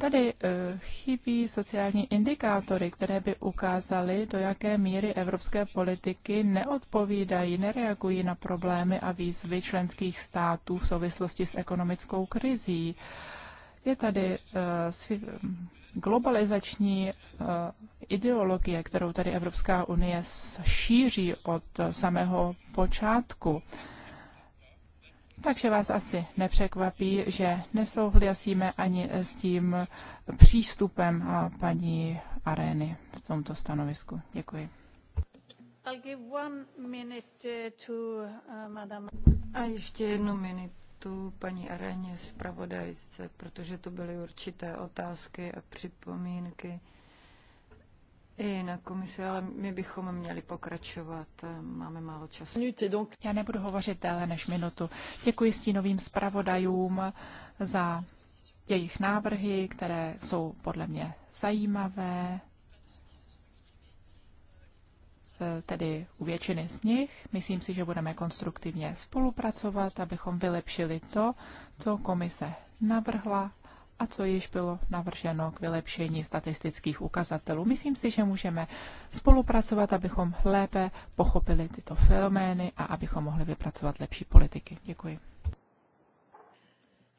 Tady eh, chybí sociální indikátory, které by ukázaly, do jaké míry evropské politiky neodpovídají, nereagují na problémy a výzvy členských států v souvislosti s ekonomickou krizí. Je tady eh, globalizační eh, ideologie, kterou tady Evropská unie šíří od samého počátku. Takže vás asi nepřekvapí, že nesouhlasíme ani s tím přístupem paní Arény v tomto stanovisku. Děkuji.
Eh, to, uh,
A ještě jednu minutu paní Aréně zpravodajce, protože to byly určité otázky a připomínky i na komisi, ale my bychom měli pokračovat.
Máme málo času. Já nebudu hovořit déle než minutu. Děkuji stínovým zpravodajům za jejich návrhy, které jsou podle mě zajímavé. E, tedy u většiny z nich. Myslím si, že budeme konstruktivně spolupracovat, abychom vylepšili to, co komise navrhla a co již bylo navrženo k vylepšení statistických ukazatelů. Myslím si, že můžeme spolupracovat, abychom lépe pochopili tyto fenomény a abychom mohli vypracovat lepší politiky. Děkuji.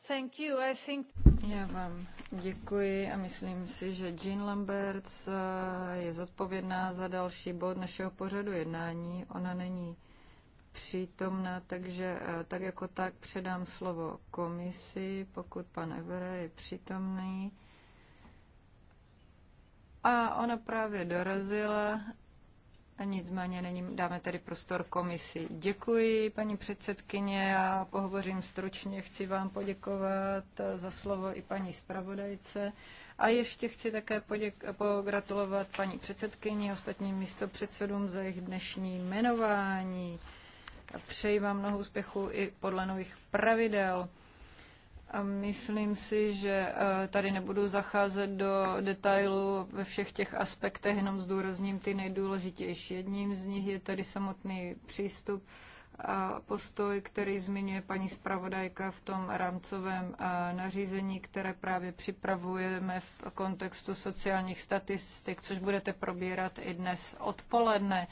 Thank you. I think... Já vám děkuji a myslím si, že Jean Lambert eh, je zodpovědná za další bod našeho pořadu jednání. Ona není přítomna, takže eh, tak jako tak předám slovo komisi, pokud pan Evere je přítomný. A ona právě dorazila a nicméně není, dáme tady prostor komisi. Děkuji, paní předsedkyně, já pohovořím stručně, chci vám poděkovat eh, za slovo i paní zpravodajce. A ještě chci také poděk- pogratulovat paní předsedkyni, ostatním místopředsedům za jejich dnešní jmenování a přeji vám mnoho úspěchu i podle nových pravidel. A myslím si, že eh, tady nebudu zacházet do detailu ve všech těch aspektech, jenom zdůrazním ty nejdůležitější. Jedním z nich je tady samotný přístup a postoj, který zmiňuje paní zpravodajka v tom rámcovém eh, nařízení, které právě připravujeme v kontextu sociálních statistik, což budete probírat i dnes odpoledne.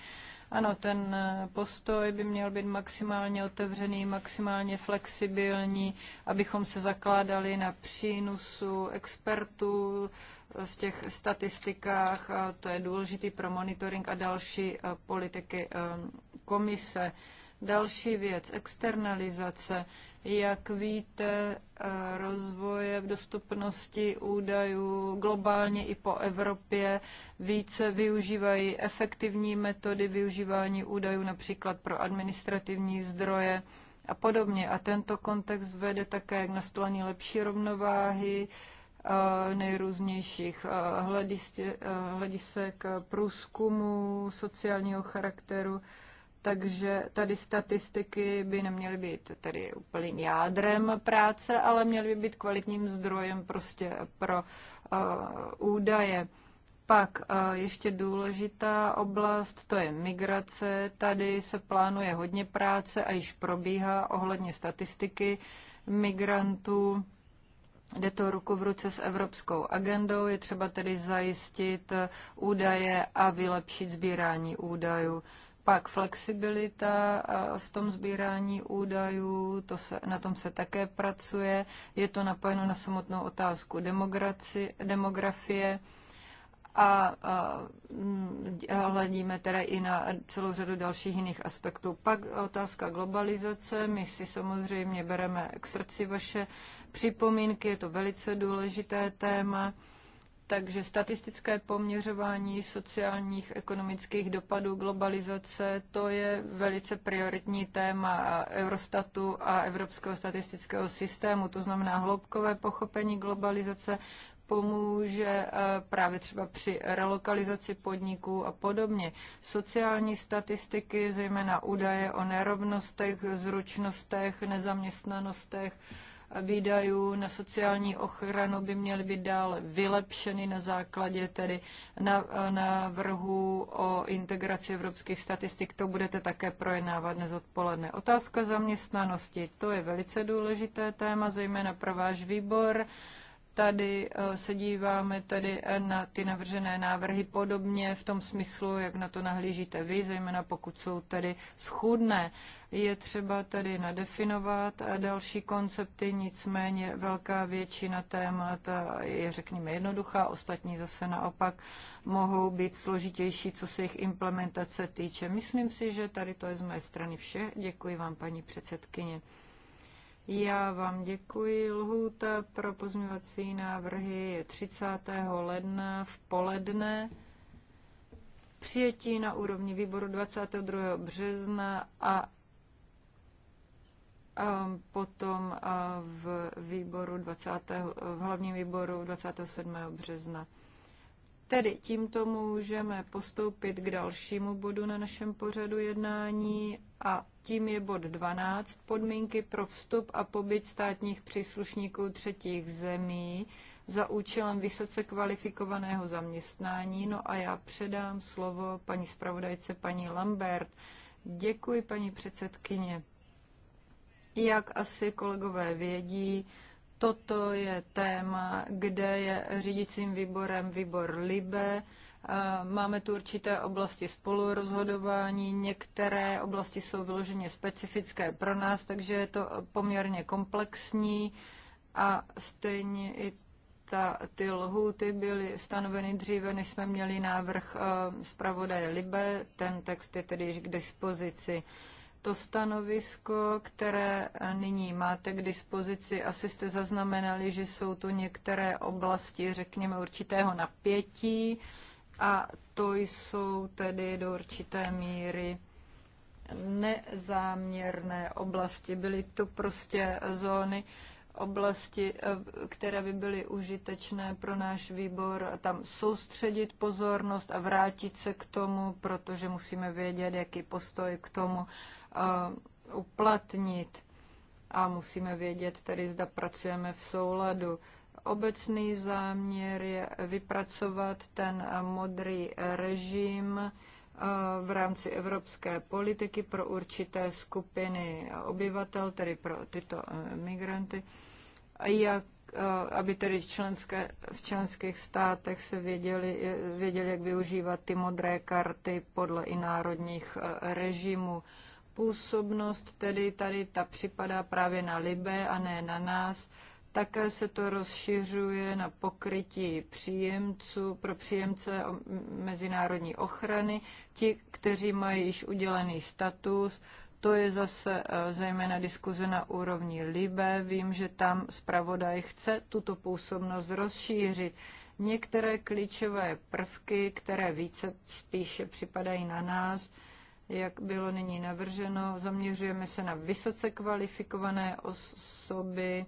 Ano, ten eh, postoj by měl být maximálně otevřený, maximálně flexibilní, abychom se zakládali na přínosu expertů eh, v těch statistikách. A to je důležitý pro monitoring a další eh, politiky komise. Další věc, externalizace. Jak víte, rozvoje v dostupnosti údajů globálně i po Evropě více využívají efektivní metody využívání údajů například pro administrativní zdroje a podobně. A tento kontext vede také k nastolení lepší rovnováhy eh, nejrůznějších eh, eh, hledisek, průzkumu sociálního charakteru takže tady statistiky by neměly být tady úplným jádrem práce, ale měly by být kvalitním zdrojem prostě pro uh, údaje. Pak uh, ještě důležitá oblast, to je migrace. Tady se plánuje hodně práce a již probíhá ohledně statistiky migrantů. Jde to ruku v ruce s evropskou agendou, je třeba tedy zajistit uh, údaje a vylepšit sbírání údajů. Pak flexibilita v tom sbírání údajů, to se, na tom se také pracuje. Je to napojeno na samotnou otázku demografie a, a mm, hledíme tedy i na celou řadu dalších jiných aspektů. Pak otázka globalizace. My si samozřejmě bereme k srdci vaše připomínky, je to velice důležité téma. Takže statistické poměřování sociálních, ekonomických dopadů globalizace, to je velice prioritní téma Eurostatu a Evropského statistického systému. To znamená hloubkové pochopení globalizace pomůže eh, právě třeba při relokalizaci podniků a podobně. Sociální statistiky, zejména údaje o nerovnostech, zručnostech, nezaměstnanostech, výdajů na sociální ochranu by měly být dále vylepšeny na základě tedy návrhu o integraci evropských statistik. To budete také projednávat dnes odpoledne. Otázka zaměstnanosti. To je velice důležité téma, zejména pro váš výbor tady eh, se díváme tedy na ty navržené návrhy podobně v tom smyslu, jak na to nahlížíte vy, zejména pokud jsou tedy schůdné je třeba tedy nadefinovat a další koncepty, nicméně velká většina témat je, řekněme, jednoduchá, ostatní zase naopak mohou být složitější, co se jejich implementace týče. Myslím si, že tady to je z mé strany vše. Děkuji vám, paní předsedkyně. Já vám děkuji. Lhůta pro pozměvací návrhy je 30. ledna v poledne. Přijetí na úrovni výboru 22. března a potom v výboru 20. v hlavním výboru 27. března. Tedy tímto můžeme postoupit k dalšímu bodu na našem pořadu jednání a tím je bod 12. Podmínky pro vstup a pobyt státních příslušníků třetích zemí za účelem vysoce kvalifikovaného zaměstnání. No a já předám slovo paní zpravodajce paní Lambert. Děkuji, paní předsedkyně. Jak asi kolegové vědí, toto je téma, kde je řídícím výborem výbor LIBE. Eh, máme tu určité oblasti spolurozhodování, některé oblasti jsou vyloženě specifické pro nás, takže je to poměrně komplexní a stejně i ta, ty lhůty byly stanoveny dříve, než jsme měli návrh eh, zpravodaje Libe. Ten text je tedy již k dispozici. To stanovisko, které nyní máte k dispozici, asi jste zaznamenali, že jsou tu některé oblasti, řekněme, určitého napětí a to jsou tedy do určité míry nezáměrné oblasti. Byly to prostě zóny, oblasti, eh, které by byly užitečné pro náš výbor, tam soustředit pozornost a vrátit se k tomu, protože musíme vědět, jaký postoj k tomu uplatnit. A musíme vědět tedy, zda pracujeme v souladu. Obecný záměr je vypracovat ten modrý režim, eh, v rámci evropské politiky pro určité skupiny obyvatel, tedy pro tyto eh, migranty, jak, eh, aby tedy členské, v členských státech se věděli, věděli, jak využívat ty modré karty podle i národních režimů. Působnost tedy tady ta připadá právě na Libe a ne na nás. Také se to rozšiřuje na pokrytí příjemců pro příjemce mezinárodní ochrany, ti, kteří mají již udělený status, to je zase eh, zejména diskuze na úrovni Libe. Vím, že tam zpravodaj chce tuto působnost rozšířit. Některé klíčové prvky, které více spíše připadají na nás, jak bylo nyní navrženo. Zaměřujeme se na vysoce kvalifikované osoby,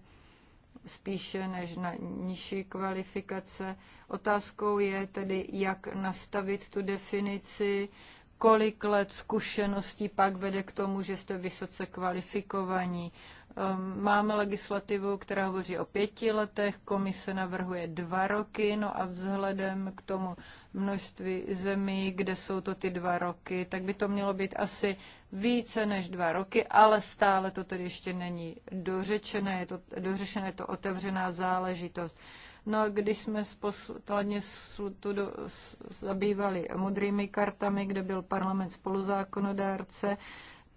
spíše než na nižší kvalifikace. Otázkou je tedy, jak nastavit tu definici, kolik let zkušeností pak vede k tomu, že jste vysoce kvalifikovaní. Ehm, máme legislativu, která hovoří o pěti letech, komise navrhuje dva roky, no a vzhledem k tomu množství zemí, kde jsou to ty dva roky, tak by to mělo být asi více než dva roky, ale stále to tedy ještě není dořečené, je to, dořešené je to otevřená záležitost. No a když jsme posledně zabývali modrými kartami, kde byl parlament spoluzákonodárce,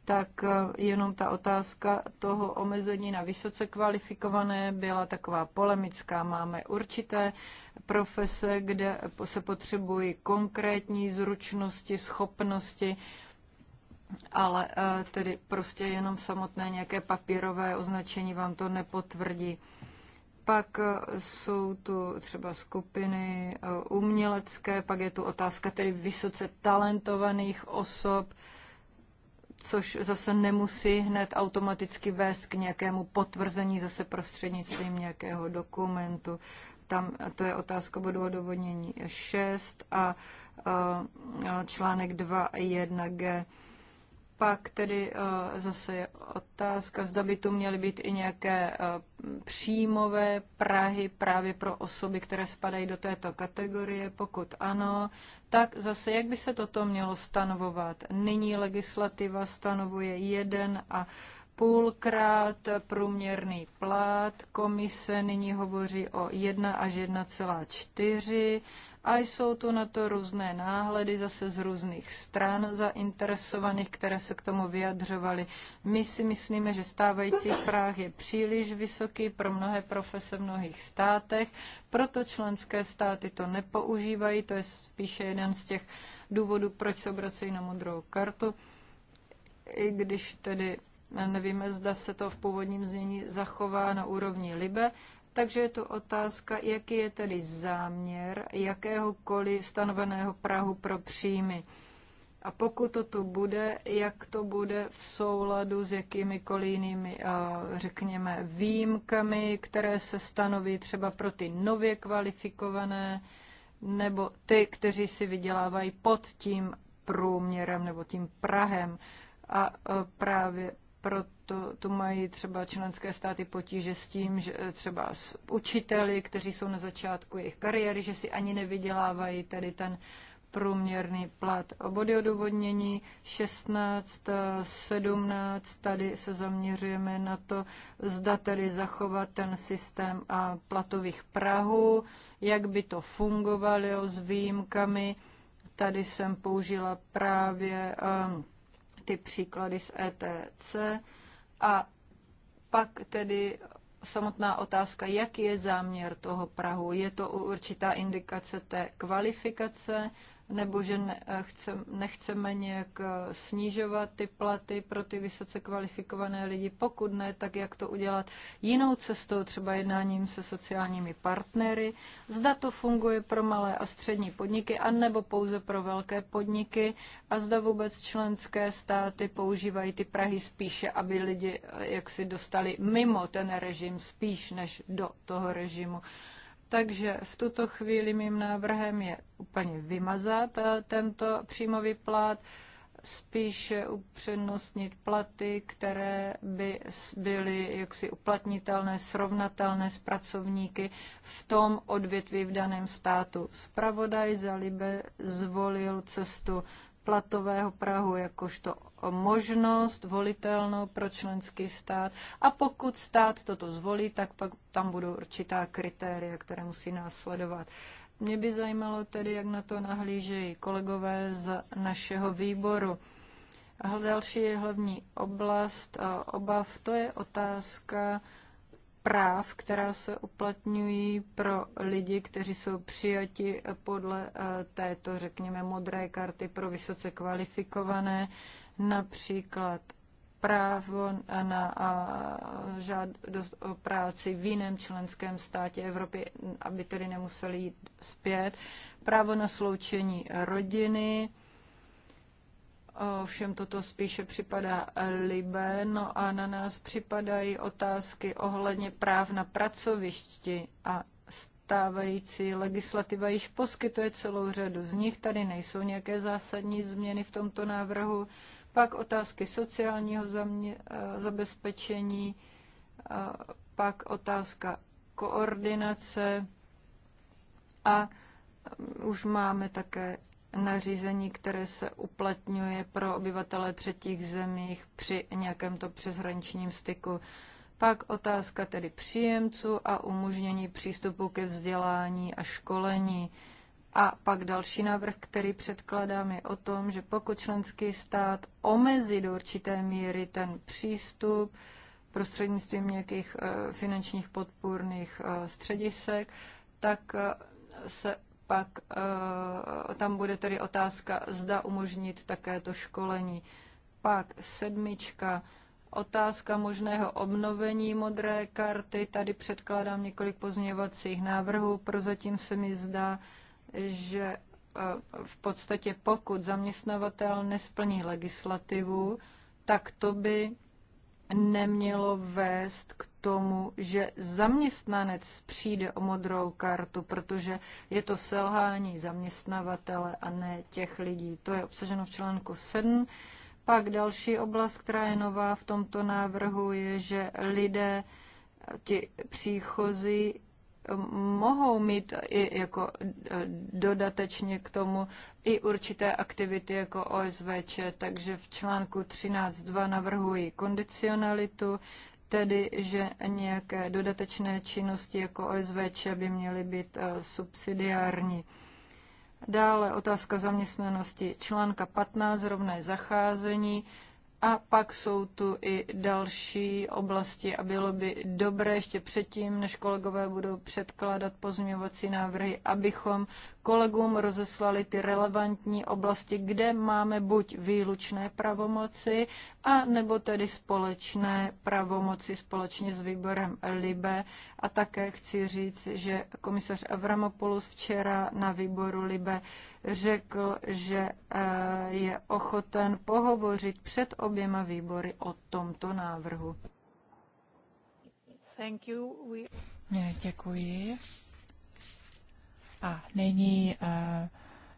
tak eh, jenom ta otázka toho omezení na vysoce kvalifikované byla taková polemická. Máme určité profese, kde se potřebují konkrétní zručnosti, schopnosti, ale eh, tedy prostě jenom samotné nějaké papírové označení vám to nepotvrdí. Pak eh, jsou tu třeba skupiny umělecké, pak je tu otázka tedy vysoce talentovaných osob, což zase nemusí hned automaticky vést k nějakému potvrzení zase prostřednictvím nějakého dokumentu. Tam to je otázka bodu odovodnění 6 a, a článek g pak tedy eh, zase je otázka, zda by tu měly být i nějaké eh, příjmové Prahy právě pro osoby, které spadají do této kategorie. Pokud ano, tak zase jak by se toto mělo stanovovat? Nyní legislativa stanovuje jeden a půlkrát průměrný plat. Komise nyní hovoří o 1 až 1,4 a jsou tu na to různé náhledy zase z různých stran zainteresovaných, které se k tomu vyjadřovaly. My si myslíme, že stávající práh je příliš vysoký pro mnohé profese v mnohých státech, proto členské státy to nepoužívají, to je spíše jeden z těch důvodů, proč se obracejí na modrou kartu, i když tedy nevíme, zda se to v původním znění zachová na úrovni Libe, takže je to otázka, jaký je tedy záměr jakéhokoliv stanoveného Prahu pro příjmy. A pokud to tu bude, jak to bude v souladu s jakýmikoliv jinými, eh, řekněme, výjimkami, které se stanoví třeba pro ty nově kvalifikované, nebo ty, kteří si vydělávají pod tím průměrem nebo tím Prahem. A eh, právě proto tu mají třeba členské státy potíže s tím, že třeba s učiteli, kteří jsou na začátku jejich kariéry, že si ani nevydělávají tady ten průměrný plat. Obody odůvodnění 16, 17, tady se zaměřujeme na to, zda tedy zachovat ten systém a platových prahů, jak by to fungovalo s výjimkami. Tady jsem použila právě um, ty příklady z ETC a pak tedy samotná otázka, jaký je záměr toho Prahu. Je to určitá indikace té kvalifikace, nebo že eh, nechceme nějak eh, snižovat ty platy pro ty vysoce kvalifikované lidi. Pokud ne, tak jak to udělat jinou cestou, třeba jednáním se sociálními partnery. Zda to funguje pro malé a střední podniky, anebo pouze pro velké podniky a zda vůbec členské státy používají ty Prahy spíše, aby lidi eh, jaksi dostali mimo ten režim spíš než do toho režimu. Takže v tuto chvíli mým návrhem je úplně vymazat eh, tento příjmový plat, spíše upřednostnit platy, které by byly jaksi uplatnitelné, srovnatelné s pracovníky v tom odvětví v daném státu. Spravodaj za Libe zvolil cestu platového Prahu jakožto možnost volitelnou pro členský stát. A pokud stát toto zvolí, tak pak tam budou určitá kritéria, které musí následovat. Mě by zajímalo tedy, jak na to nahlížejí kolegové z našeho výboru. A další hlavní oblast obav, to je otázka práv, která se uplatňují pro lidi, kteří jsou přijati podle eh, této, řekněme, modré karty pro vysoce kvalifikované, například právo na eh, žádost o práci v jiném členském státě Evropy, aby tedy nemuseli jít zpět, právo na sloučení rodiny, Všem toto spíše připadá libé, no a na nás připadají otázky ohledně práv na pracovišti a stávající legislativa již poskytuje celou řadu z nich. Tady nejsou nějaké zásadní změny v tomto návrhu. Pak otázky sociálního zamě, eh, zabezpečení, eh, pak otázka koordinace a eh, už máme také nařízení, které se uplatňuje pro obyvatele třetích zemích při nějakém to přeshraničním styku. Pak otázka tedy příjemců a umožnění přístupu ke vzdělání a školení. A pak další návrh, který předkládám, je o tom, že pokud členský stát omezí do určité míry ten přístup prostřednictvím nějakých eh, finančních podpůrných eh, středisek, tak eh, se pak eh, tam bude tedy otázka, zda umožnit také to školení. Pak sedmička, otázka možného obnovení modré karty. Tady předkládám několik pozměňovacích návrhů. Prozatím se mi zdá, že eh, v podstatě pokud zaměstnavatel nesplní legislativu, tak to by nemělo vést k tomu, že zaměstnanec přijde o modrou kartu, protože je to selhání zaměstnavatele a ne těch lidí. To je obsaženo v článku 7. Pak další oblast, která je nová v tomto návrhu, je, že lidé, ti příchozí, mohou mít i jako e, dodatečně k tomu i určité aktivity jako OSVČ, takže v článku 13.2 navrhuji kondicionalitu, tedy, že nějaké dodatečné činnosti jako OSVČ by měly být eh, subsidiární. Dále otázka zaměstnanosti článka 15, rovné zacházení. A pak jsou tu i další oblasti a bylo by dobré ještě předtím, než kolegové budou předkládat pozměňovací návrhy, abychom kolegům rozeslali ty relevantní oblasti, kde máme buď výlučné pravomoci, a nebo tedy společné pravomoci společně s výborem LIBE. A také chci říct, že komisař Avramopoulos včera na výboru LIBE řekl, že eh, je ochoten pohovořit před oběma výbory o tomto návrhu.
Thank you.
We... Děkuji. A nyní, eh,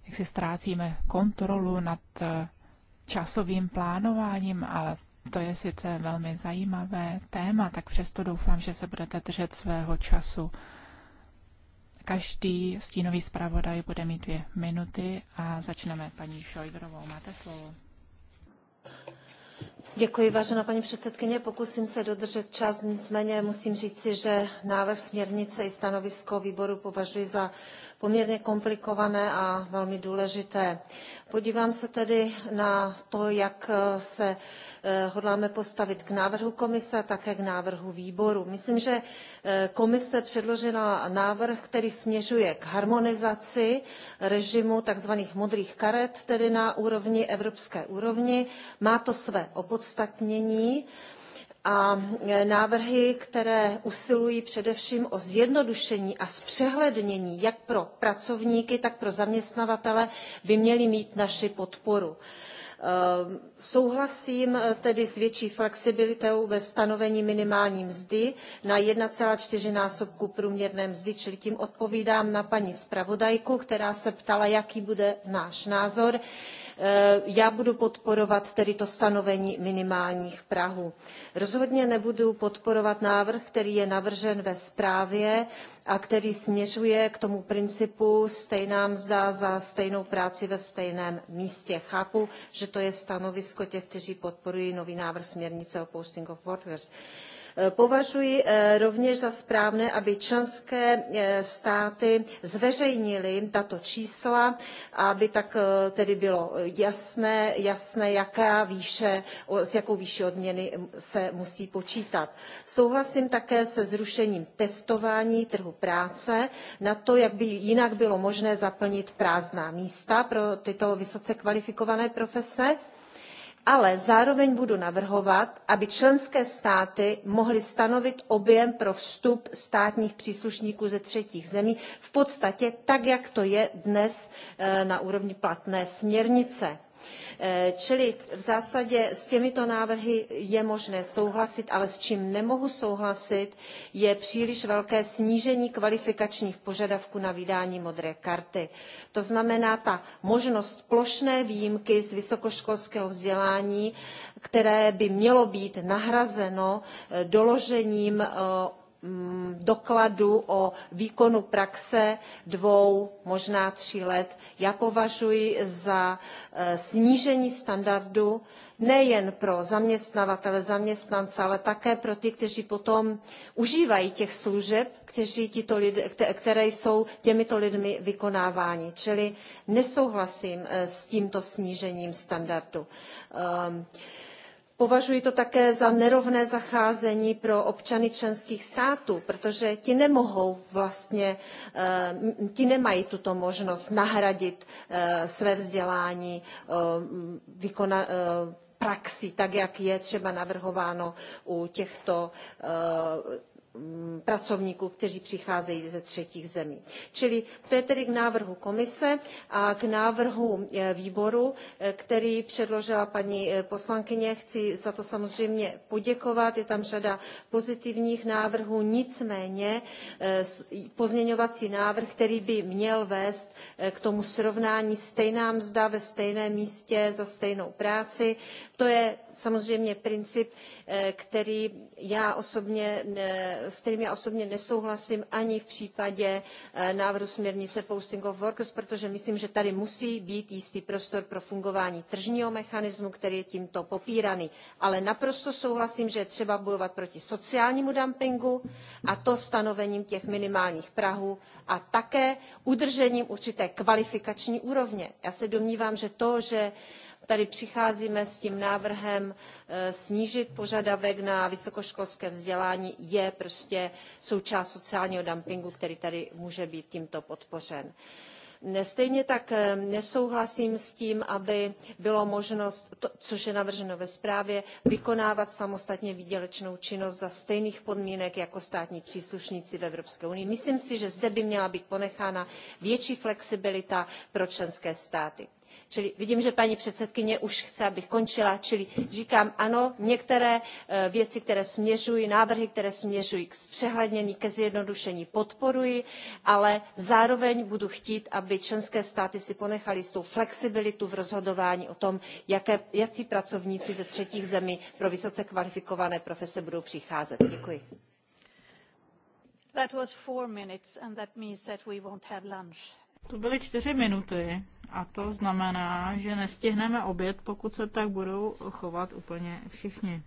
jak si ztrácíme kontrolu nad eh, časovým plánováním, a to je sice velmi zajímavé téma, tak přesto doufám, že se budete držet svého času. Každý stínový zpravodaj bude mít dvě minuty a začneme paní Šojdrovou. Máte slovo.
Děkuji, vážená paní předsedkyně. Pokusím se dodržet čas, nicméně musím říci, že návrh směrnice i stanovisko výboru považuji za poměrně komplikované a velmi důležité. Podívám se tedy na to, jak se Eh, hodláme postavit k návrhu komise a také k návrhu výboru. Myslím, že eh, komise předložila návrh, který směřuje k harmonizaci režimu tzv. modrých karet, tedy na úrovni evropské úrovni. Má to své opodstatnění a eh, návrhy, které usilují především o zjednodušení a zpřehlednění jak pro pracovníky, tak pro zaměstnavatele, by měly mít naši podporu. Eh, souhlasím eh, tedy s větší flexibilitou ve stanovení minimální mzdy na 1,4 násobku průměrné mzdy, čili tím odpovídám na paní zpravodajku, která se ptala, jaký bude náš názor. Eh, já budu podporovat tedy to stanovení minimálních prahů. Rozhodně nebudu podporovat návrh, který je navržen ve zprávě a který směřuje k tomu principu stejná mzda za stejnou práci ve stejném místě. Chápu, že to je stanovisko těch, kteří podporují nový návrh směrnice o posting of workers. Eh, považuji eh, rovněž za správné, aby členské eh, státy zveřejnily tato čísla, aby tak tedy bylo jasné, jasné s jakou výší odměny se musí počítat. Souhlasím také se zrušením testování trhu práce na to, jak by jinak bylo možné zaplnit prázdná místa pro tyto vysoce kvalifikované profese ale zároveň budu navrhovat aby členské státy mohly stanovit objem pro vstup státních příslušníků ze třetích zemí v podstatě tak jak to je dnes eh, na úrovni platné směrnice Eh, čili v zásadě s těmito návrhy je možné souhlasit, ale s čím nemohu souhlasit, je příliš velké snížení kvalifikačních požadavků na vydání modré karty. To znamená ta možnost plošné výjimky z vysokoškolského vzdělání, které by mělo být nahrazeno eh, doložením eh, Mm, dokladu o výkonu praxe dvou, možná tří let. Já považuji za eh, snížení standardu nejen pro zaměstnavatele, zaměstnance, ale také pro ty, kteří potom užívají těch služeb, kteří tito lidé, které jsou těmito lidmi vykonáváni. Čili nesouhlasím eh, s tímto snížením standardu. Um, Považuji to také za nerovné zacházení pro občany členských států, protože ti nemohou vlastně, eh, ti nemají tuto možnost nahradit eh, své vzdělání eh, vykona, praxi, tak jak je třeba navrhováno u těchto Mm, pracovníků, kteří přicházejí ze třetích zemí. Čili to je tedy k návrhu komise a k návrhu e, výboru, e, který předložila paní e, poslankyně. Chci za to samozřejmě poděkovat. Je tam řada pozitivních návrhů, nicméně pozměňovací návrh, který by měl vést k tomu srovnání stejná mzda ve stejném místě za stejnou práci. To je samozřejmě princip, který já osobně s kterým já osobně nesouhlasím ani v případě eh, návrhu směrnice Posting of Workers, protože myslím, že tady musí být jistý prostor pro fungování tržního mechanismu, který je tímto popíraný. Ale naprosto souhlasím, že je třeba bojovat proti sociálnímu dumpingu a to stanovením těch minimálních prahů a také udržením určité kvalifikační úrovně. Já se domnívám, že to, že Tady přicházíme s tím návrhem eh, snížit požadavek na vysokoškolské vzdělání je prostě součást sociálního dumpingu, který tady může být tímto podpořen. Stejně tak eh, nesouhlasím s tím, aby bylo možnost, to, což je navrženo ve zprávě, vykonávat samostatně výdělečnou činnost za stejných podmínek jako státní příslušníci v Evropské unii. Myslím si, že zde by měla být ponechána větší flexibilita pro členské státy. Čili vidím, že paní předsedkyně už chce, abych končila, čili říkám ano, některé eh, věci, které směřují, návrhy, které směřují k zpřehlednění, ke zjednodušení podporuji, ale zároveň budu chtít, aby členské státy si ponechaly jistou flexibilitu v rozhodování o tom, jaké, jací pracovníci ze třetích zemí pro vysoce kvalifikované profese budou přicházet. Děkuji.
To byly čtyři minuty. A to znamená, že nestihneme oběd, pokud se tak budou chovat úplně všichni.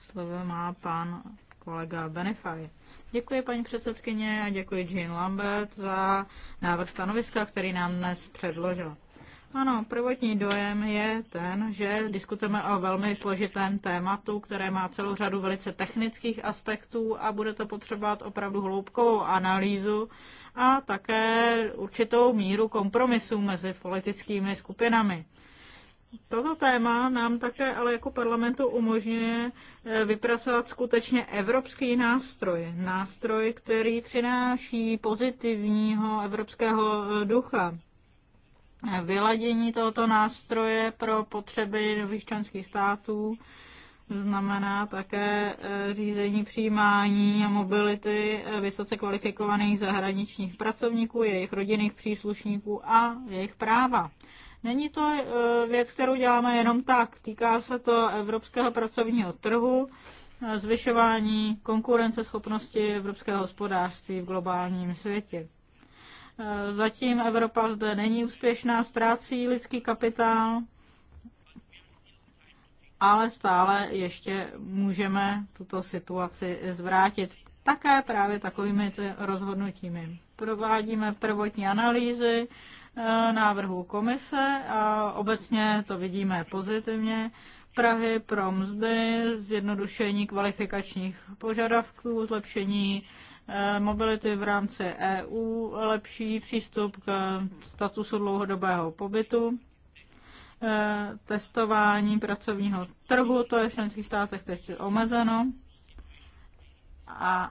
Slovo má pan kolega Benefaj. Děkuji paní předsedkyně a děkuji Jean Lambert za návrh stanoviska, který nám dnes předložila. Ano, prvotní dojem je ten, že diskutujeme o velmi složitém tématu, které má celou řadu velice technických aspektů a bude to potřebovat opravdu hloubkovou analýzu a také určitou míru kompromisů mezi politickými skupinami. Toto téma nám také ale jako parlamentu umožňuje eh, vypracovat skutečně evropský nástroj. Nástroj, který přináší pozitivního evropského eh, ducha vyladění tohoto nástroje pro potřeby nových členských států znamená také eh, řízení přijímání a mobility eh, vysoce kvalifikovaných zahraničních pracovníků, jejich rodinných příslušníků a jejich práva. Není to eh, věc, kterou děláme jenom tak. Týká se to evropského pracovního trhu, zvyšování konkurenceschopnosti evropského hospodářství v globálním světě. Zatím Evropa zde není úspěšná, ztrácí lidský kapitál, ale stále ještě můžeme tuto situaci zvrátit. Také právě takovými rozhodnutími. Provádíme prvotní analýzy eh, návrhu komise a obecně to vidíme pozitivně. Prahy pro mzdy, zjednodušení kvalifikačních požadavků, zlepšení Eh, mobility v rámci EU, lepší přístup k statusu dlouhodobého pobytu, eh, testování pracovního trhu, to je v členských státech teď omezeno. A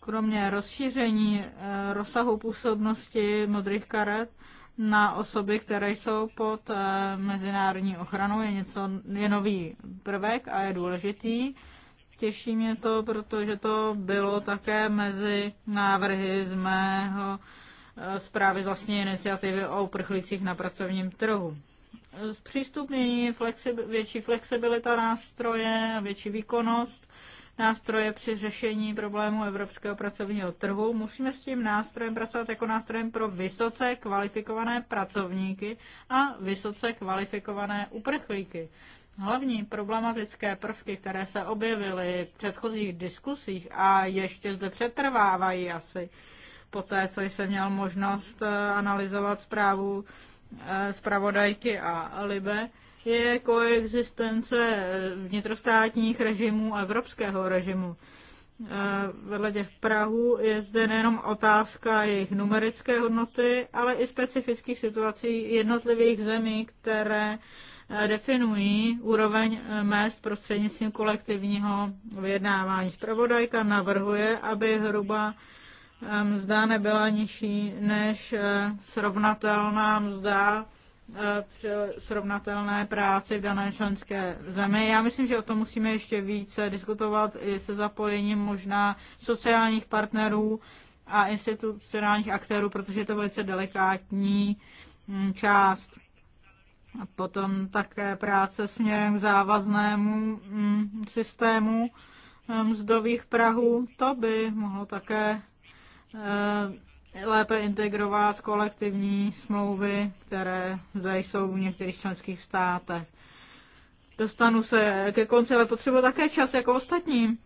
kromě rozšíření eh, rozsahu působnosti modrých karet na osoby, které jsou pod mezinárodní ochranou, je, něco, je nový prvek a je důležitý. Těší mě to, protože to bylo také mezi návrhy z mého eh, zprávy vlastní iniciativy o uprchlících na pracovním trhu. Zpřístupnění, flexib- větší flexibilita nástroje větší výkonnost nástroje při řešení problému evropského pracovního trhu. Musíme s tím nástrojem pracovat jako nástrojem pro vysoce kvalifikované pracovníky a vysoce kvalifikované uprchlíky. Hlavní problematické prvky, které se objevily v předchozích diskusích a ještě zde přetrvávají asi po té, co jsem měl možnost eh, analyzovat zprávu eh, zpravodajky a Libe, je koexistence eh, vnitrostátních režimů a evropského režimu. Vedle těch Prahu je zde nejenom otázka jejich numerické hodnoty, ale i specifických situací jednotlivých zemí, které definují úroveň eh, mest prostřednictvím kolektivního vyjednávání. Zpravodajka navrhuje, aby hruba eh, mzda nebyla nižší než eh, srovnatelná mzda při srovnatelné práci v dané členské zemi. Já myslím, že o tom musíme ještě více diskutovat i se zapojením možná sociálních partnerů a institucionálních aktérů, protože je to velice delikátní hm, část. A potom také práce směrem k závaznému mm, systému mm, mzdových prahů. To by mohlo také eh, lépe integrovat kolektivní smlouvy, které zde jsou v některých členských státech. Dostanu se ke konci, ale potřebuji také čas jako ostatním.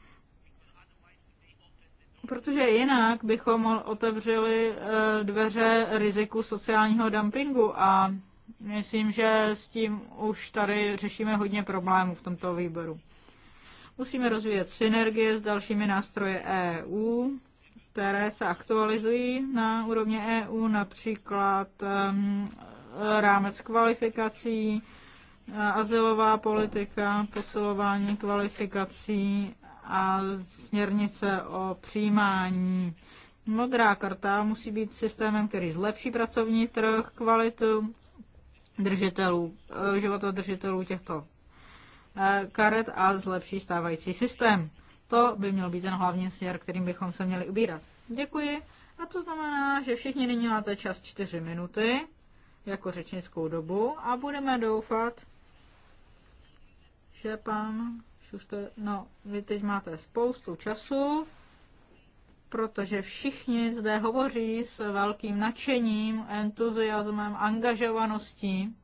Protože jinak bychom otevřeli eh, dveře riziku sociálního dumpingu a Myslím, že s tím už tady řešíme hodně problémů v tomto výboru. Musíme rozvíjet synergie s dalšími nástroje EU, které se aktualizují na úrovni EU, například um, rámec kvalifikací, azylová politika, posilování kvalifikací a směrnice o přijímání. Modrá karta musí být systémem, který zlepší pracovní trh, kvalitu držitelů, eh, života držitelů těchto eh, karet a zlepší stávající systém. To by měl být ten hlavní směr, kterým bychom se měli ubírat. Děkuji. A to znamená, že všichni nyní máte čas 4 minuty jako řečnickou dobu a budeme doufat, že pan Šuster, no, vy teď máte spoustu času, protože všichni zde hovoří s velkým nadšením, entuziasmem, angažovaností.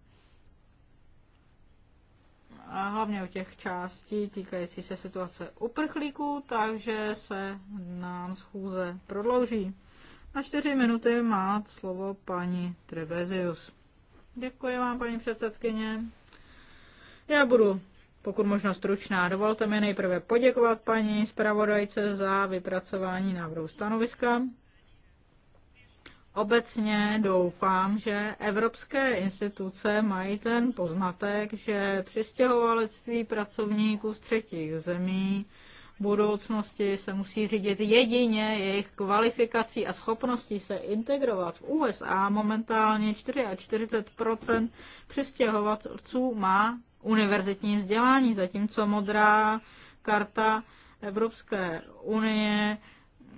A hlavně o těch částí týkající se situace uprchlíků, takže se nám schůze prodlouží. Na čtyři minuty má slovo paní Trebezius. Děkuji vám, paní předsedkyně. Já budu pokud možno stručná. Dovolte mi nejprve poděkovat paní zpravodajce za vypracování návrhu stanoviska. Obecně doufám, že evropské instituce mají ten poznatek, že přistěhovalectví pracovníků z třetích zemí v budoucnosti se musí řídit jedině jejich kvalifikací a schopností se integrovat. V USA momentálně 44 přistěhovalců má univerzitním vzdělání, zatímco modrá karta Evropské unie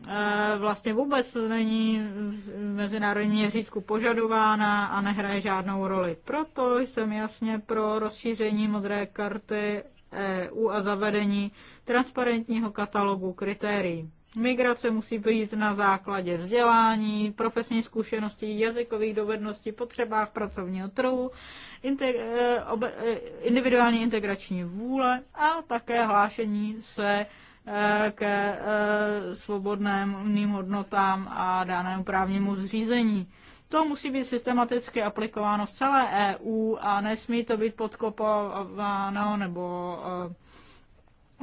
eh, vlastně vůbec není v mezinárodním měřítku požadována a nehraje žádnou roli. Proto jsem jasně pro rozšíření modré karty EU a zavedení transparentního katalogu kritérií. Migrace musí být na základě vzdělání, profesní zkušeností, jazykových dovedností, potřebách pracovního trhu, integ- eh, eh, individuální integrační vůle a také hlášení se eh, ke svobodným hodnotám a danému právnímu zřízení. To musí být systematicky aplikováno v celé EU a nesmí to být podkopováno nebo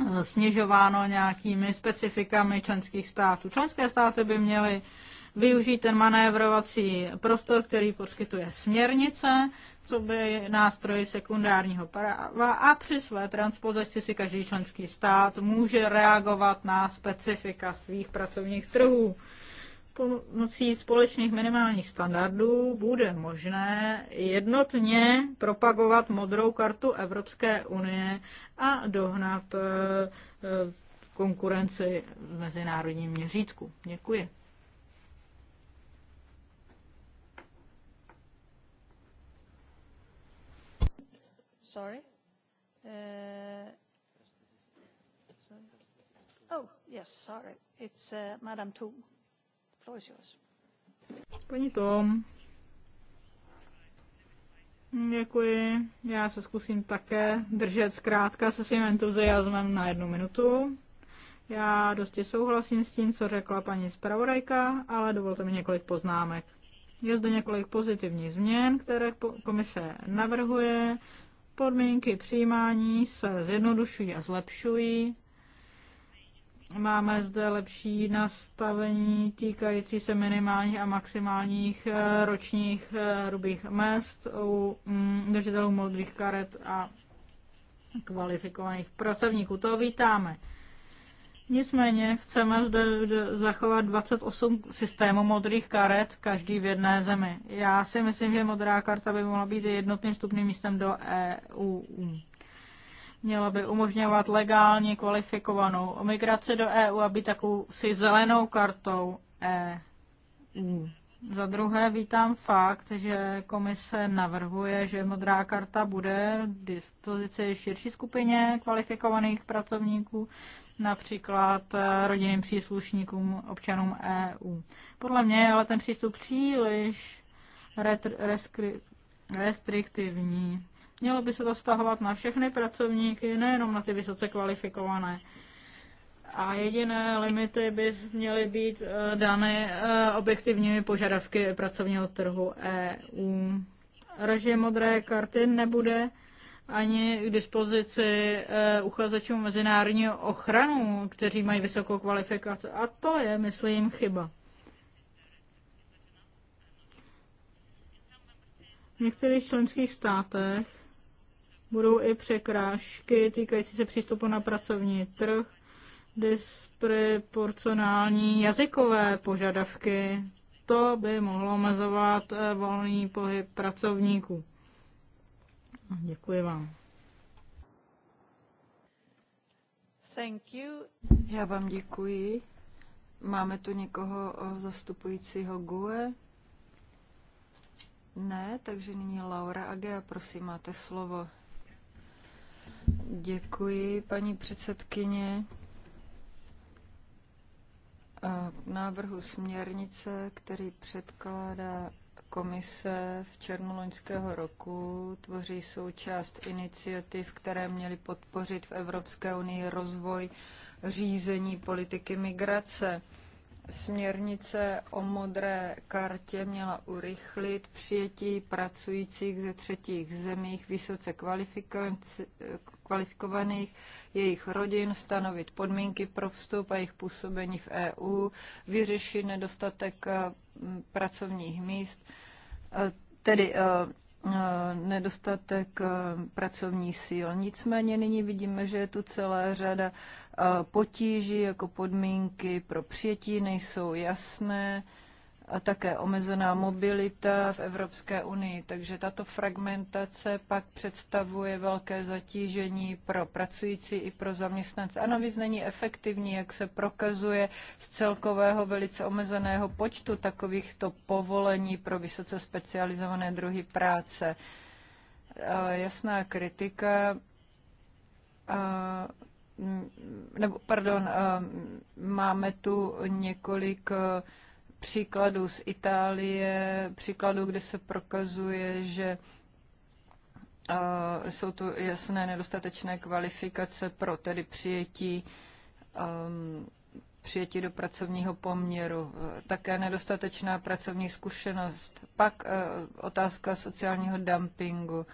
Eh, snižováno nějakými specifikami členských států. Členské státy by měly využít ten manévrovací prostor, který poskytuje směrnice, co by nástroj sekundárního práva a při své transpozici si každý členský stát může reagovat na specifika svých pracovních trhů pomocí společných minimálních standardů bude možné jednotně propagovat modrou kartu Evropské unie a dohnat e, e, konkurenci v mezinárodním měřítku. Děkuji.
Sorry. Uh... Oh, yes, sorry. It's uh, Madame Thun. Ambrosios.
Paní Tom. Děkuji. Já se zkusím také držet zkrátka se svým entuziasmem na jednu minutu. Já dosti souhlasím s tím, co řekla paní zpravodajka, ale dovolte mi několik poznámek. Je zde několik pozitivních změn, které komise navrhuje. Podmínky přijímání se zjednodušují a zlepšují. Máme zde lepší nastavení týkající se minimálních a maximálních eh, ročních eh, hrubých mest u mm, držitelů modrých karet a kvalifikovaných pracovníků. To vítáme. Nicméně chceme zde zachovat 28 systémů modrých karet, každý v jedné zemi. Já si myslím, že modrá karta by mohla být jednotným vstupným místem do EU měla by umožňovat legálně kvalifikovanou migraci do EU a být takovou si zelenou kartou EU. Za druhé vítám fakt, že komise navrhuje, že modrá karta bude v dispozici širší skupině kvalifikovaných pracovníků, například eh, rodinným příslušníkům, občanům EU. Podle mě je ale ten přístup příliš retr- restriktivní. Mělo by se to stahovat na všechny pracovníky, nejenom na ty vysoce kvalifikované. A jediné limity by měly být eh, dány eh, objektivními požadavky pracovního trhu EU. Režim modré karty nebude ani k dispozici eh, uchazečům mezinárodního ochranu, kteří mají vysokou kvalifikaci. A to je, myslím, chyba. V některých členských státech budou i překrážky týkající se přístupu na pracovní trh, disproporcionální jazykové požadavky. To by mohlo omezovat eh, volný pohyb pracovníků.
Děkuji vám. Thank you. Já vám děkuji. Máme tu někoho eh, zastupujícího GUE? Ne, takže nyní Laura Agea, prosím, máte slovo. Děkuji, paní předsedkyně. K návrhu směrnice, který předkládá komise v červnu loňského roku tvoří součást iniciativ, které měly podpořit v Evropské unii rozvoj řízení politiky migrace. Směrnice o modré kartě měla urychlit přijetí pracujících ze třetích zemích vysoce kvalifikovaných, jejich rodin, stanovit podmínky pro vstup a jejich působení v EU, vyřešit nedostatek eh, pracovních míst, eh, tedy eh, nedostatek pracovní síl. Nicméně nyní vidíme, že je tu celá řada potíží, jako podmínky pro přijetí nejsou jasné, a také omezená mobilita v Evropské unii. Takže tato fragmentace pak představuje velké zatížení pro pracující i pro zaměstnance. A navíc není efektivní, jak se prokazuje z celkového velice omezeného počtu takovýchto povolení pro vysoce specializované druhy práce. A jasná kritika a nebo, pardon, máme tu několik příkladů z Itálie, příkladů, kde se prokazuje, že jsou tu jasné nedostatečné kvalifikace pro tedy přijetí, um, přijetí do pracovního poměru, e, také nedostatečná pracovní zkušenost, pak e, otázka sociálního dumpingu.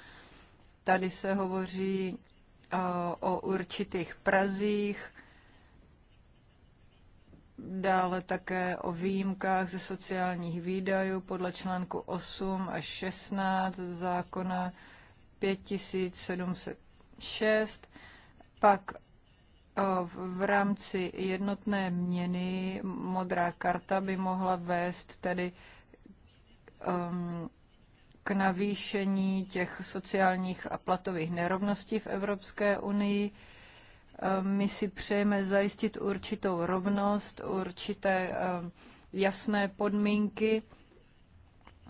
Tady se hovoří e, o určitých prazích, Dále také o výjimkách ze sociálních výdajů podle článku 8 až 16 zákona 5706. Pak eh, v rámci jednotné měny modrá karta by mohla vést tedy um, k navýšení těch sociálních a platových nerovností v Evropské unii. My si přejeme zajistit určitou rovnost, určité eh, jasné podmínky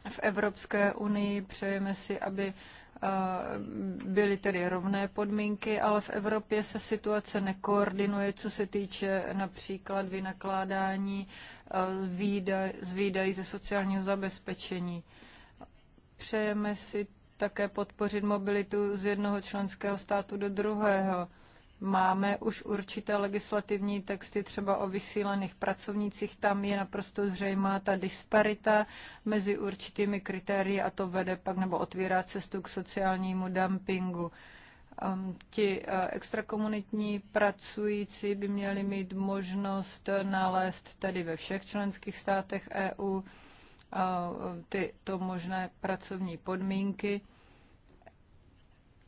v Evropské unii. Přejeme si, aby eh, byly tedy rovné podmínky, ale v Evropě se situace nekoordinuje, co se týče například vynakládání eh, z výdají ze sociálního zabezpečení. Přejeme si také podpořit mobilitu z jednoho členského státu do druhého. Máme už určité legislativní texty, třeba o vysílených pracovnících, tam je naprosto zřejmá ta disparita mezi určitými kritérii a to vede pak nebo otvírá cestu k sociálnímu dumpingu. Ehm, ti eh, extrakomunitní pracující by měli mít možnost eh, nalézt tady ve všech členských státech EU eh, tyto možné pracovní podmínky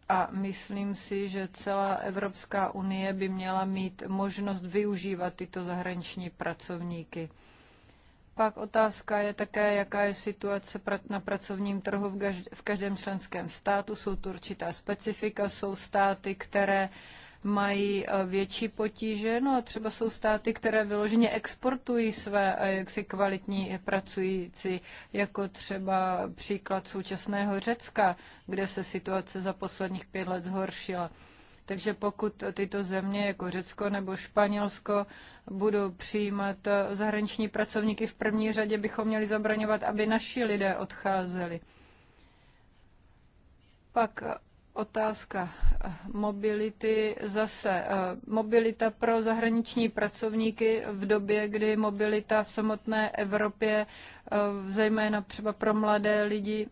a myslím si, že celá Evropská unie by měla mít možnost využívat tyto zahraniční pracovníky. Pak otázka je také, jaká je situace na pracovním trhu v každém členském státu. Jsou tu určitá specifika, jsou státy, které uh, mají eh, větší potíže. No a třeba jsou státy, které vyloženě exportují své eh, jaksi kvalitní pracující, jako třeba příklad současného Řecka, kde se situace za posledních pět let zhoršila. Takže pokud tyto země jako Řecko nebo Španělsko budou přijímat eh, zahraniční pracovníky v první řadě, bychom měli zabraňovat, aby naši lidé odcházeli. Pak Otázka eh, mobility. Zase eh, mobilita pro zahraniční pracovníky v době, kdy mobilita v samotné Evropě, eh, zejména třeba pro mladé lidi,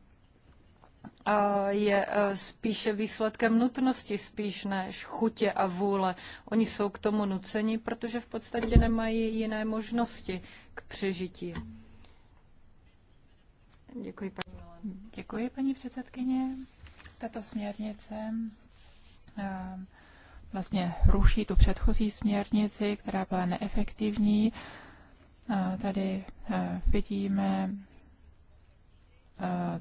je spíše výsledkem nutnosti, spíš než chutě a vůle. Oni jsou k tomu nuceni, protože v podstatě nemají jiné možnosti k přežití.
Děkuji, paní Děkuji, paní předsedkyně. Tato směrnice eh, vlastně ruší tu předchozí směrnici, která byla neefektivní. Eh, tady eh, vidíme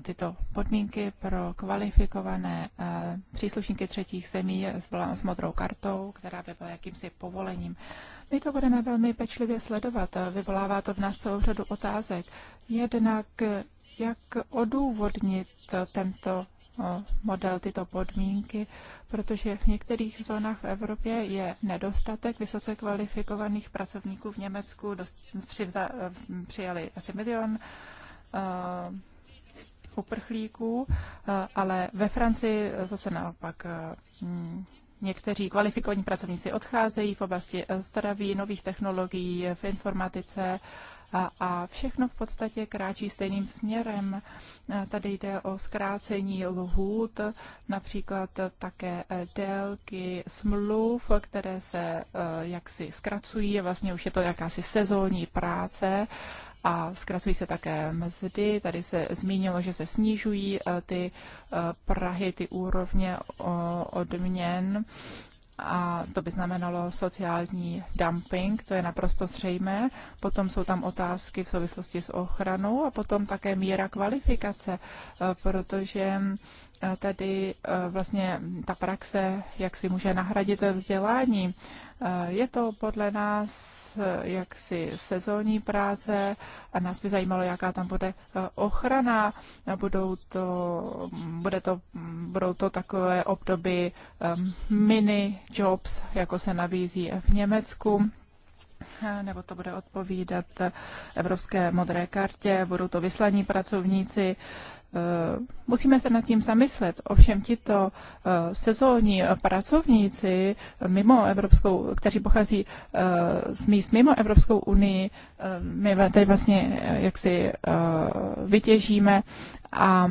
tyto podmínky pro kvalifikované příslušníky třetích zemí s modrou kartou, která by byla jakýmsi povolením. My to budeme velmi pečlivě sledovat. Vyvolává to v nás celou řadu otázek. Jednak, jak odůvodnit tento model, tyto podmínky, protože v některých zónách v Evropě je nedostatek vysoce kvalifikovaných pracovníků. V Německu dost, přivza, eh, přijali asi milion uh, uprchlíků, uh, ale ve Francii zase naopak uh, Někteří kvalifikovaní pracovníci odcházejí v oblasti zdraví, nových technologií, v informatice a, a všechno v podstatě kráčí stejným směrem. E, tady jde o zkrácení lhůt, například také e, délky smluv, které se e, jaksi zkracují, vlastně už je to jakási sezónní práce a zkracují se také mzdy. Tady se zmínilo, že se snižují ty prahy, ty úrovně odměn a to by znamenalo sociální dumping, to je naprosto zřejmé. Potom jsou tam otázky v souvislosti s ochranou a potom také míra kvalifikace, e, protože e, tady e, vlastně ta praxe, jak si může nahradit vzdělání. Eh, je to podle nás eh, jaksi sezónní práce a nás by zajímalo, jaká tam bude eh, ochrana. Budou to, bude to, budou to takové obdoby mini jobs, jako se nabízí v Německu nebo to bude odpovídat Evropské modré kartě, budou to vyslaní pracovníci, Eh, musíme se nad tím zamyslet. Ovšem tito eh, sezónní eh, pracovníci, mimo Evropskou, kteří pochází z míst mimo Evropskou unii, my tady vlastně jak si vytěžíme a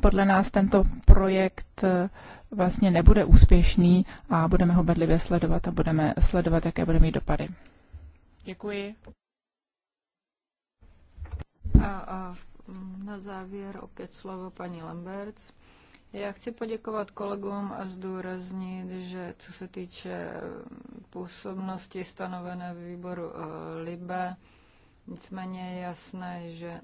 podle nás tento projekt vlastně nebude úspěšný a budeme ho bedlivě sledovat a budeme sledovat, jaké bude mít dopady. Děkuji.
A, a na závěr opět slovo paní Lambert. Já chci poděkovat kolegům a zdůraznit, že co se týče působnosti stanovené v výboru eh, LIBE, nicméně je jasné, že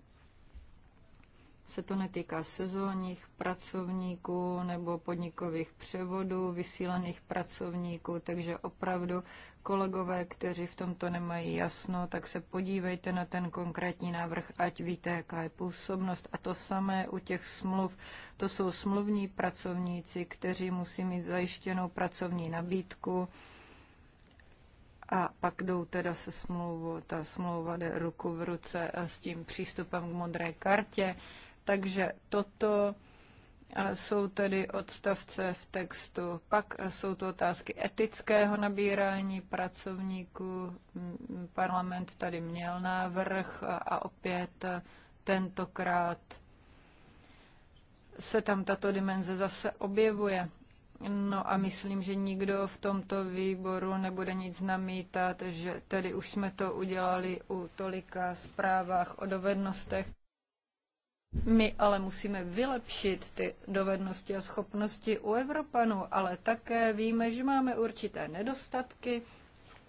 se to netýká sezónních pracovníků nebo podnikových převodů, vysílených pracovníků, takže opravdu kolegové, kteří v tomto nemají jasno, tak se podívejte na ten konkrétní návrh, ať víte, jaká je působnost. A to samé u těch smluv. To jsou smluvní pracovníci, kteří musí mít zajištěnou pracovní nabídku a pak jdou teda se smlouvou. Ta smlouva jde ruku v ruce s tím přístupem k modré kartě. Takže toto jsou tedy odstavce v textu. Pak jsou to otázky etického nabírání pracovníků. Parlament tady měl návrh a opět tentokrát se tam tato dimenze zase objevuje. No a myslím, že nikdo v tomto výboru nebude nic namítat, že tedy už jsme to udělali u tolika zprávách o dovednostech. My ale musíme vylepšit ty dovednosti a schopnosti u Evropanů, ale také víme, že máme určité nedostatky,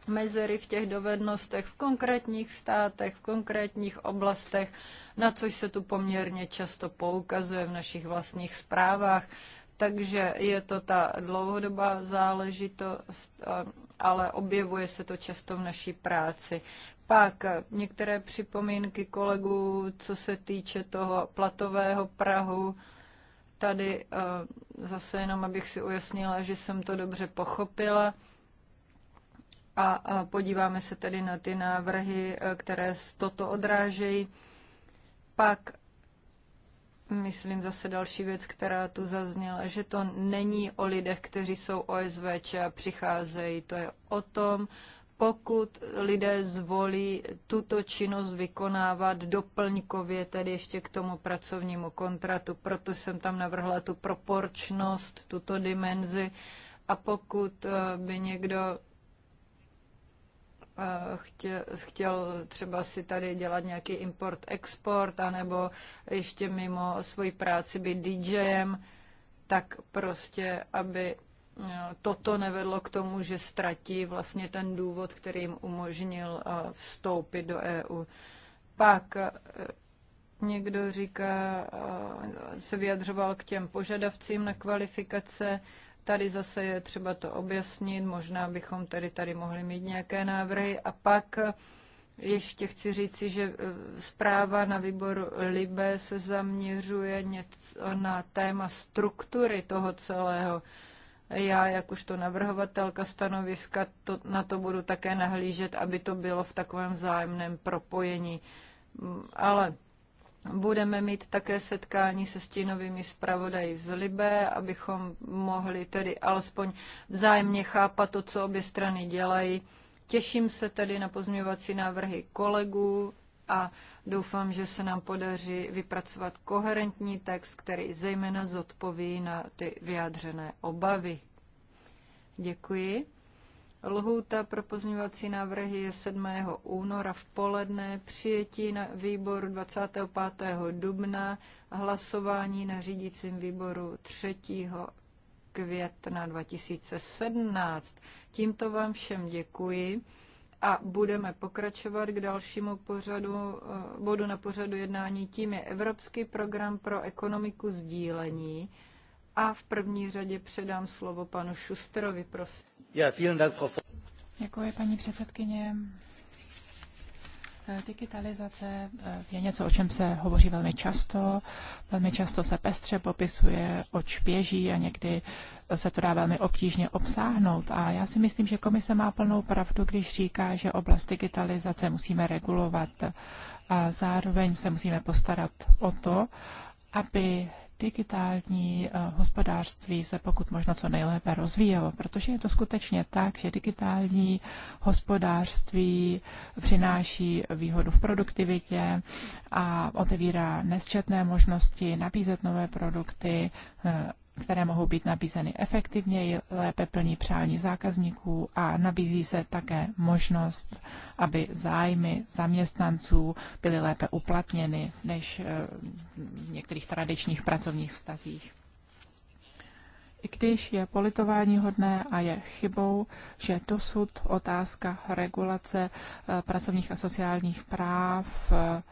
mezery v těch dovednostech v konkrétních státech, v konkrétních oblastech, na což se tu poměrně často poukazuje v našich vlastních zprávách. Takže je to ta dlouhodobá záležitost ale objevuje se to často v naší práci. Pak některé připomínky kolegů, co se týče toho platového Prahu, tady eh, zase jenom, abych si ujasnila, že jsem to dobře pochopila. A podíváme se tedy na ty návrhy, eh, které toto odrážejí. Pak myslím zase další věc, která tu zazněla, že to není o lidech, kteří jsou OSVČ a přicházejí. To je o tom, pokud lidé zvolí tuto činnost vykonávat doplňkově, tedy ještě k tomu pracovnímu kontratu, proto jsem tam navrhla tu proporčnost, tuto dimenzi. A pokud eh, by někdo Eh, chtěl, chtěl třeba si tady dělat nějaký import-export, anebo ještě mimo svoji práci být DJem, tak prostě, aby eh, toto nevedlo k tomu, že ztratí vlastně ten důvod, který jim umožnil eh, vstoupit do EU. Pak někdo říká, se vyjadřoval k těm požadavcím na kvalifikace, Tady zase je třeba to objasnit, možná bychom tedy tady mohli mít nějaké návrhy. A pak ještě chci říci, že eh, zpráva na výboru Libe se zaměřuje něco na téma struktury toho celého. Já, jakožto navrhovatelka stanoviska, to, na to budu také nahlížet, aby to bylo v takovém vzájemném propojení. Mm, ale Budeme mít také setkání se stínovými zpravodaji z Libé, abychom mohli tedy alespoň vzájemně chápat to, co obě strany dělají. Těším se tedy na pozměňovací návrhy kolegů a doufám, že se nám podaří vypracovat koherentní text, který zejména zodpoví na ty vyjádřené obavy. Děkuji. Lhůta pro pozměňovací návrhy je 7. února v poledne, přijetí na výboru 25. dubna a hlasování na řídícím výboru 3. května 2017. Tímto vám všem děkuji a budeme pokračovat k dalšímu pořadu, eh, bodu na pořadu jednání. Tím je Evropský program pro ekonomiku sdílení. A v první řadě předám slovo panu Šusterovi, prosím.
Ja, vielen Dank, Frau
Děkuji, paní předsedkyně. Eh, digitalizace eh, je něco, o čem se hovoří velmi často. Velmi často se pestře popisuje, oč běží a někdy se to dá velmi obtížně obsáhnout. A já si myslím, že komise má plnou pravdu, když říká, že oblast digitalizace musíme regulovat a zároveň se musíme postarat o to, aby digitální eh, hospodářství se pokud možno co nejlépe rozvíjelo, protože je to skutečně tak, že digitální hospodářství přináší výhodu v produktivitě a otevírá nesčetné možnosti nabízet nové produkty eh, které mohou být nabízeny efektivněji, lépe plní přání zákazníků a nabízí se také možnost, aby zájmy zaměstnanců byly lépe uplatněny než eh, v některých tradičních pracovních vztazích. I když je politování hodné a je chybou, že dosud otázka regulace eh, pracovních a sociálních práv eh,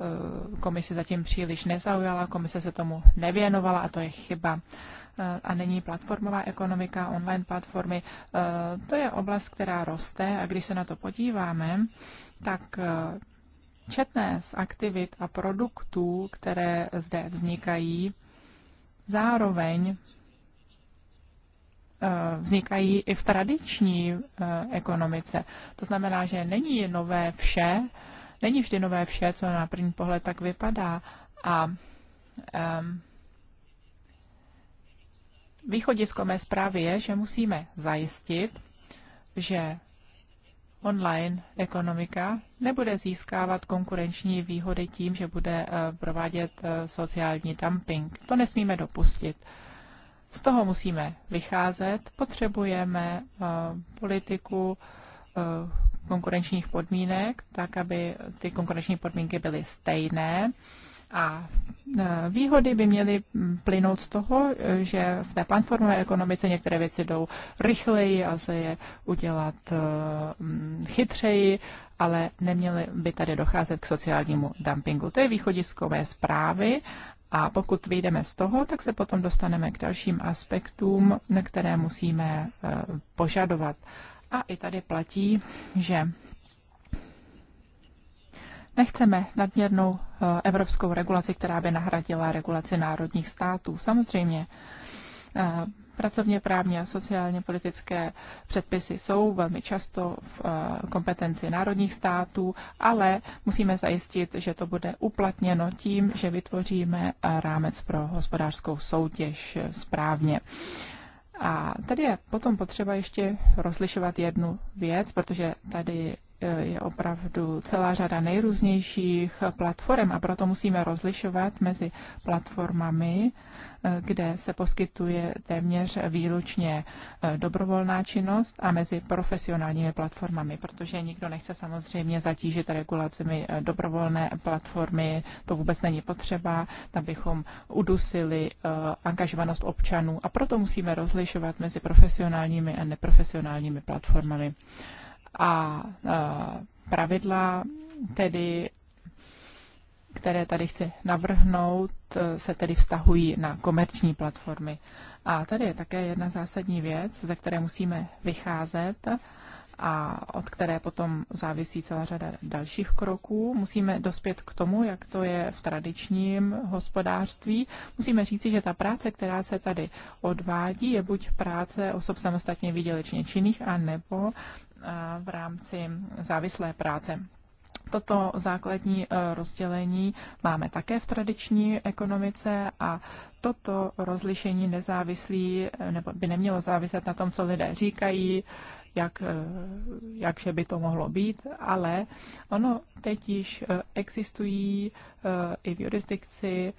Eh, komise zatím příliš nezaujala, komise se tomu nevěnovala a to je chyba. Eh, a není platformová ekonomika, online platformy. Eh, to je oblast, která roste a když se na to podíváme, tak četné z aktivit a produktů, které zde vznikají, zároveň vznikají i v tradiční ekonomice. To znamená, že není nové vše, Není vždy nové vše, co na první pohled tak vypadá. A um, východisko mé zprávy je, že musíme zajistit, že online ekonomika nebude získávat konkurenční výhody tím, že bude eh, provádět eh, sociální dumping. To nesmíme dopustit. Z toho musíme vycházet. Potřebujeme eh, politiku konkurenčních podmínek, tak aby ty konkurenční podmínky byly stejné. A e, výhody by měly plynout z toho, že v té platformové ekonomice některé věci jdou rychleji a se je udělat e, chytřeji, ale neměly by tady docházet k sociálnímu dumpingu. To je východiskové zprávy a pokud vyjdeme z toho, tak se potom dostaneme k dalším aspektům, které musíme e, požadovat. A i tady platí, že Nechceme nadměrnou eh, evropskou regulaci, která by nahradila regulaci národních států. Samozřejmě eh, pracovně právní a sociálně politické předpisy jsou velmi často v eh, kompetenci národních států, ale musíme zajistit, že to bude uplatněno tím, že vytvoříme rámec pro hospodářskou soutěž správně. A tady je potom potřeba ještě rozlišovat jednu věc, protože tady Eh, je opravdu celá řada nejrůznějších platform a proto musíme rozlišovat mezi platformami, eh, kde se poskytuje téměř výlučně eh, dobrovolná činnost a mezi profesionálními platformami, protože nikdo nechce samozřejmě zatížit regulacemi dobrovolné platformy, to vůbec není potřeba, tam bychom udusili angažovanost občanů a proto musíme rozlišovat mezi profesionálními a neprofesionálními platformami a e, pravidla tedy které tady chci navrhnout, e, se tedy vztahují na komerční platformy. A tady je také jedna zásadní věc, ze které musíme vycházet a od které potom závisí celá řada dalších kroků. Musíme dospět k tomu, jak to je v tradičním hospodářství. Musíme říci, že ta práce, která se tady odvádí, je buď práce osob samostatně výdělečně činných, a nebo v rámci závislé práce. Toto základní e, rozdělení máme také v tradiční ekonomice a toto rozlišení nezávislí e, nebo by nemělo záviset na tom, co lidé říkají, jak, e, jakže by to mohlo být, ale ono teď již existují i v jurisdikci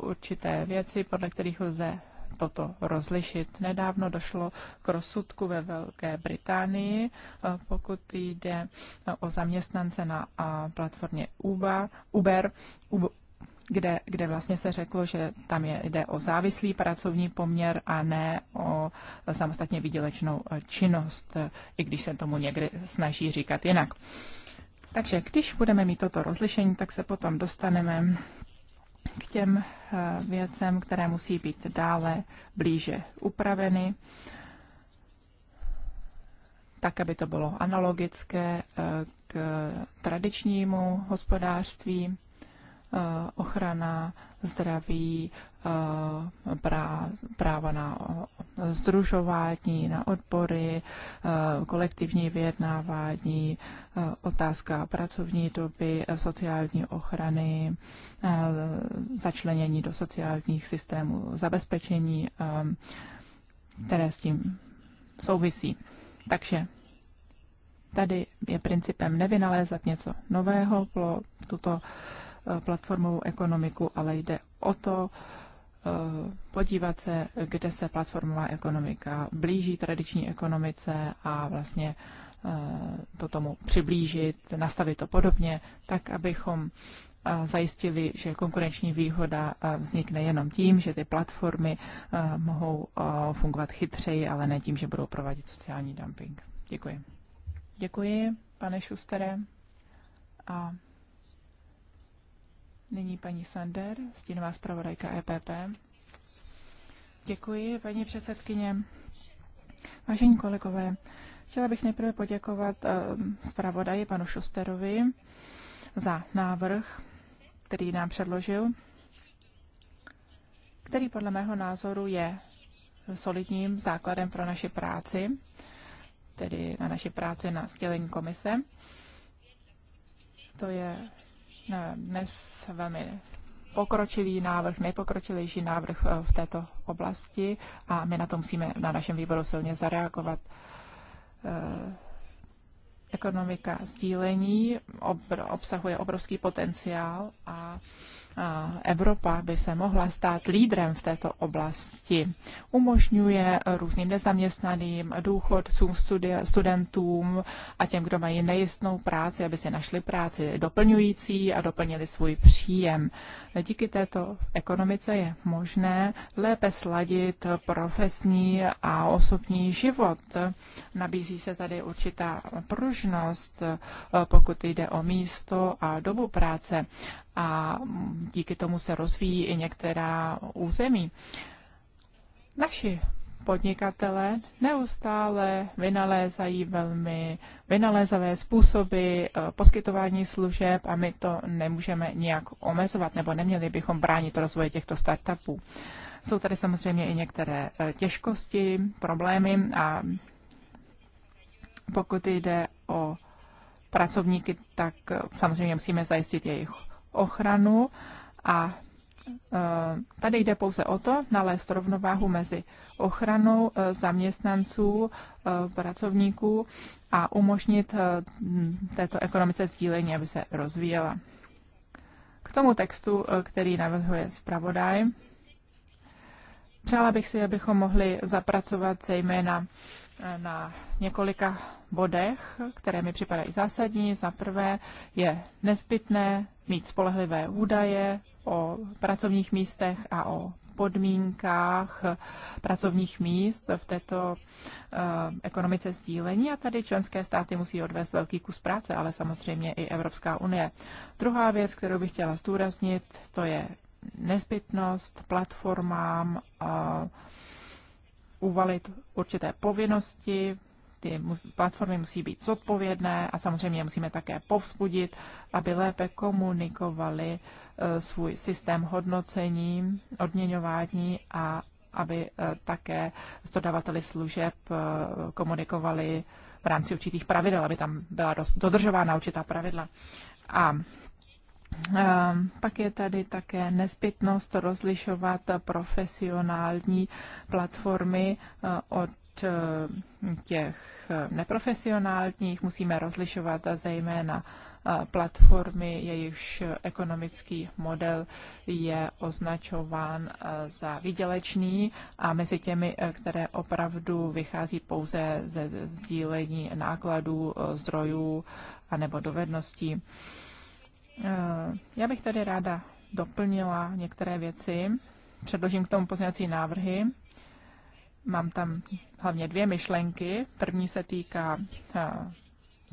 určité věci, podle kterých lze toto rozlišit. Nedávno došlo k rozsudku ve Velké Británii, eh, pokud jde eh, o zaměstnance na eh, platformě Uber, kde, kde vlastně se řeklo, že tam je, jde o závislý pracovní poměr a ne o samostatně výdělečnou činnost, i když se tomu někdy snaží říkat jinak. Takže když budeme mít toto rozlišení, tak se potom dostaneme k těm eh, věcem, které musí být dále blíže upraveny, tak, aby to bylo analogické eh, k tradičnímu hospodářství. Eh, ochrana zdraví, eh, práva na združování, na odbory, eh, kolektivní vyjednávání, otázka pracovní doby, sociální ochrany, začlenění do sociálních systémů, zabezpečení, které s tím souvisí. Takže tady je principem nevynalézat něco nového pro tuto platformovou ekonomiku, ale jde o to eh, podívat se, kde se platformová ekonomika blíží tradiční ekonomice a vlastně eh, to tomu přiblížit, nastavit to podobně, tak abychom eh, zajistili, že konkurenční výhoda vznikne jenom tím, že ty platformy mohou fungovat chytřeji, ale ne tím, že budou provádět sociální dumping. Děkuji. Děkuji, pane Šustere. A Nyní paní Sander, stínová zpravodajka EPP. Děkuji, paní předsedkyně. Vážení kolegové, chtěla bych nejprve poděkovat eh, zpravodaji panu Šusterovi za návrh, který nám předložil, který podle mého názoru je solidním základem pro naši práci, tedy na naši práci na sdělení komise. To je Eh, dnes velmi pokročilý návrh, nejpokročilejší návrh eh, v této oblasti a my na to musíme na našem výboru silně zareagovat. Eh, ekonomika sdílení obr obsahuje obrovský potenciál a Evropa by se mohla stát lídrem v této oblasti. Umožňuje různým nezaměstnaným, důchodcům, studentům a těm, kdo mají nejistnou práci, aby si našli práci doplňující a doplnili svůj příjem. Díky této ekonomice je možné lépe sladit profesní a osobní život. Nabízí se tady určitá pružnost, pokud jde o místo a dobu práce a díky tomu se rozvíjí i některá území. Naši podnikatele neustále vynalézají velmi vynalézavé způsoby eh, poskytování služeb a my to nemůžeme nijak omezovat nebo neměli bychom bránit rozvoji těchto startupů. Jsou tady samozřejmě i některé eh, těžkosti, problémy a pokud jde o pracovníky, tak eh, samozřejmě musíme zajistit jejich ochranu a eh, Tady jde pouze o to nalézt rovnováhu mezi ochranou eh, zaměstnanců, eh, pracovníků a umožnit této ekonomice sdílení, aby se rozvíjela. K tomu textu, který navrhuje zpravodaj, přála bych si, abychom mohli zapracovat zejména na několika bodech, které mi připadají zásadní. Za prvé je nezbytné mít spolehlivé údaje o pracovních místech a o podmínkách pracovních míst v této uh, ekonomice sdílení a tady členské státy musí odvést velký kus práce, ale samozřejmě i Evropská unie. Druhá věc, kterou bych chtěla zdůraznit, to je nezbytnost platformám uh, uvalit určité povinnosti, ty platformy musí být zodpovědné a samozřejmě musíme také povzbudit, aby lépe komunikovali e, svůj systém hodnocení, odměňování a aby e, také s dodavateli služeb e, komunikovali v rámci určitých pravidel, aby tam byla dodržována určitá pravidla. A Ehm, pak je tady také nezbytnost rozlišovat profesionální platformy eh, od eh, těch eh, neprofesionálních. Musíme rozlišovat zejména platformy, jejichž ekonomický model je označován za vydělečný a mezi těmi, které opravdu vychází pouze ze sdílení nákladů, zdrojů anebo dovedností. Eh, já bych tady ráda doplnila některé věci. Předložím k tomu pozměňovací návrhy. Mám tam hlavně dvě myšlenky. První se týká eh,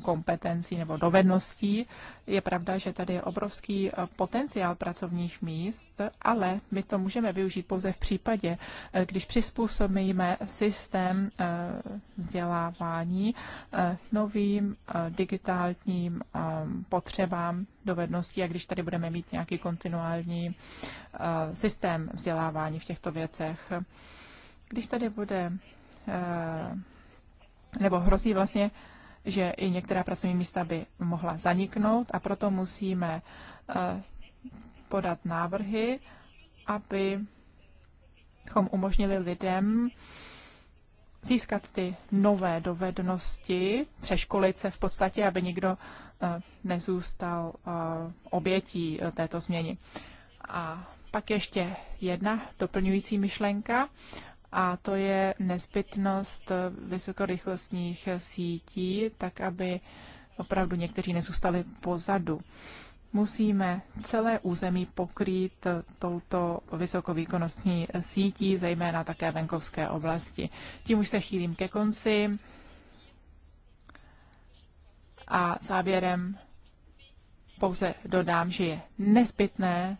kompetencí nebo dovedností. Je pravda, že tady je obrovský eh, potenciál pracovních míst, ale my to můžeme využít pouze v případě, eh, když přizpůsobíme systém eh, vzdělávání novým digitálním potřebám dovedností a když tady budeme mít nějaký kontinuální systém vzdělávání v těchto věcech. Když tady bude nebo hrozí vlastně uh, že i některá pracovní místa by mohla zaniknout a proto musíme eh, podat návrhy, abychom umožnili lidem získat ty nové dovednosti, přeškolit se v podstatě, aby nikdo eh, nezůstal eh, obětí této změny. A pak ještě jedna doplňující myšlenka a to je nezbytnost vysokorychlostních sítí, tak aby opravdu někteří nezůstali pozadu. Musíme celé území pokrýt touto vysokovýkonnostní sítí, zejména také venkovské oblasti. Tím už se chýlím ke konci. A závěrem pouze dodám, že je nezbytné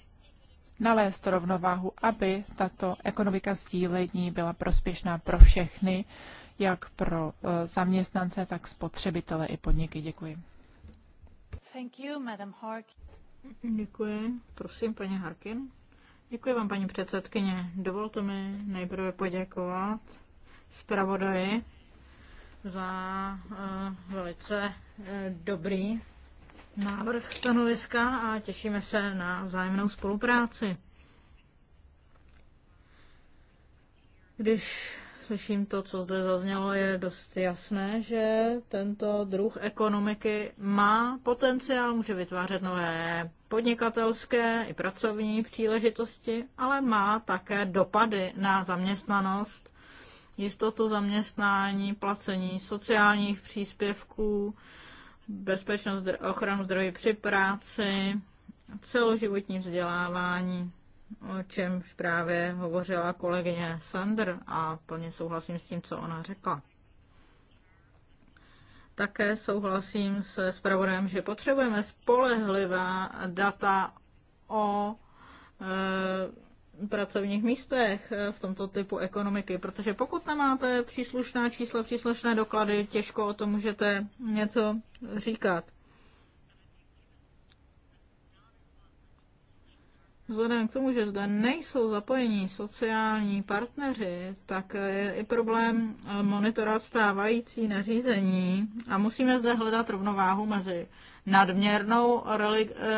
nalézt rovnováhu, aby tato ekonomika sdílení byla prospěšná pro všechny, jak pro e, zaměstnance, tak spotřebitele i podniky. Děkuji.
Thank you, Madam Hark. Děkuji. Prosím, paní Harkin. Děkuji vám, paní předsedkyně. Dovolte mi nejprve poděkovat zpravodaji za uh, velice uh, dobrý návrh stanoviska a těšíme se na vzájemnou spolupráci. Když slyším to, co zde zaznělo, je dost jasné, že tento druh ekonomiky má potenciál, může vytvářet nové podnikatelské i pracovní příležitosti, ale má také dopady na zaměstnanost, jistotu zaměstnání, placení sociálních příspěvků, bezpečnost, ochranu zdraví při práci, celoživotní vzdělávání, o čemž právě hovořila kolegyně Sander a plně souhlasím s tím, co ona řekla. Také souhlasím se zpravodajem, že potřebujeme spolehlivá data o e, pracovních místech eh, v tomto typu ekonomiky, protože pokud nemáte příslušná čísla, příslušné doklady, těžko o tom můžete něco říkat. Vzhledem k tomu, že zde nejsou zapojení sociální partneři, tak eh, je i problém eh, monitorovat stávající nařízení a musíme zde hledat rovnováhu mezi nadměrnou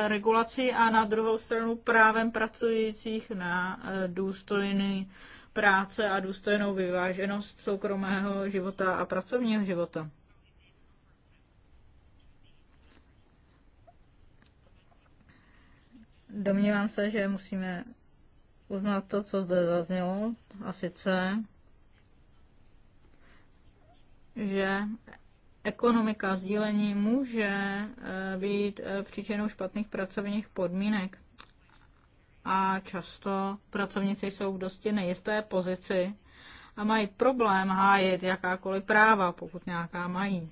regulací a na druhou stranu právem pracujících na e, důstojný práce a důstojnou vyváženost soukromého života a pracovního života. Domnívám se, že musíme uznat to, co zde zaznělo, a sice, že ekonomika sdílení může eh, být eh, příčinou špatných pracovních podmínek. A často pracovníci jsou v dosti nejisté pozici a mají problém hájit jakákoliv práva, pokud nějaká mají.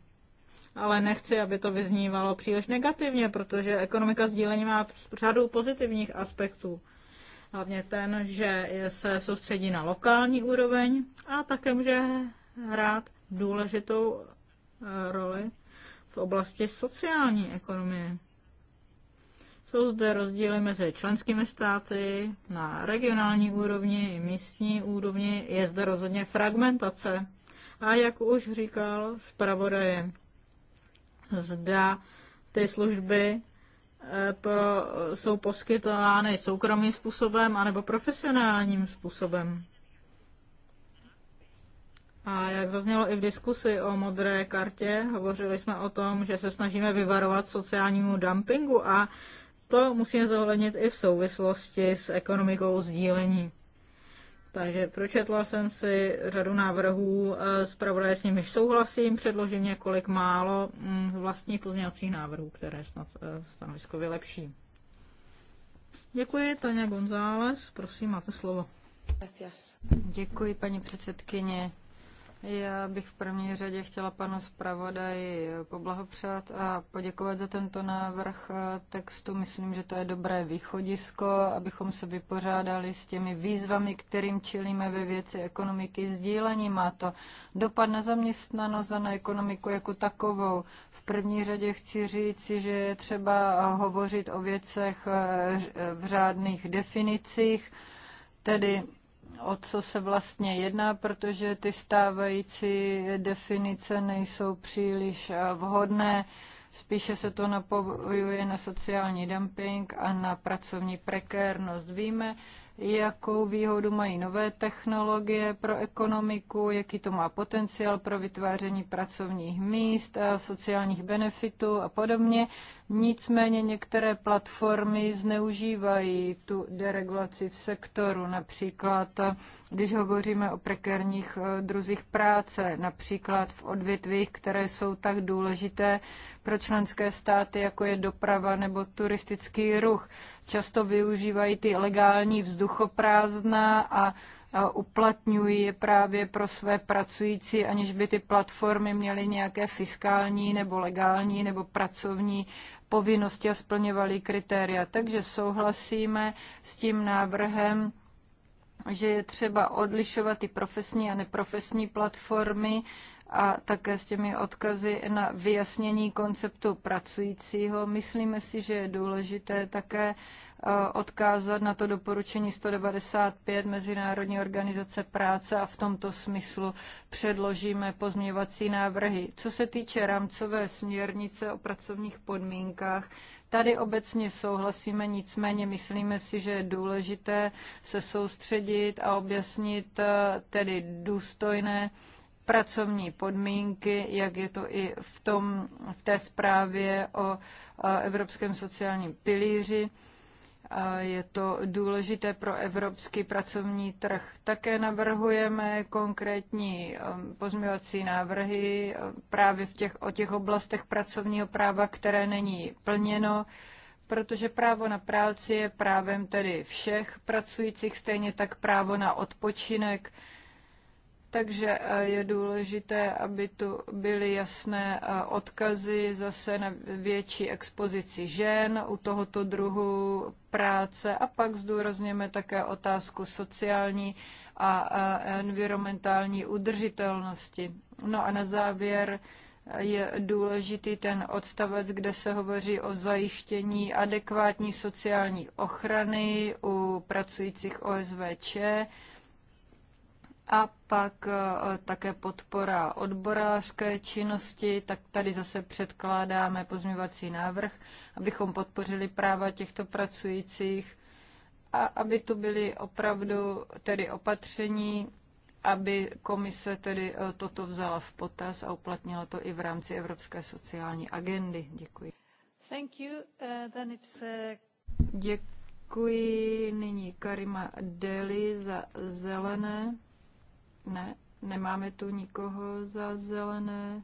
Ale nechci, aby to vyznívalo příliš negativně, protože ekonomika sdílení má řadu pozitivních aspektů. Hlavně ten, že se soustředí na lokální úroveň a také může hrát důležitou Eh, roli v oblasti sociální ekonomie. Jsou zde rozdíly mezi členskými státy na regionální úrovni i místní úrovni. Je zde rozhodně fragmentace. A jak už říkal zpravodaje, zda ty služby eh, pro, jsou poskytovány soukromým způsobem anebo profesionálním způsobem. A jak zaznělo i v diskusi o modré kartě, hovořili jsme o tom, že se snažíme vyvarovat sociálnímu dumpingu a to musíme zohlednit i v souvislosti s ekonomikou sdílení. Takže pročetla jsem si řadu návrhů, eh, zpravodaje s nimiž souhlasím, předložím několik málo mm, vlastních pozměňovacích návrhů, které snad eh, stanovisko vylepší.
Děkuji, Tania González, prosím, máte slovo. Děkuji, paní předsedkyně. Já bych v první řadě chtěla panu zpravodaji poblahopřát a poděkovat za tento návrh eh, textu. Myslím, že to je dobré východisko, abychom se vypořádali s těmi výzvami, kterým čelíme ve věci ekonomiky sdílení. Má to dopad na zaměstnanost a na ekonomiku jako takovou. V první řadě chci říci, že je třeba hovořit o věcech eh, v řádných definicích, tedy o co se vlastně jedná, protože ty stávající definice nejsou příliš eh, vhodné. Spíše se to napojuje na sociální dumping a na pracovní prekérnost. Víme, jakou výhodu mají nové technologie pro ekonomiku, jaký to má potenciál pro vytváření pracovních míst a sociálních benefitů a podobně. Nicméně některé platformy zneužívají tu deregulaci v sektoru, například když hovoříme o prekérních eh, druzích práce, například v odvětvích, které jsou tak důležité pro členské státy, jako je doprava nebo turistický ruch často využívají ty legální vzduchoprázdná a a uplatňují je právě pro své pracující, aniž by ty platformy měly nějaké fiskální nebo legální nebo pracovní povinnosti a splňovaly kritéria. Takže souhlasíme s tím návrhem, že je třeba odlišovat ty profesní a neprofesní platformy a také s těmi odkazy na vyjasnění konceptu pracujícího. Myslíme si, že je důležité také eh, odkázat na to doporučení 195 Mezinárodní organizace práce a v tomto smyslu předložíme pozměňovací návrhy. Co se týče rámcové směrnice o pracovních podmínkách, Tady obecně souhlasíme, nicméně myslíme si, že je důležité se soustředit a objasnit eh, tedy důstojné pracovní podmínky, jak je to i v, tom, v té zprávě o Evropském sociálním pilíři. Je to důležité pro evropský pracovní trh. Také navrhujeme konkrétní um, pozměvací návrhy um, právě v těch, o těch oblastech pracovního práva, které není plněno, protože právo na práci je právem tedy všech pracujících, stejně tak právo na odpočinek takže eh, je důležité, aby tu byly jasné eh, odkazy zase na větší expozici žen u tohoto druhu práce a pak zdůrazněme také otázku sociální a eh, environmentální udržitelnosti. No a na závěr je důležitý ten odstavec, kde se hovoří o zajištění adekvátní sociální ochrany u pracujících OSVČ a pak e, také podpora odborářské činnosti, tak tady zase předkládáme pozměvací návrh, abychom podpořili práva těchto pracujících a aby tu byly opravdu tedy opatření, aby komise tedy e, toto vzala v potaz a uplatnila to i v rámci Evropské sociální agendy. Děkuji. Thank you. Uh, then it's, uh... Děkuji nyní Karima Deli za zelené. Ne, nemáme tu nikoho za zelené.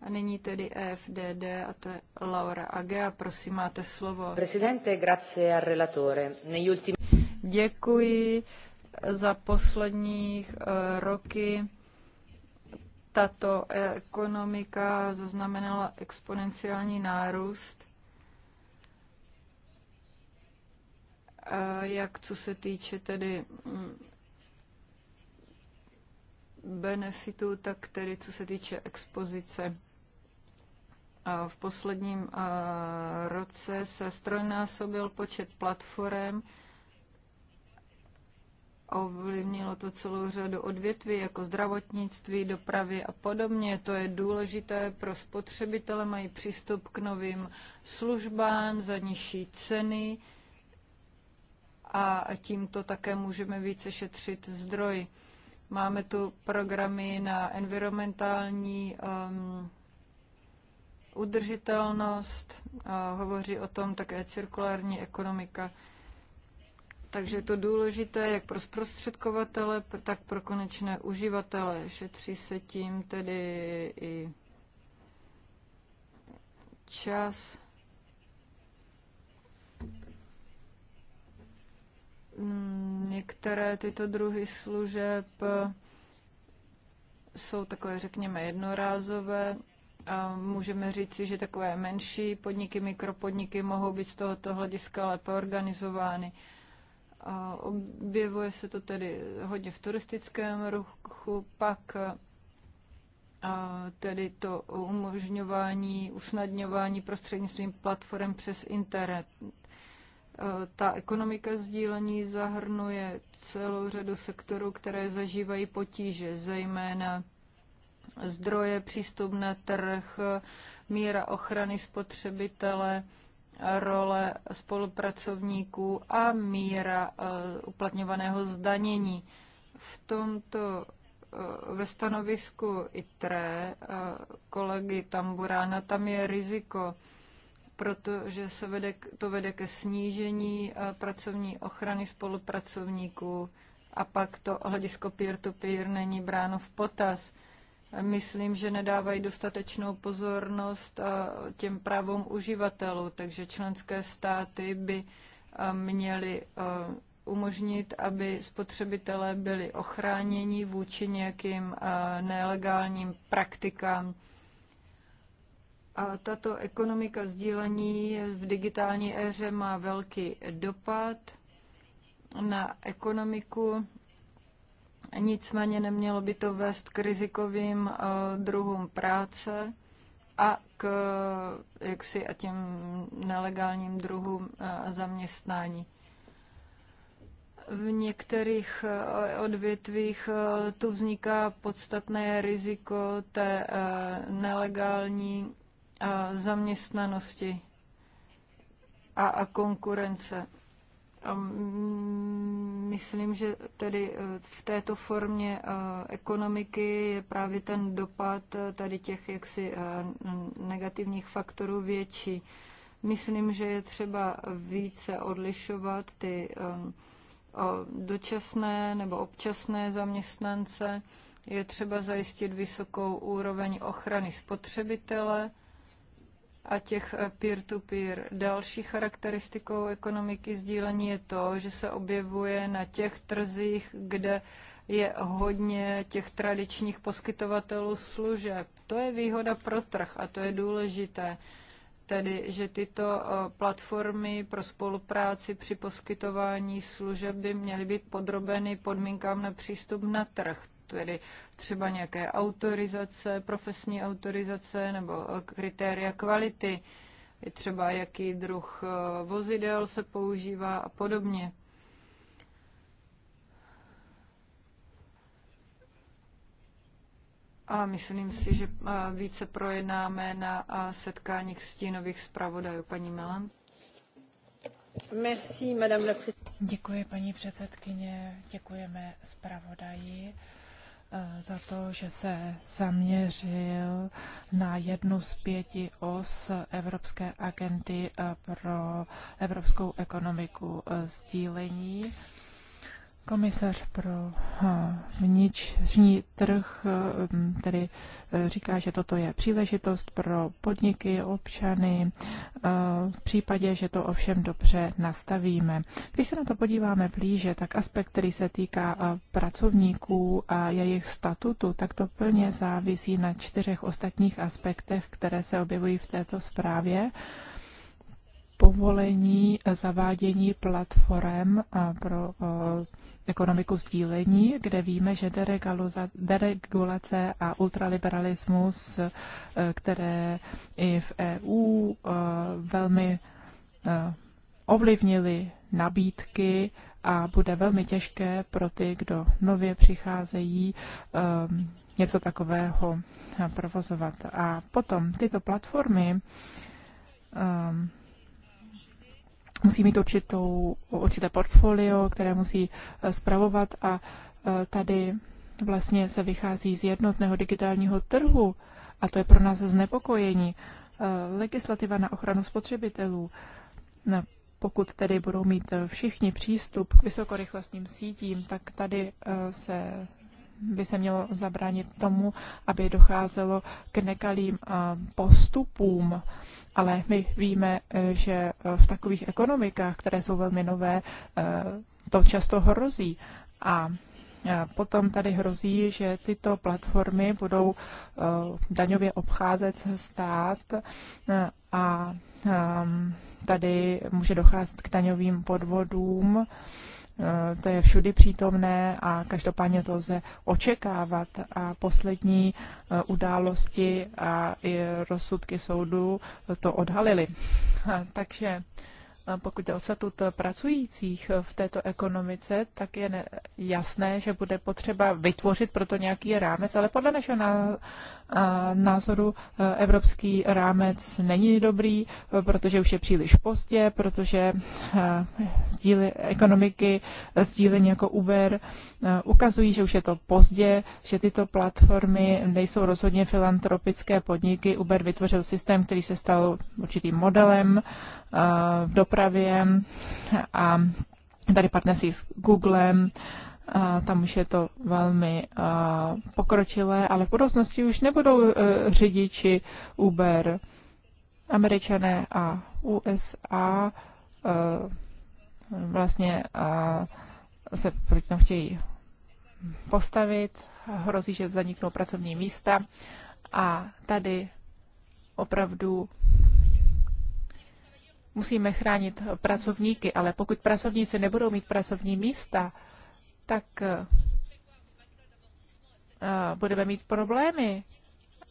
A není tedy EFDD a to je Laura Agea. Prosím, máte slovo. Presidente, grazie al relatore. Negli ultimi... Děkuji za posledních uh, roky. Tato ekonomika zaznamenala exponenciální nárůst. Uh, jak co se týče tedy um, benefitů, tak tedy co se týče expozice. V posledním roce se strojnásobil počet platform, ovlivnilo to celou řadu odvětví, jako zdravotnictví, dopravy a podobně. To je důležité pro spotřebitele, mají přístup k novým službám za nižší ceny a tímto také můžeme více šetřit zdroj. Máme tu programy na environmentální um, udržitelnost, hovoří o tom také cirkulární ekonomika. Takže je to důležité jak pro zprostředkovatele, tak pro konečné uživatele. Šetří se tím tedy i čas Mm, některé tyto druhy služeb eh, jsou takové, řekněme, jednorázové. A můžeme říci, že takové menší podniky, mikropodniky mohou být z tohoto hlediska lépe organizovány. A objevuje se to tedy hodně v turistickém ruchu, pak eh, a tedy to umožňování, usnadňování prostřednictvím platform přes internet ta ekonomika sdílení zahrnuje celou řadu sektorů, které zažívají potíže, zejména zdroje, přístup na trh, míra ochrany spotřebitele, role spolupracovníků a míra eh, uplatňovaného zdanění. V tomto eh, ve stanovisku ITRE eh, kolegy Tamburána tam je riziko, protože se vede, to vede ke snížení eh, pracovní ochrany spolupracovníků a pak to hledisko peer-to-peer -peer není bráno v potaz. Myslím, že nedávají dostatečnou pozornost eh, těm právům uživatelů, takže členské státy by eh, měly umožnit, aby spotřebitelé byli ochráněni vůči nějakým nelegálním praktikám a tato ekonomika sdílení v digitální éře má velký dopad na ekonomiku, nicméně nemělo by to vést k rizikovým eh, druhům práce a k jaksi a těm nelegálním druhům eh, zaměstnání v některých eh, odvětvích tu vzniká podstatné riziko té nelegální zaměstnanosti a, a konkurence. A myslím, že tedy e, v této formě e, ekonomiky je právě ten dopad e, tady těch jaksi negativních faktorů větší. Myslím, že je třeba více odlišovat ty dočasné nebo občasné zaměstnance. Je třeba zajistit vysokou úroveň ochrany spotřebitele a těch eh, peer-to-peer. -peer. Další charakteristikou ekonomiky sdílení je to, že se objevuje na těch trzích, kde je hodně těch tradičních poskytovatelů služeb. To je výhoda pro trh a to je důležité. Tedy, že tyto eh, platformy pro spolupráci při poskytování služeb by měly být podrobeny podmínkám na přístup na trh tedy třeba nějaké autorizace, profesní autorizace nebo eh, kritéria kvality, třeba jaký druh eh, vozidel se používá a podobně. A myslím si, že eh, více projednáme na setkáních stínových zpravodajů. Paní Melan.
Merci, madame la Děkuji, paní předsedkyně. Děkujeme zpravodaji Eh, za to, že se zaměřil na jednu z pěti os Evropské agenty eh, pro evropskou ekonomiku eh, sdílení Komisař pro eh, vnitřní trh eh, tedy eh, říká, že toto je příležitost pro podniky, občany, v případě, že to ovšem dobře nastavíme. Když se na to podíváme blíže, tak aspekt, který se týká pracovníků a jejich statutu, tak to plně závisí na čtyřech ostatních aspektech, které se objevují v této zprávě povolení zavádění platform pro ekonomiku sdílení, kde víme, že deregulace a ultraliberalismus, eh, které i v EU eh, velmi eh, ovlivnili nabídky a bude velmi těžké pro ty, kdo nově přicházejí, něco takového provozovat. A potom tyto platformy musí mít určitou, určité portfolio, které musí eh, spravovat a eh, tady vlastně se vychází z jednotného digitálního trhu a to je pro nás znepokojení. Eh, legislativa na ochranu spotřebitelů, pokud tedy budou mít všichni přístup k vysokorychlostním sítím, tak tady se by se mělo zabránit tomu, aby docházelo k nekalým postupům. Ale my víme, e, že e, v takových ekonomikách, které jsou velmi nové, e, to často hrozí. A Potom tady hrozí, že tyto platformy budou daňově obcházet stát a tady může docházet k daňovým podvodům Eh, to je všudy přítomné a každopádně to lze očekávat. A poslední eh, události a i rozsudky soudu eh, to odhalily. Takže pokud jde o statut pracujících v této ekonomice, tak je jasné, že bude potřeba vytvořit proto nějaký rámec, ale podle našeho názoru e, evropský rámec není dobrý, e, protože už je příliš pozdě, protože e, sdíly ekonomiky, sdílení jako Uber ukazují, že už je to pozdě, že tyto platformy nejsou rozhodně filantropické podniky. Uber vytvořil systém, který se stal určitým modelem v dopravě a tady partnerství s Googlem, tam už je to velmi pokročilé, ale v budoucnosti už nebudou e, řidiči Uber. Američané a USA e, vlastně se proti tomu chtějí postavit, hrozí, že zaniknou pracovní místa a tady opravdu musíme chránit pracovníky, ale pokud pracovníci nebudou mít pracovní místa, tak eh, budeme mít problémy.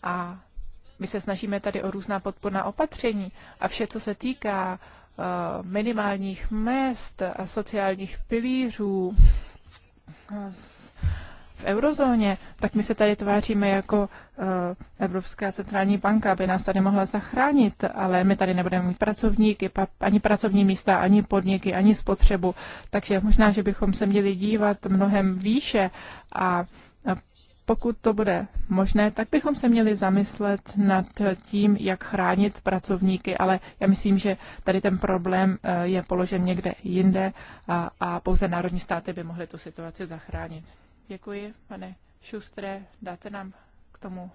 A my se snažíme tady o různá podporná opatření a vše, co se týká eh, minimálních mest a sociálních pilířů, eh, v eurozóně, tak my se tady tváříme jako eh, Evropská centrální banka, aby nás tady mohla zachránit, ale my tady nebudeme mít pracovníky, ani pracovní místa, ani podniky, ani spotřebu. Takže možná, že bychom se měli dívat mnohem výše a pokud to bude možné, tak bychom se měli zamyslet nad tím, jak chránit pracovníky, ale já myslím, že tady ten problém eh, je položen někde jinde a, a pouze národní státy by mohly tu situaci zachránit. Děkuji, pane Šustre. Dáte nám k tomu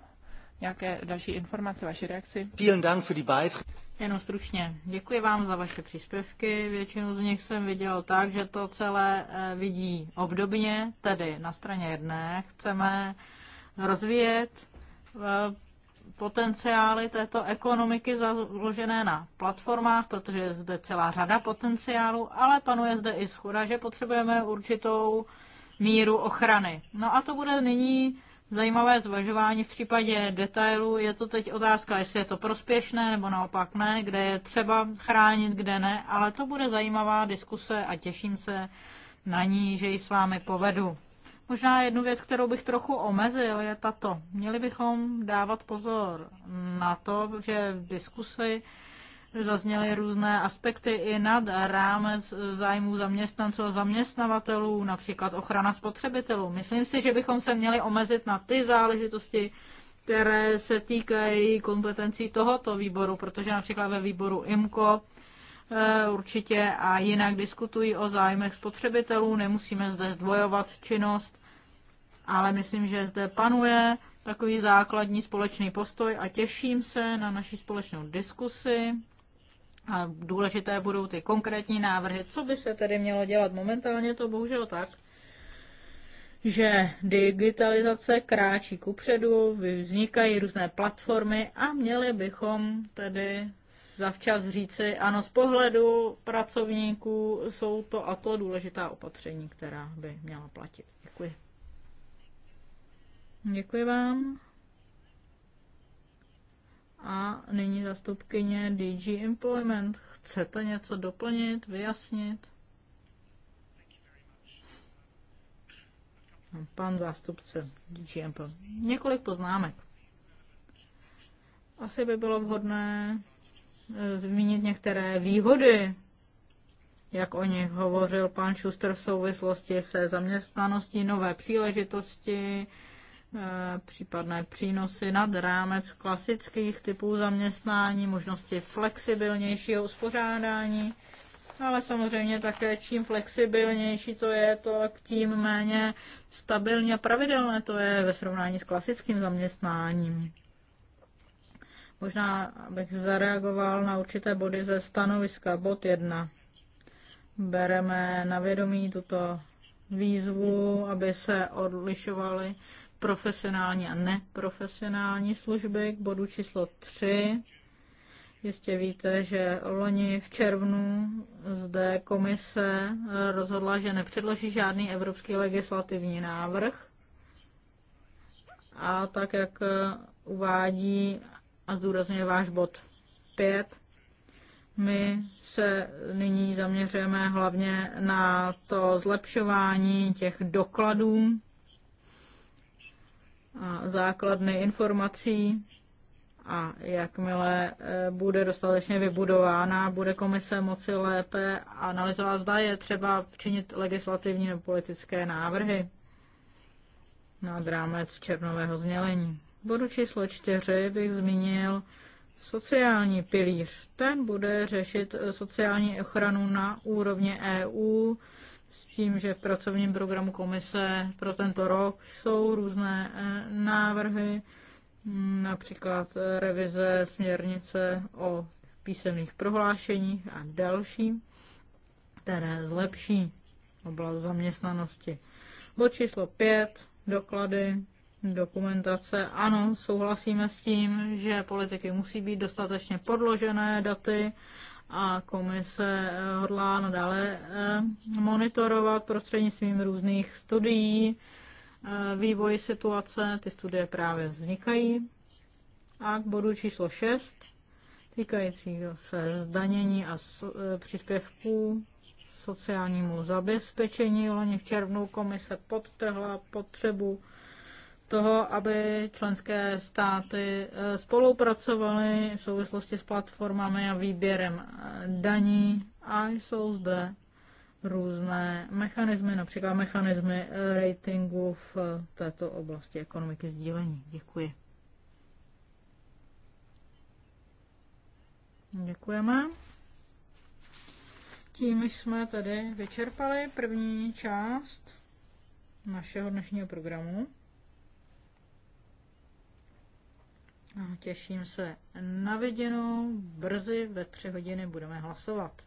nějaké další informace, vaši reakci?
Vielen Dank für die
Jenom stručně. Děkuji vám za vaše příspěvky. Většinu z
nich jsem viděl tak, že to celé eh, vidí obdobně, tedy na straně jedné chceme rozvíjet eh, potenciály této ekonomiky založené na platformách, protože je zde celá řada potenciálů, ale panuje zde i schoda, že potřebujeme určitou míru ochrany. No a to bude nyní zajímavé zvažování v případě detailů. Je to teď otázka, jestli je to prospěšné nebo naopak ne, kde je třeba chránit, kde ne, ale to bude zajímavá diskuse a těším se na ní, že ji s vámi povedu. Možná jednu věc, kterou bych trochu omezil, je tato. Měli bychom dávat pozor na to, že v diskusi zazněly různé aspekty i nad rámec zájmů zaměstnanců a zaměstnavatelů, například ochrana spotřebitelů. Myslím si, že bychom se měli omezit na ty záležitosti, které se týkají kompetencí tohoto výboru, protože například ve výboru IMCO eh, určitě a jinak diskutují o zájmech spotřebitelů, nemusíme zde zdvojovat činnost, ale myslím, že zde panuje takový základní společný postoj a těším se na naši společnou diskusi a důležité budou ty konkrétní návrhy, co by se tedy mělo dělat. Momentálně to bohužel tak, že digitalizace kráčí kupředu, vznikají různé platformy a měli bychom tedy zavčas říci, ano, z pohledu pracovníků jsou to a to důležitá opatření, která by měla platit. Děkuji. Děkuji vám. A nyní zastupkyně DG Employment. Chcete něco doplnit, vyjasnit? Pan zástupce DG Employment. Několik poznámek. Asi by bylo vhodné eh, zmínit některé výhody, jak o nich hovořil pan Schuster v souvislosti se zaměstnaností, nové příležitosti, Eh, případné přínosy nad rámec klasických typů zaměstnání, možnosti flexibilnějšího uspořádání, ale samozřejmě také čím flexibilnější to je, to tím méně stabilně pravidelné to je ve srovnání s klasickým zaměstnáním. Možná bych zareagoval na určité body ze stanoviska. Bod 1. Bereme na vědomí tuto výzvu, aby se odlišovaly profesionální a neprofesionální služby k bodu číslo 3. Jistě víte, že loni v červnu zde komise rozhodla, že nepředloží žádný evropský legislativní návrh. A tak, jak uvádí a zdůrazňuje váš bod 5, my se nyní zaměřujeme hlavně na to zlepšování těch dokladů a základny informací a jakmile e, bude dostatečně vybudována, bude komise moci lépe analyzovat, zda je třeba činit legislativní nebo politické návrhy nad rámec černového znělení. V bodu číslo čtyři bych zmínil sociální pilíř. Ten bude řešit sociální ochranu na úrovni EU tím, že v pracovním programu komise pro tento rok jsou různé eh, návrhy, hm, například eh, revize směrnice o písemných prohlášeních a další, které zlepší oblast zaměstnanosti. Bod číslo 5, doklady, dokumentace. Ano, souhlasíme s tím, že politiky musí být dostatečně podložené daty a komise eh, hodlá nadále eh, monitorovat prostřednictvím různých studií eh, vývoj situace. Ty studie právě vznikají. A k bodu číslo 6 týkajícího se zdanění a příspěvků sociálnímu zabezpečení. Loni v červnu komise podtrhla potřebu toho, aby členské státy eh, spolupracovaly v souvislosti s platformami a výběrem eh, daní a jsou zde různé mechanismy, například mechanismy eh, ratingu v této oblasti ekonomiky sdílení. Děkuji. Děkujeme. Tím jsme tedy vyčerpali první část našeho dnešního programu. těším se na viděnou. Brzy ve tři hodiny budeme hlasovat.